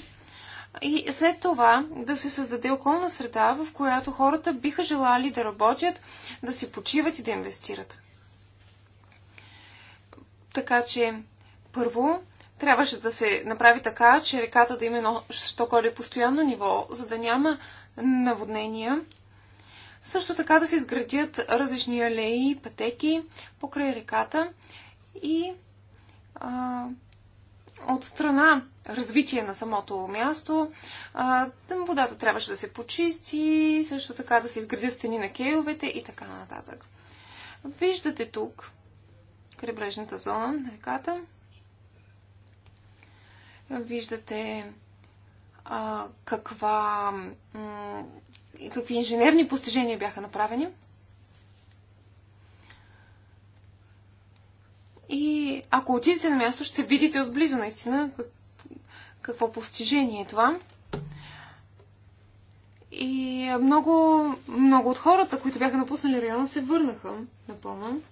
и след това да се създаде околна среда, в която хората биха желали да работят, да си почиват и да инвестират. Така че, първо, трябваше да се направи така, че реката да има едно щоколе постоянно ниво, за да няма наводнения. Също така да се изградят различни алеи, пътеки покрай реката и а, от страна развитие на самото място, а, водата трябваше да се почисти, също така да се изградят стени на кейовете и така нататък. Виждате тук крайбрежната зона на реката. Виждате а, каква, какви инженерни постижения бяха направени. И ако отидете на място, ще видите отблизо наистина какво постижение е това. И много, много от хората, които бяха напуснали района, се върнаха напълно.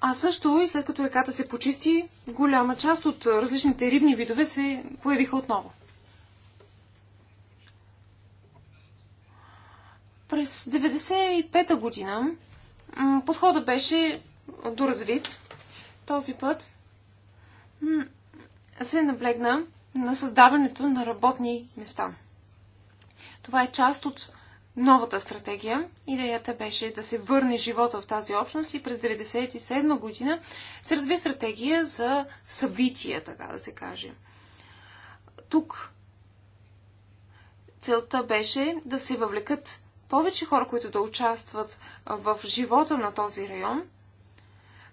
А също и след като реката се почисти, голяма част от различните рибни видове се появиха отново. През 1995 година подходът беше доразвит. Този път се наблегна на създаването на работни места. Това е част от новата стратегия. Идеята беше да се върне живота в тази общност и през 1997 година се разви стратегия за събития, така да се каже. Тук целта беше да се въвлекат повече хора, които да участват в живота на този район,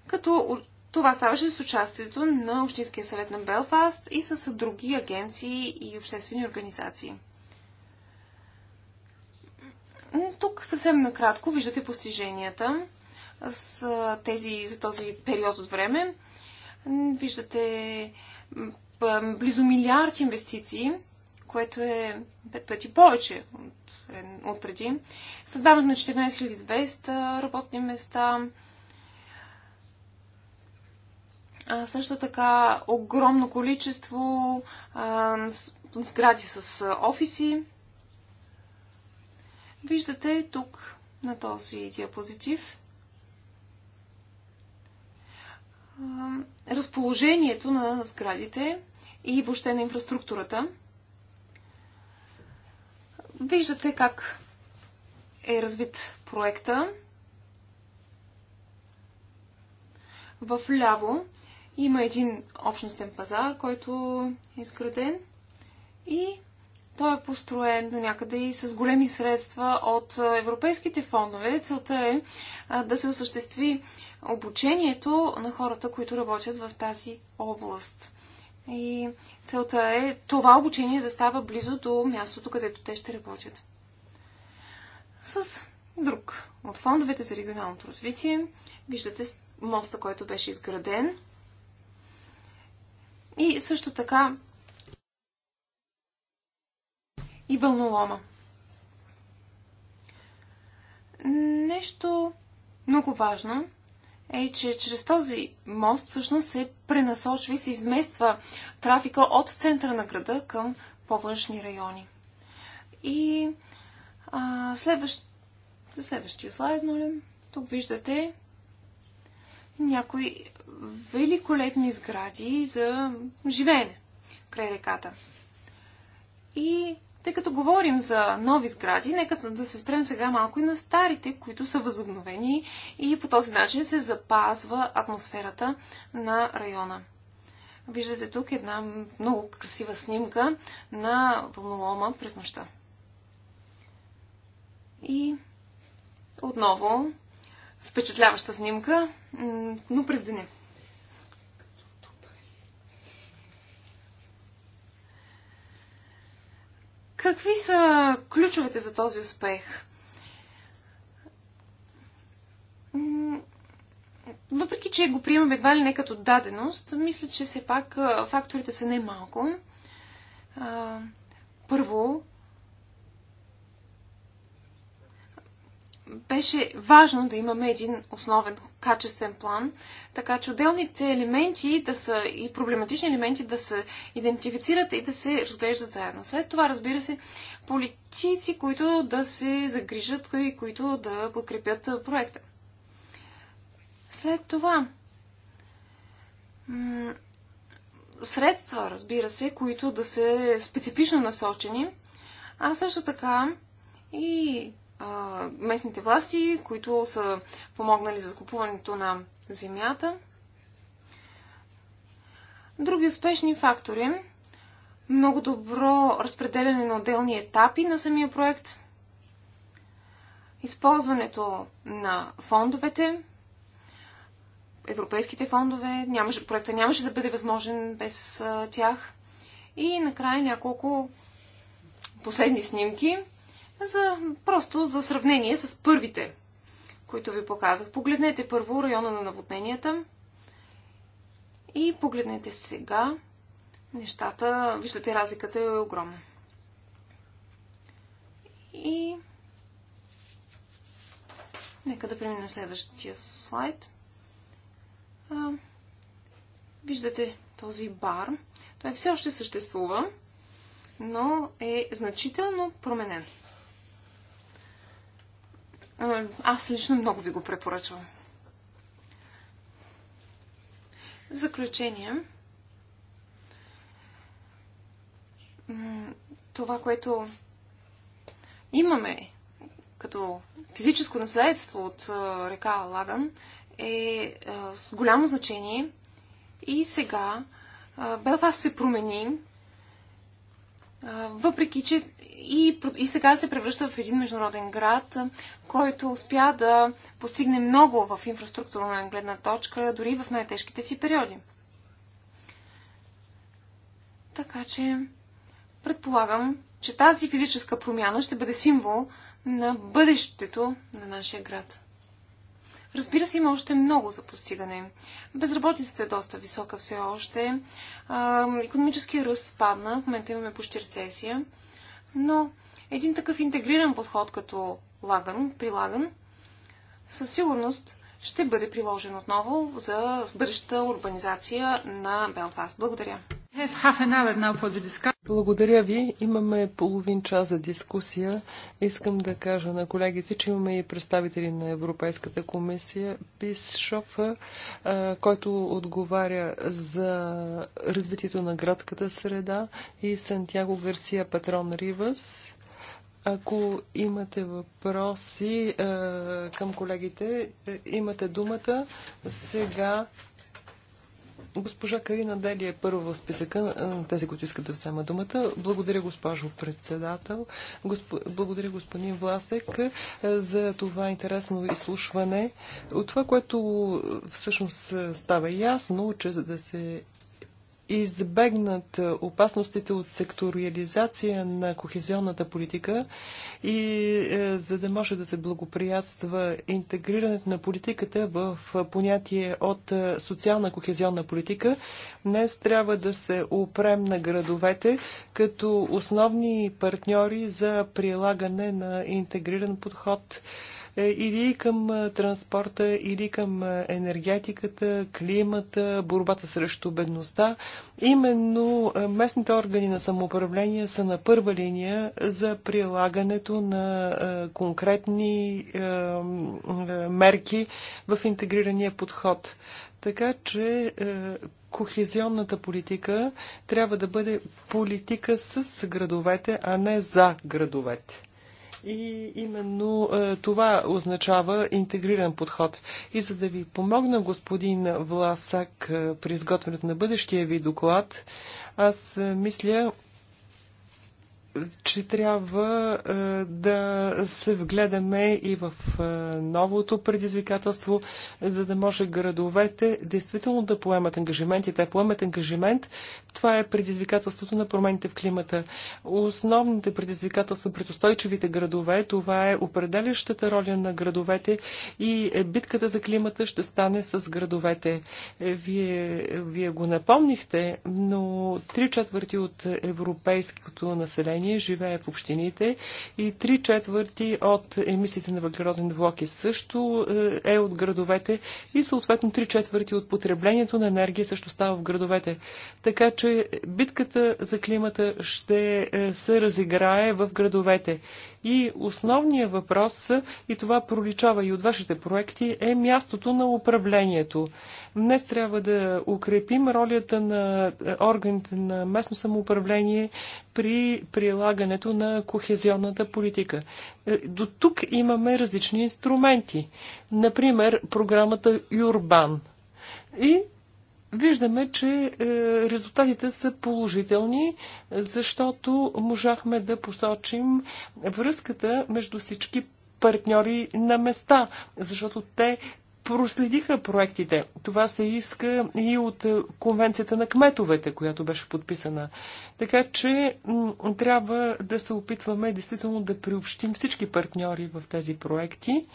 като това ставаше с участието на Общинския съвет на Белфаст и с други агенции и обществени организации. Тук съвсем накратко виждате постиженията с тези, за този период от време. Виждате близо милиард инвестиции, което е пет пъти повече от, от преди. Създаването на 14 200 работни места. А, също така огромно количество а, сгради с офиси. Виждате тук на този диапозитив разположението на сградите и въобще на инфраструктурата. Виждате как е развит проекта. В ляво има един общностен пазар, който е изграден и той е построен до някъде и с големи средства от европейските фондове. Целта е да се осъществи обучението на хората, които работят в тази област. И целта е това обучение да става близо до мястото, където те ще работят. С друг от фондовете за регионалното развитие виждате моста, който беше изграден. И също така и вълнолома. Нещо много важно е, че чрез този мост всъщност се пренасочва и се измества трафика от центъра на града към по-външни райони. И а, следващ... следващия слайд, моля. Тук виждате някои великолепни сгради за живеене край реката. И тъй като говорим за нови сгради, нека да се спрем сега малко и на старите, които са възобновени и по този начин се запазва атмосферата на района. Виждате тук една много красива снимка на вълнолома през нощта. И отново впечатляваща снимка, но през деня. Какви са ключовете за този успех? Въпреки, че го приемаме едва ли не като даденост, мисля, че все пак факторите са немалко. Първо, беше важно да имаме един основен качествен план, така че отделните елементи да са и проблематични елементи да се идентифицират и да се разглеждат заедно. След това, разбира се, политици, които да се загрижат и които да подкрепят проекта. След това, средства, разбира се, които да са специфично насочени, а също така и местните власти, които са помогнали за закупуването на земята. Други успешни фактори много добро разпределяне на отделни етапи на самия проект, използването на фондовете, европейските фондове, нямаше, проекта нямаше да бъде възможен без а, тях. И накрая няколко последни снимки за, просто за сравнение с първите, които ви показах. Погледнете първо района на наводненията и погледнете сега нещата. Виждате, разликата е огромна. И нека да преминем на следващия слайд. А, виждате този бар. Той все още съществува, но е значително променен. Е, аз лично много ви го препоръчвам. В заключение, това, което имаме като физическо наследство от е, река Лаган е, е с голямо значение и сега Белфаст се промени въпреки, че и, и сега се превръща в един международен град, който успя да постигне много в инфраструктурна гледна точка, дори в най-тежките си периоди. Така че, предполагам, че тази физическа промяна ще бъде символ на бъдещето на нашия град. Разбира се, има още много за постигане. Безработицата е доста висока все още. Економическия ръст спадна. В момента имаме почти рецесия. Но един такъв интегриран подход като лаган, прилаган, със сигурност ще бъде приложен отново за бъдещата урбанизация на Белфаст. Благодаря. Благодаря ви. Имаме половин час за дискусия. Искам да кажа на колегите, че имаме и представители на Европейската комисия, Бисшоф, който отговаря за развитието на градската среда и Сантьяго Гарсия Патрон Ривас. Ако имате въпроси към колегите, е, имате думата. Сега Госпожа Карина Дели е първа в списъка на тези, които искат да взема думата. Благодаря, госпожо председател. Госп... Благодаря, господин Власек, за това интересно изслушване. От това, което всъщност става ясно, че за да се избегнат опасностите от секториализация на кохезионната политика и е, за да може да се благоприятства интегрирането на политиката в понятие от социална кохезионна политика, днес трябва да се опрем на градовете като основни партньори за прилагане на интегриран подход – е, или към е, транспорта, или към е, енергетиката, климата, борбата срещу бедността. Именно местните органи на самоуправление са на първа линия за прилагането на конкретни мерки в интегрирания подход. Така че кохезионната политика трябва да бъде политика с градовете, а не за градовете. И именно е, това означава интегриран подход. И за да ви помогна, господин Власак, е, при изготвянето на бъдещия ви доклад, аз е, мисля, че трябва е, да се вгледаме и в е, новото предизвикателство, за да може градовете действително да поемат ангажимент и те поемат ангажимент. Това е предизвикателството на промените в климата. Основните предизвикателства пред устойчивите градове, това е определящата роля на градовете и битката за климата ще стане с градовете. Е, вие, вие го напомнихте, но три четвърти от европейското население население живее в общините и три четвърти от емисиите на въглероден е също е от градовете и съответно три четвърти от потреблението на енергия също става в градовете. Така че битката за климата ще е, се разиграе в градовете. И основният въпрос, и това проличава и от вашите проекти, е мястото на управлението. Днес трябва да укрепим ролята на е, органите на местно самоуправление при прилагането на кохезионната политика. Е, до тук имаме различни инструменти. Например, програмата Юрбан. И виждаме, че е, резултатите са положителни, защото можахме да посочим връзката между всички партньори на места, защото те проследиха проектите. Това се иска и от конвенцията на кметовете, която беше подписана. Така че трябва да се опитваме действително да приобщим всички партньори в тези проекти.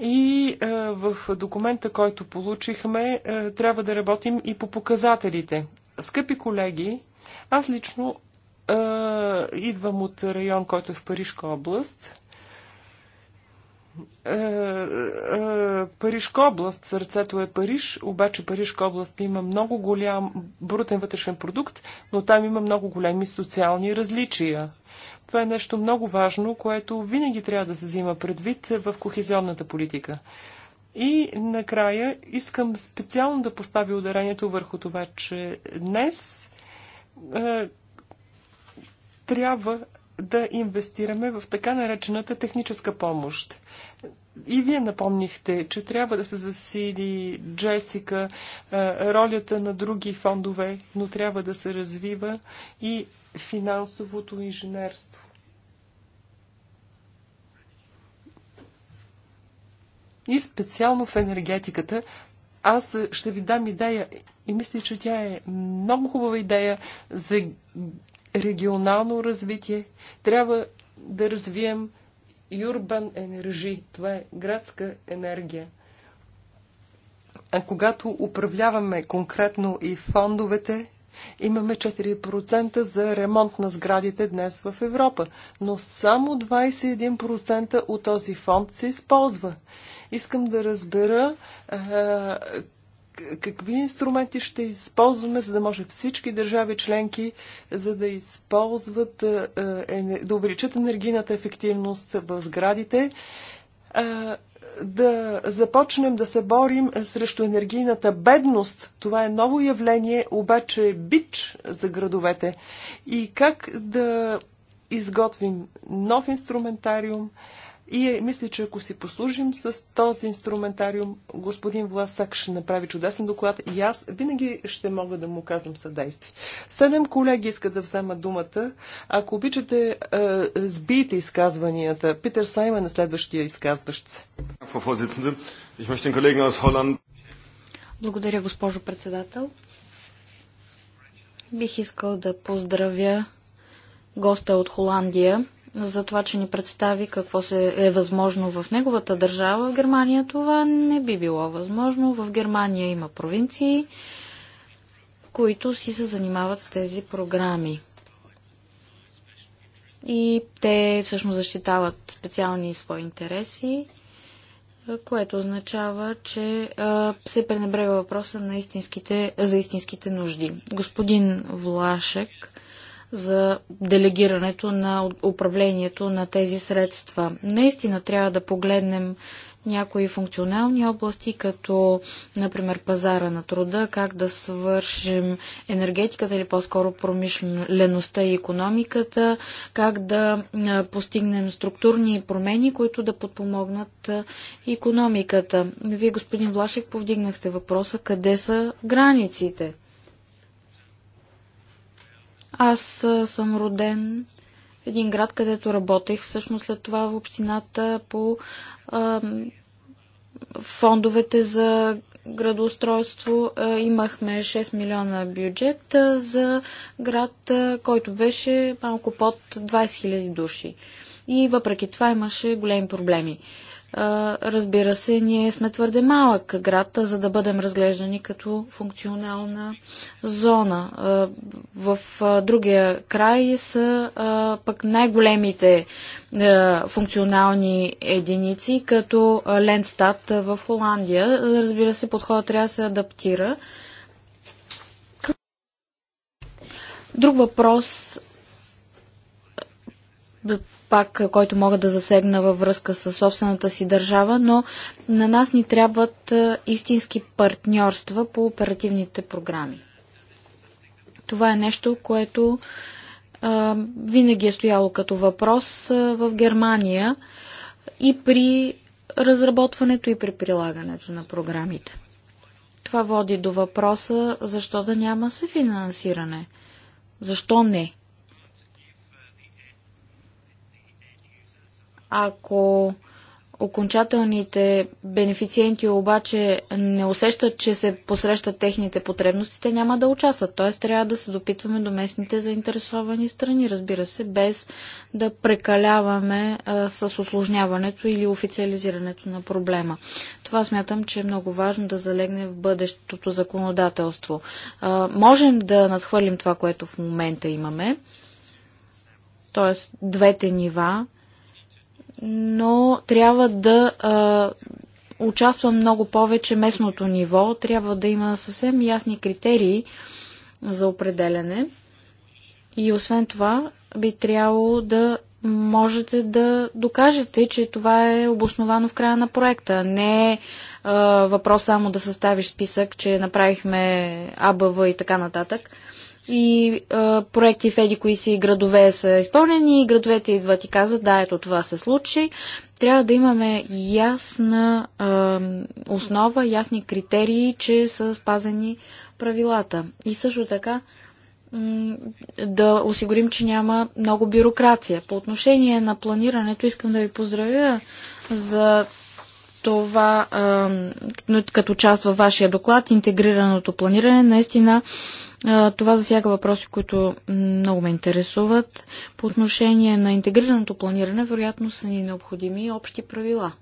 И е, в документа, който получихме, е, трябва да работим и по показателите. Скъпи колеги, аз лично е, идвам от район, който е в Парижка област. Парижка област, сърцето е Париж, обаче Парижка област има много голям брутен вътрешен продукт, но там има много големи социални различия. Това е нещо много важно, което винаги трябва да се взима предвид в кохезионната политика. И накрая искам специално да поставя ударението върху това, че днес е, трябва да инвестираме в така наречената техническа помощ. И вие напомнихте, че трябва да се засили Джесика, е, ролята на други фондове, но трябва да се развива и финансовото инженерство. И специално в енергетиката. Аз ще ви дам идея и мисля, че тя е много хубава идея за регионално развитие. Трябва да развием Юрбан енержи. Това е градска енергия. А когато управляваме конкретно и фондовете, имаме 4% за ремонт на сградите днес в Европа, но само 21% от този фонд се използва. Искам да разбера е, какви инструменти ще използваме, за да може всички държави членки, за да използват, е, е, да увеличат енергийната ефективност в сградите, е, да започнем да се борим срещу енергийната бедност. Това е ново явление, обаче бич за градовете. И как да изготвим нов инструментариум, и мисля, че ако си послужим с този инструментариум, господин Власак ще направи чудесен доклад и аз винаги ще мога да му казвам съдействие. Седем колеги искат да вземат думата. Ако обичате, е, сбийте изказванията. Питер Саймън е следващия изказващ се. Благодаря, госпожо председател. Бих искал да поздравя госта от Холандия за това, че ни представи какво се е възможно в неговата държава, в Германия това не би било възможно. В Германия има провинции, които си се занимават с тези програми. И те всъщност защитават специални свои интереси, което означава, че се пренебрега въпроса на истинските, за истинските нужди. Господин Влашек за делегирането на управлението на тези средства. Наистина трябва да погледнем някои функционални области, като например пазара на труда, как да свършим енергетиката или по-скоро промишлеността и економиката, как да постигнем структурни промени, които да подпомогнат економиката. Вие, господин Влашек, повдигнахте въпроса къде са границите. Аз съм роден в един град, където работех всъщност след това в общината по а, фондовете за градоустройство имахме 6 милиона бюджет за град, който беше малко под 20 000 души. И въпреки това имаше големи проблеми разбира се, ние сме твърде малък град, за да бъдем разглеждани като функционална зона. В другия край са пък най-големите функционални единици, като Ленстат в Холандия. Разбира се, подходът трябва да се адаптира. Друг въпрос пак, е, който мога да засегна във връзка с собствената си държава, но на нас ни трябват е, истински партньорства по оперативните програми. Това е нещо, което а, е, винаги е стояло като въпрос а, в Германия и при разработването и при прилагането на програмите. Това води до въпроса защо да няма съфинансиране. Защо не? Ако окончателните бенефициенти обаче не усещат, че се посрещат техните потребности, те няма да участват. Т.е. трябва да се допитваме до местните заинтересовани страни, разбира се, без да прекаляваме а, с осложняването или официализирането на проблема. Това смятам, че е много важно да залегне в бъдещото законодателство. А, можем да надхвърлим това, което в момента имаме, т.е. двете нива, но трябва да а, участва много повече местното ниво. Трябва да има съвсем ясни критерии за определене. И освен това, би трябвало да можете да докажете, че това е обосновано в края на проекта. Не е въпрос само да съставиш списък, че направихме АБВ и така нататък и а, проекти в еди кои си градове са изпълнени и градовете идват и казват, да, ето това се случи. Трябва да имаме ясна а, основа, ясни критерии, че са спазени правилата. И също така да осигурим, че няма много бюрокрация. По отношение на планирането искам да ви поздравя за това, като част във вашия доклад, интегрираното планиране. Наистина това засяга въпроси, които много ме интересуват. По отношение на интегрираното планиране, вероятно са ни необходими общи правила,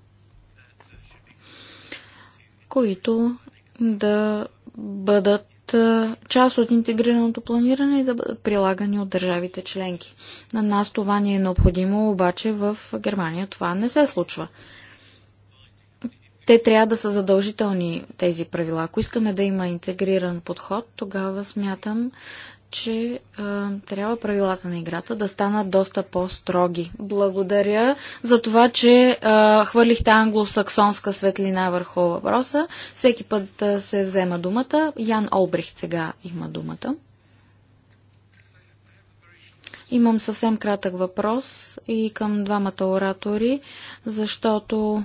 които да бъдат част от интегрираното планиране и да бъдат прилагани от държавите членки. На нас това ни е необходимо, обаче в Германия това не се случва те трябва да са задължителни тези правила. Ако искаме да има интегриран подход, тогава смятам, че е, трябва правилата на играта да станат доста по-строги. Благодаря за това, че е, хвърлихте англосаксонска светлина върху въпроса. Всеки път е, се взема думата. Ян Олбрих сега има думата. Имам съвсем кратък въпрос и към двамата оратори, защото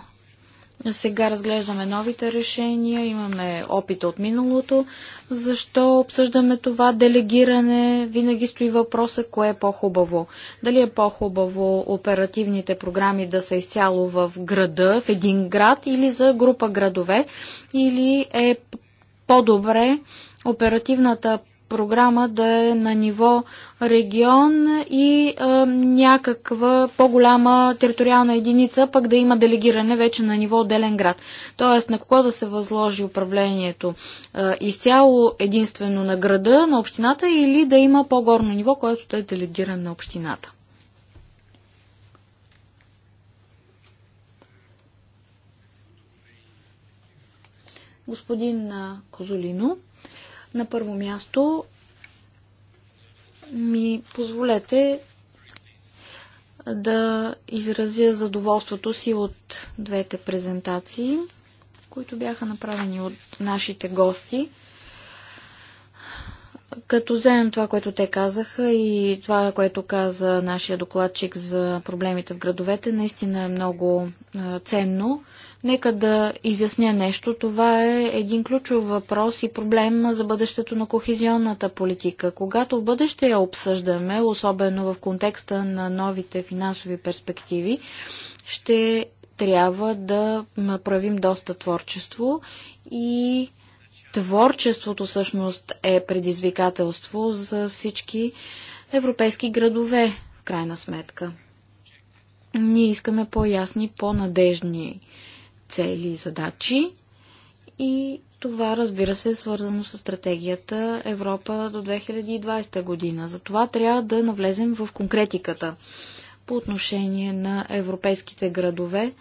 сега разглеждаме новите решения, имаме опита от миналото. Защо обсъждаме това делегиране? Винаги стои въпроса, кое е по-хубаво. Дали е по-хубаво оперативните програми да са изцяло в града, в един град или за група градове, или е по-добре оперативната програма да е на ниво регион и е, някаква по-голяма териториална единица, пък да има делегиране вече на ниво отделен град. Тоест на кого да се възложи управлението е, изцяло единствено на града, на общината или да има по-горно ниво, което да е делегиран на общината. Господин Козолино. На първо място ми позволете да изразя задоволството си от двете презентации, които бяха направени от нашите гости. Като вземем това, което те казаха и това, което каза нашия докладчик за проблемите в градовете, наистина е много ценно. Нека да изясня нещо. Това е един ключов въпрос и проблем за бъдещето на кохезионната политика. Когато в бъдеще я обсъждаме, особено в контекста на новите финансови перспективи, ще трябва да направим доста творчество и творчеството всъщност е предизвикателство за всички европейски градове, в крайна сметка. Ние искаме по-ясни, по-надежни цели и задачи. И това, разбира се, е свързано с стратегията Европа до 2020 година. Затова трябва да навлезем в конкретиката по отношение на европейските градове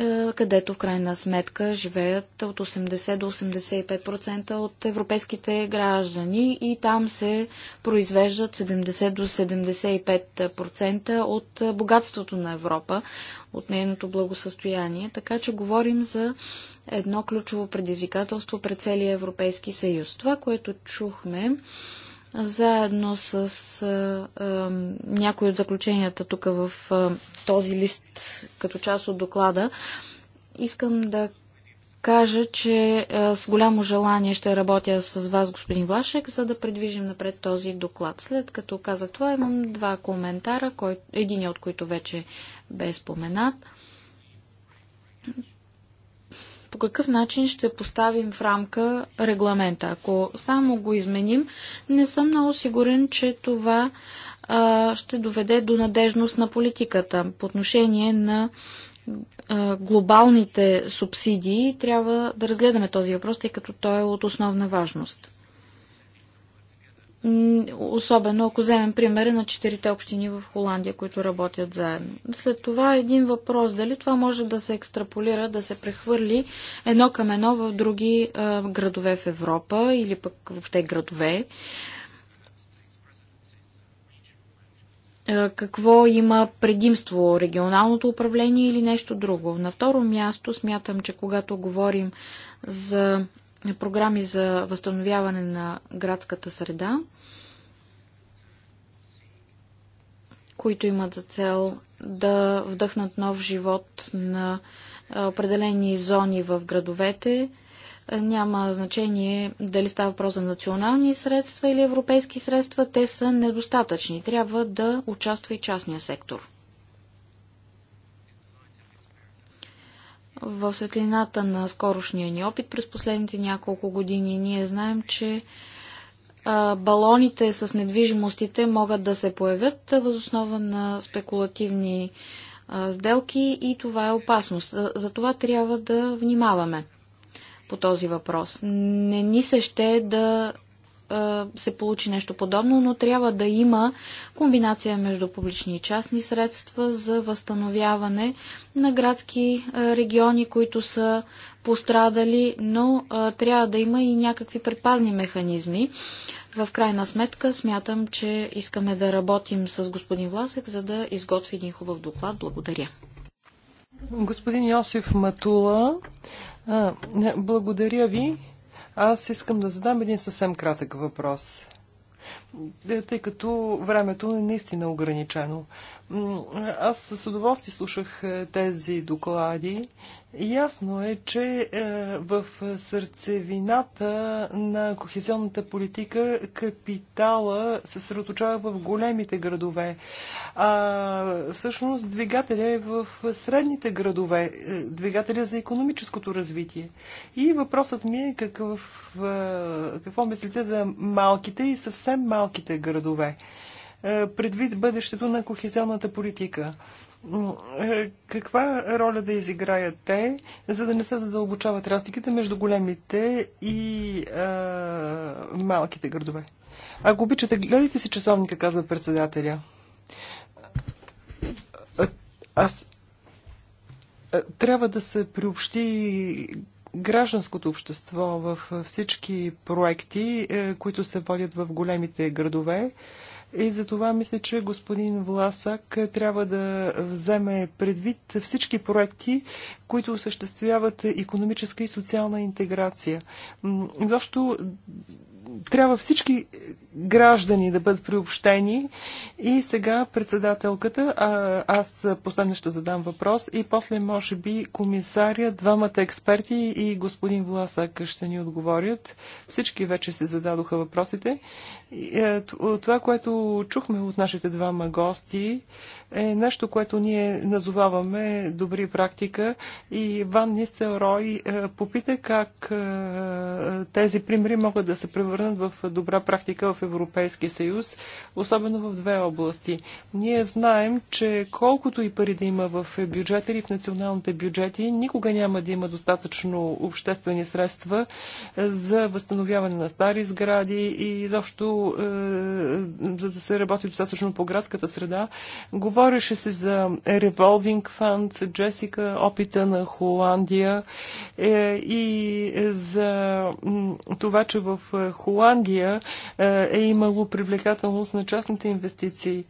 е, където в крайна сметка живеят от 80 до 85% от европейските граждани и там се произвеждат 70 до 75% от е, богатството на Европа, от нейното благосъстояние. Така че говорим за едно ключово предизвикателство пред целия Европейски съюз. Това, което чухме, заедно с а, а, някои от заключенията тук в а, този лист като част от доклада, искам да кажа, че а, с голямо желание ще работя с вас, господин Влашек, за да предвижим напред този доклад. След като казах това, имам два коментара, кой, един е от които вече бе споменат по какъв начин ще поставим в рамка регламента. Ако само го изменим, не съм много сигурен, че това а, ще доведе до надежност на политиката. По отношение на а, глобалните субсидии трябва да разгледаме този въпрос, тъй като той е от основна важност. Особено ако вземем примера на четирите общини в Холандия, които работят заедно. След това един въпрос, дали това може да се екстраполира, да се прехвърли едно към едно в други а, градове в Европа или пък в те градове. какво има предимство регионалното управление или нещо друго. На второ място смятам, че когато говорим за програми за възстановяване на градската среда, които имат за цел да вдъхнат нов живот на определени зони в градовете. Няма значение дали става въпрос за национални средства или европейски средства, те са недостатъчни. Трябва да участва и частния сектор. В светлината на скорошния ни опит през последните няколко години ние знаем, че балоните с недвижимостите могат да се появят възоснова на спекулативни сделки и това е опасност. За това трябва да внимаваме по този въпрос. Не ни се ще да е, се получи нещо подобно, но трябва да има комбинация между публични и частни средства за възстановяване на градски е, региони, които са пострадали, но е, трябва да има и някакви предпазни механизми. В крайна сметка смятам, че искаме да работим с господин Власек, за да изготви един хубав доклад. Благодаря. Господин Йосиф Матула, благодаря ви. Аз искам да задам един съвсем кратък въпрос, е, тъй като времето е наистина ограничено. Аз с удоволствие слушах е, тези доклади Ясно е, че е, в сърцевината на кохезионната политика капитала се съсредоточава в големите градове. А всъщност двигателя е в средните градове, е, двигателя за економическото развитие. И въпросът ми е какъв, е, какво мислите за малките и съвсем малките градове предвид бъдещето на кохезионната политика. Е, каква роля да изиграят те, за да не се задълбочават разликите между големите и а, е, малките градове? Ако обичате, гледайте си часовника, казва председателя. А, е, аз а, трябва да се приобщи гражданското общество в всички проекти, които се водят в големите градове. И за това мисля, че господин Власак е, трябва да вземе предвид всички проекти, които осъществяват економическа и социална интеграция. Защо трябва всички граждани да бъдат приобщени. И сега председателката, а, аз последно ще задам въпрос и после може би комисаря, двамата експерти и господин Власак ще ни отговорят. Всички вече се зададоха въпросите. Е, това, което чухме от нашите двама гости, е нещо, което ние назоваваме добри практика. И Ван Нистелрой е, попита как е, тези примери могат да се превърнат в добра практика в Европейския съюз, особено в две области. Ние знаем, че колкото и пари да има в бюджета или в националните бюджети, никога няма да има достатъчно обществени средства за възстановяване на стари сгради и изобщо е, за да се работи достатъчно по градската среда. Говореше се за Revolving Fund Джесика, опита на Холандия е, и за това, че в е, Холандия е, е имало привлекателност на частните инвестиции.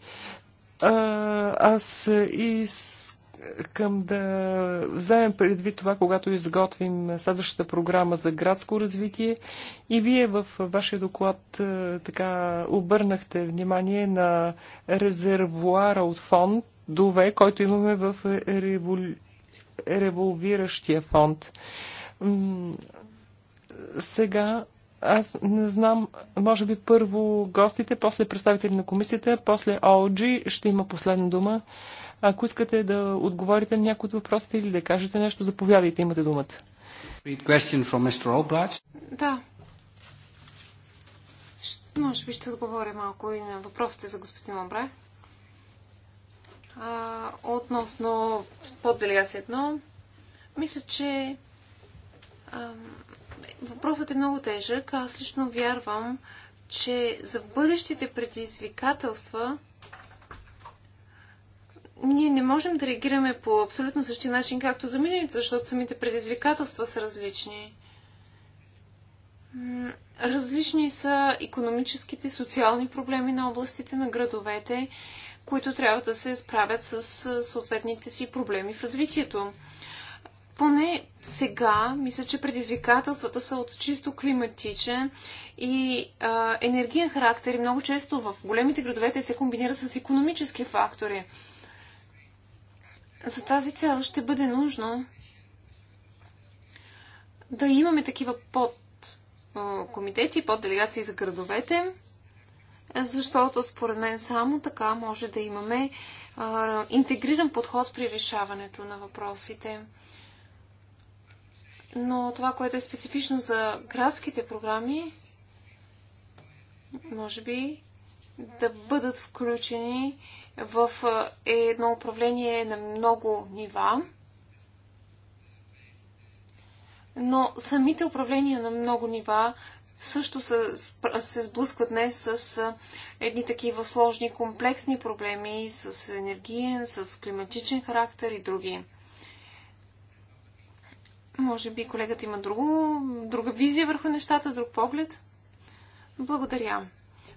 Аз искам да вземем предвид това, когато изготвим следващата програма за градско развитие. И вие в вашия доклад така обърнахте внимание на резервуара от фонд дове, който имаме в револ... револвиращия фонд. Сега аз не знам, може би първо гостите, после представители на комисията, после ООД ще има последна дума. Ако искате да отговорите на някои от въпросите или да кажете нещо, заповядайте, имате думата. Да. Може би ще отговоря малко и на въпросите за господин Обре. относно подделегация 1, мисля, че Въпросът е много тежък. Аз лично вярвам, че за бъдещите предизвикателства ние не можем да реагираме по абсолютно същия начин, както за миналите, защото самите предизвикателства са различни. Различни са економическите, социални проблеми на областите, на градовете, които трябва да се справят с съответните си проблеми в развитието поне сега, мисля, че предизвикателствата са от чисто климатичен и а, енергиен характер и много често в големите градове те се комбинират с економически фактори. За тази цел ще бъде нужно да имаме такива под комитети, под делегации за градовете, защото според мен само така може да имаме а, интегриран подход при решаването на въпросите. Но това, което е специфично за градските програми, може би да бъдат включени в едно управление на много нива. Но самите управления на много нива също се, се сблъскват днес с едни такива сложни комплексни проблеми с енергиен, с климатичен характер и други. Може би колегата има друго, друга визия върху нещата, друг поглед. Благодаря,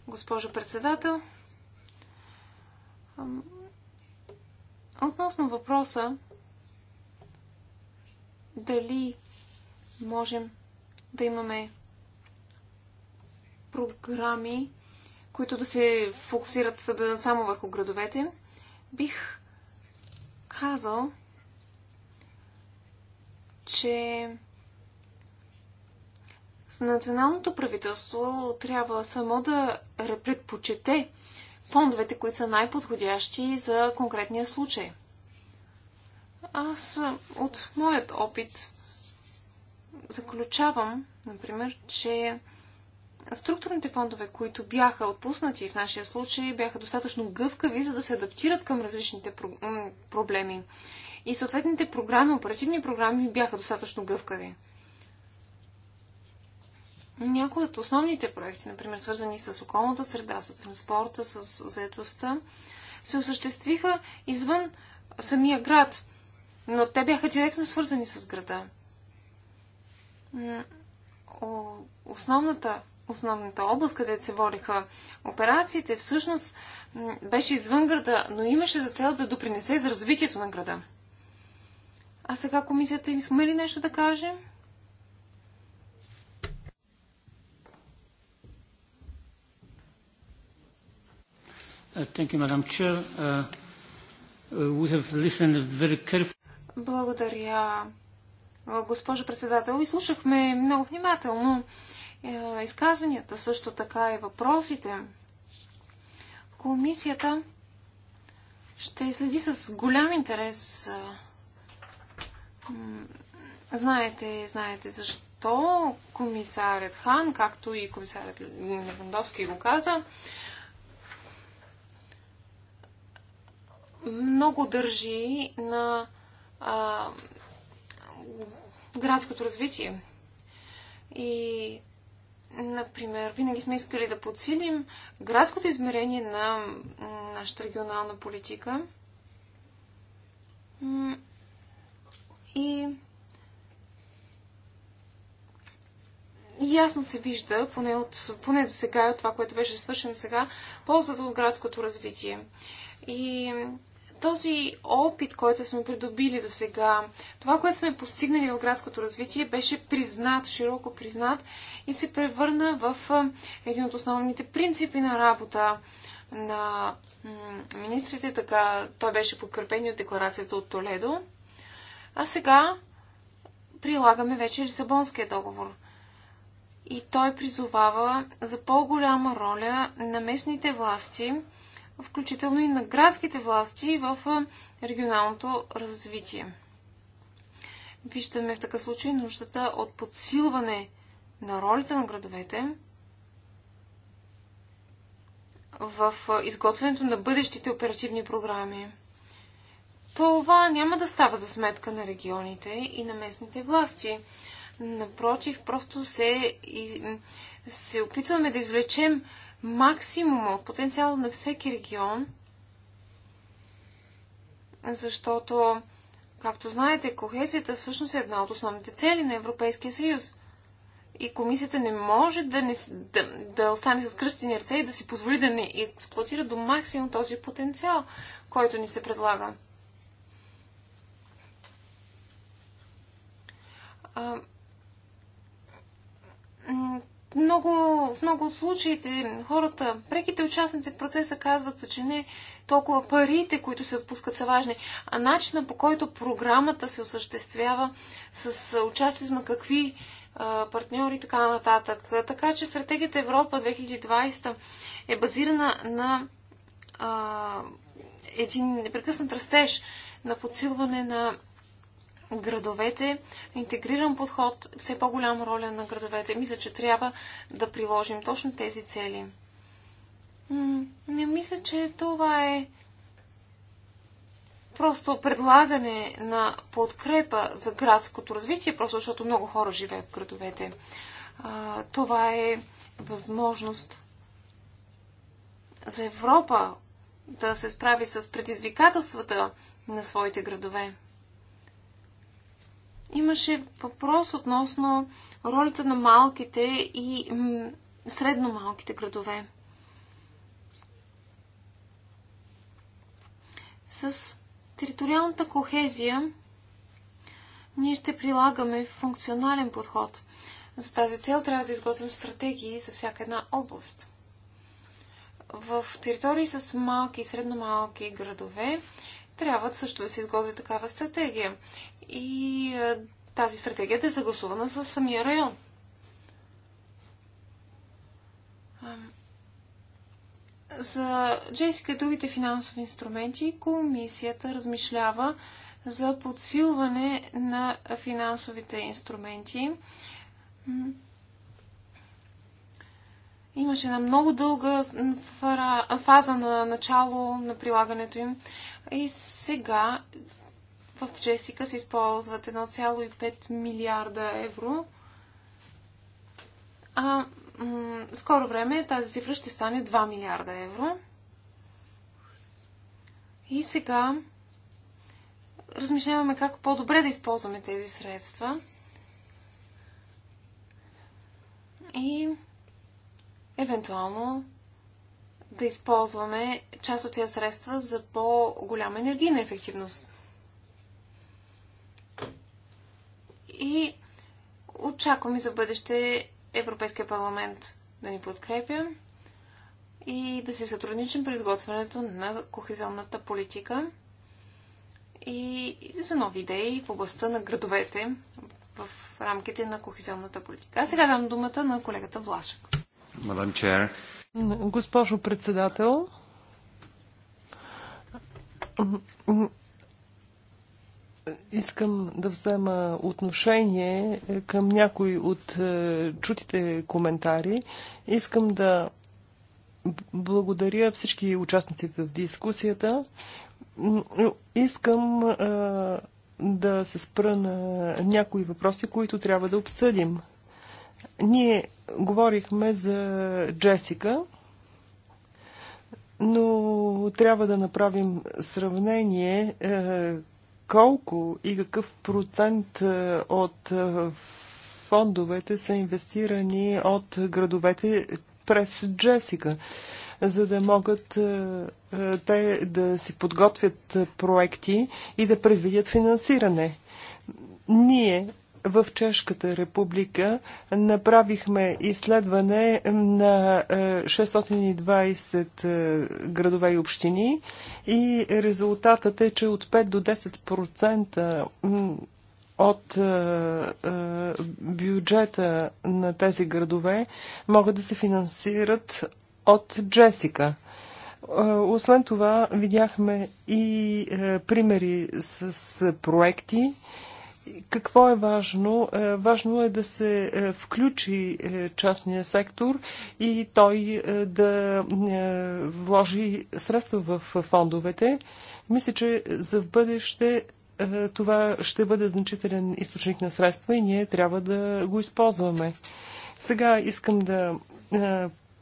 госпожо председател. Относно въпроса дали можем да имаме програми, които да се фокусират само върху градовете, бих казал, че националното правителство трябва само да предпочете фондовете, които са най-подходящи за конкретния случай. Аз от моят опит заключавам, например, че структурните фондове, които бяха отпуснати в нашия случай, бяха достатъчно гъвкави, за да се адаптират към различните проблеми и съответните програми, оперативни програми бяха достатъчно гъвкави. Някои от основните проекти, например свързани с околната среда, с транспорта, с заедостта, се осъществиха извън самия град, но те бяха директно свързани с града. Основната, основната област, където се водиха операциите, всъщност беше извън града, но имаше за цел да допринесе за развитието на града. А сега комисията им сме ли нещо да каже? Uh, uh, uh, Благодаря, госпожо председател. И слушахме много внимателно е, изказванията, също така и въпросите. Комисията ще следи с голям интерес е, Знаете, знаете защо комисарят Хан, както и комисарят Левандовски го каза, много държи на а, градското развитие. И, например, винаги сме искали да подсилим градското измерение на нашата регионална политика. И ясно се вижда, поне, от, поне до сега, и от това, което беше свършено сега, ползата от градското развитие. И този опит, който сме придобили до сега, това, което сме постигнали в градското развитие, беше признат, широко признат и се превърна в един от основните принципи на работа на министрите. Така той беше подкрепен от декларацията от Толедо. А сега прилагаме вече Лисабонския договор. И той призовава за по-голяма роля на местните власти, включително и на градските власти в регионалното развитие. Виждаме в такъв случай нуждата от подсилване на ролите на градовете в изготвянето на бъдещите оперативни програми това няма да става за сметка на регионите и на местните власти. Напротив, просто се, и, се опитваме да извлечем максимума от потенциала на всеки регион, защото, както знаете, кохезията всъщност е една от основните цели на Европейския съюз. И комисията не може да, не, да, да остане с кръстени ръце и да си позволи да не експлуатира до максимум този потенциал, който ни се предлага. много, в много от случаите хората, преките участници в процеса казват, че не толкова парите, които се отпускат са важни, а начина по който програмата се осъществява с участието на какви партньори и така нататък. Така че стратегията Европа 2020 е базирана на а, един непрекъснат растеж на подсилване на градовете, интегриран подход, все по-голяма роля на градовете. Мисля, че трябва да приложим точно тези цели. Не мисля, че това е просто предлагане на подкрепа за градското развитие, просто защото много хора живеят в градовете. Това е възможност за Европа да се справи с предизвикателствата на своите градове. Имаше въпрос относно ролята на малките и средно малките градове. С териториалната кохезия ние ще прилагаме функционален подход. За тази цел трябва да изготвим стратегии за всяка една област. В територии с малки и средно малки градове трябва също да се изготви такава стратегия. И е, тази стратегия да е съгласувана с самия район. За Джесика и другите финансови инструменти комисията размишлява за подсилване на финансовите инструменти. Имаше една много дълга фаза на начало на прилагането им. И сега в Джесика се използват 1,5 милиарда евро. А скоро време тази цифра ще стане 2 милиарда евро. И сега размишляваме как по-добре да използваме тези средства. И евентуално да използваме част от тези средства за по-голяма енергийна ефективност. И очакваме за бъдеще Европейския парламент да ни подкрепя и да се сътрудничим при изготвянето на кохезионната политика и за нови идеи в областта на градовете в рамките на кохезионната политика. А сега дам думата на колегата Влашък. Мадам Госпожо председател, Искам да взема отношение към някои от е, чутите коментари. Искам да благодаря всички участници в дискусията. Искам е, да се спра на някои въпроси, които трябва да обсъдим. Ние говорихме за Джесика, но трябва да направим сравнение е, колко и какъв процент е, от е, фондовете са инвестирани от градовете през Джесика, за да могат те да си подготвят проекти и да предвидят финансиране. Ние в Чешката република направихме изследване на 620 е, е, градове и общини и резултатът е, че от 5 до 10% от е, бюджета на тези градове могат да се финансират от Джесика. Освен това, видяхме и примери с проекти, какво е важно? Е, важно е да се е, включи е, частния сектор и той да вложи средства в фондовете. Мисля, че за в бъдеще това ще бъде значителен източник на средства и ние трябва да го използваме. Сега искам да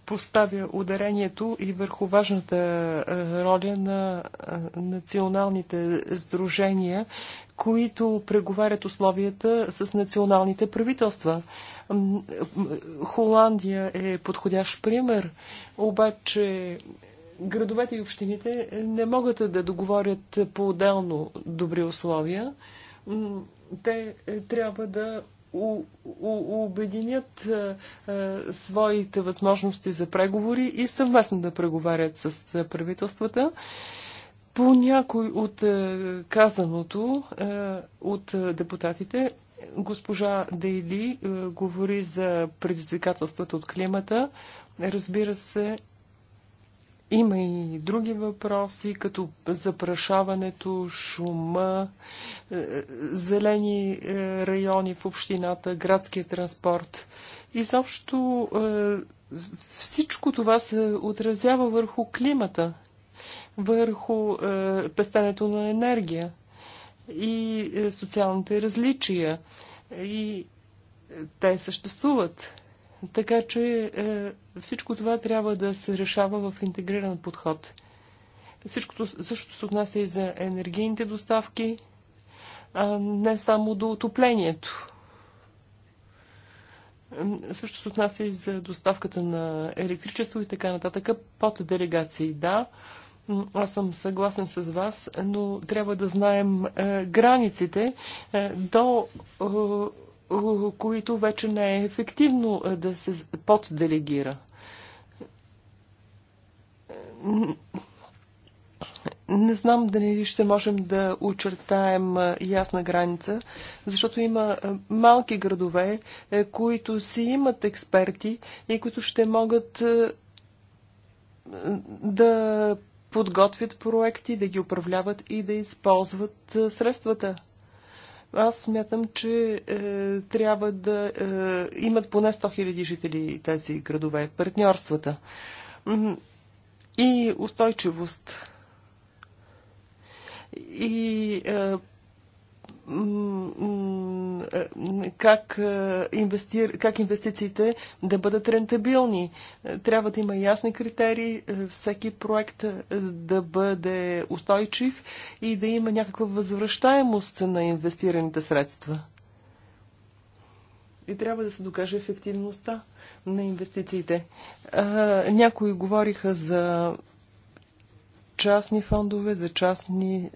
поставя ударението и върху важната роля на националните сдружения които преговарят условията с националните правителства. Холандия е подходящ пример, обаче градовете и общините не могат да договорят по-отделно добри условия. Те е, трябва да обединят е, е, своите възможности за преговори и съвместно да преговарят с правителствата. По някой от е, казаното е, от е, депутатите, госпожа Дейли говори за предизвикателствата от климата. Разбира се, има и други въпроси, като запрашаването, шума, зелени райони в общината, градския транспорт. Изобщо всичко това се отразява върху климата върху е, пестенето на енергия и е, социалните различия. И е, те съществуват. Така че всичко това трябва да се решава в интегриран подход. Всичкото също се отнася и за енергийните доставки, а не само до отоплението. Също се отнася и за доставката на електричество и така нататък под делегации. Да, аз съм съгласен с вас, но трябва да знаем е, границите е, до е, които вече не е ефективно е, да се подделегира. Не знам дали ще можем да очертаем е, ясна граница, защото има е, малки градове, които си имат експерти и които ще могат да подготвят проекти, да ги управляват и да използват е, средствата. Аз смятам, че е, трябва да е, имат поне 100 000 жители тези градове, партньорствата и устойчивост. И е, как, е, инвестир, как инвестициите да бъдат рентабилни. Трябва да има ясни критерии, е, всеки проект е, да бъде устойчив и да има някаква възвръщаемост на инвестираните средства. И трябва да се докаже ефективността на инвестициите. А, някои говориха за частни фондове, за частни е,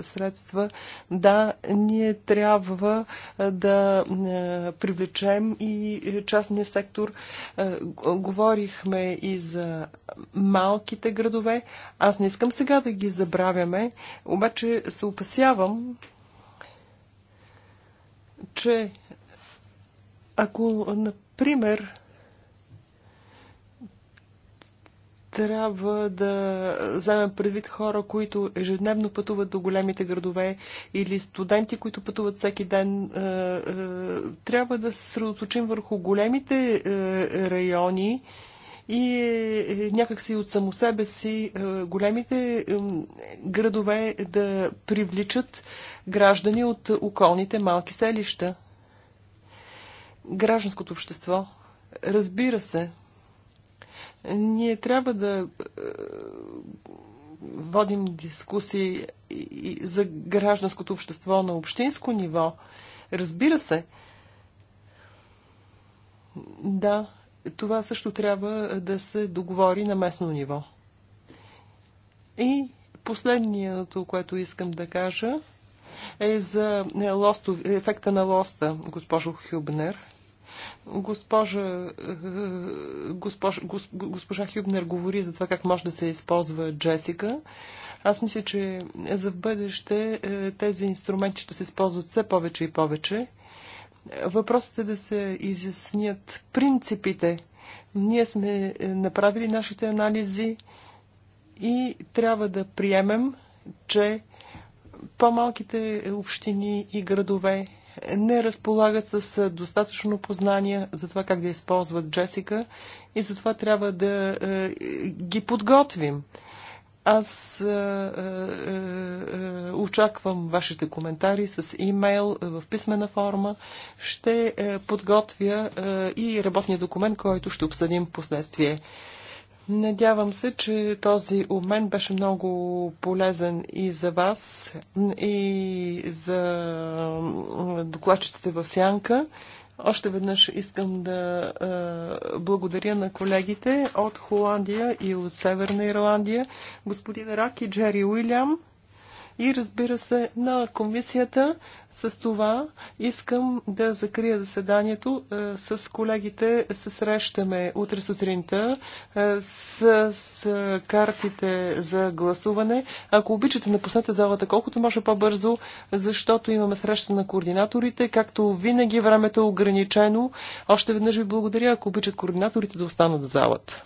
средства. Да, ние трябва е, да е, привлечем и частния сектор. Е, говорихме и за малките градове. Аз не искам сега да ги забравяме, обаче се опасявам, че ако, например, трябва да вземем предвид хора, които ежедневно пътуват до големите градове или студенти, които пътуват всеки ден. Е, е, трябва да се средоточим върху големите е, райони и някакси от само себе си големите градове да привличат граждани от околните малки селища. Гражданското общество. Разбира се, ние трябва да е, водим дискусии за гражданското общество на общинско ниво. Разбира се, да, това също трябва да се договори на местно ниво. И последното, което искам да кажа, е за ефекта на лоста, госпожо Хюбнер. Госпожа, госпожа, госпожа Хюбнер говори за това как може да се използва Джесика. Аз мисля, че за в бъдеще е, тези инструменти ще се използват все повече и повече. Въпросът е да се изяснят принципите. Ние сме е, направили нашите анализи и трябва да приемем, че по-малките общини и градове не разполагат с достатъчно познания за това как да използват Джесика и затова трябва да е, ги подготвим. Аз е, е, очаквам вашите коментари с имейл в писмена форма. Ще е, подготвя е, и работния документ, който ще обсъдим в последствие. Надявам се, че този обмен беше много полезен и за вас, и за докладчетите в Сянка. Още веднъж искам да а, благодаря на колегите от Холандия и от Северна Ирландия, господин Рак и Джери Уилям и разбира се на комисията. С това искам да закрия заседанието. Е, с колегите се срещаме утре сутринта е, с, с картите за гласуване. Ако обичате, напуснете залата колкото може по-бързо, защото имаме среща на координаторите. Както винаги, времето е ограничено. Още веднъж ви благодаря, ако обичат координаторите да останат в залата.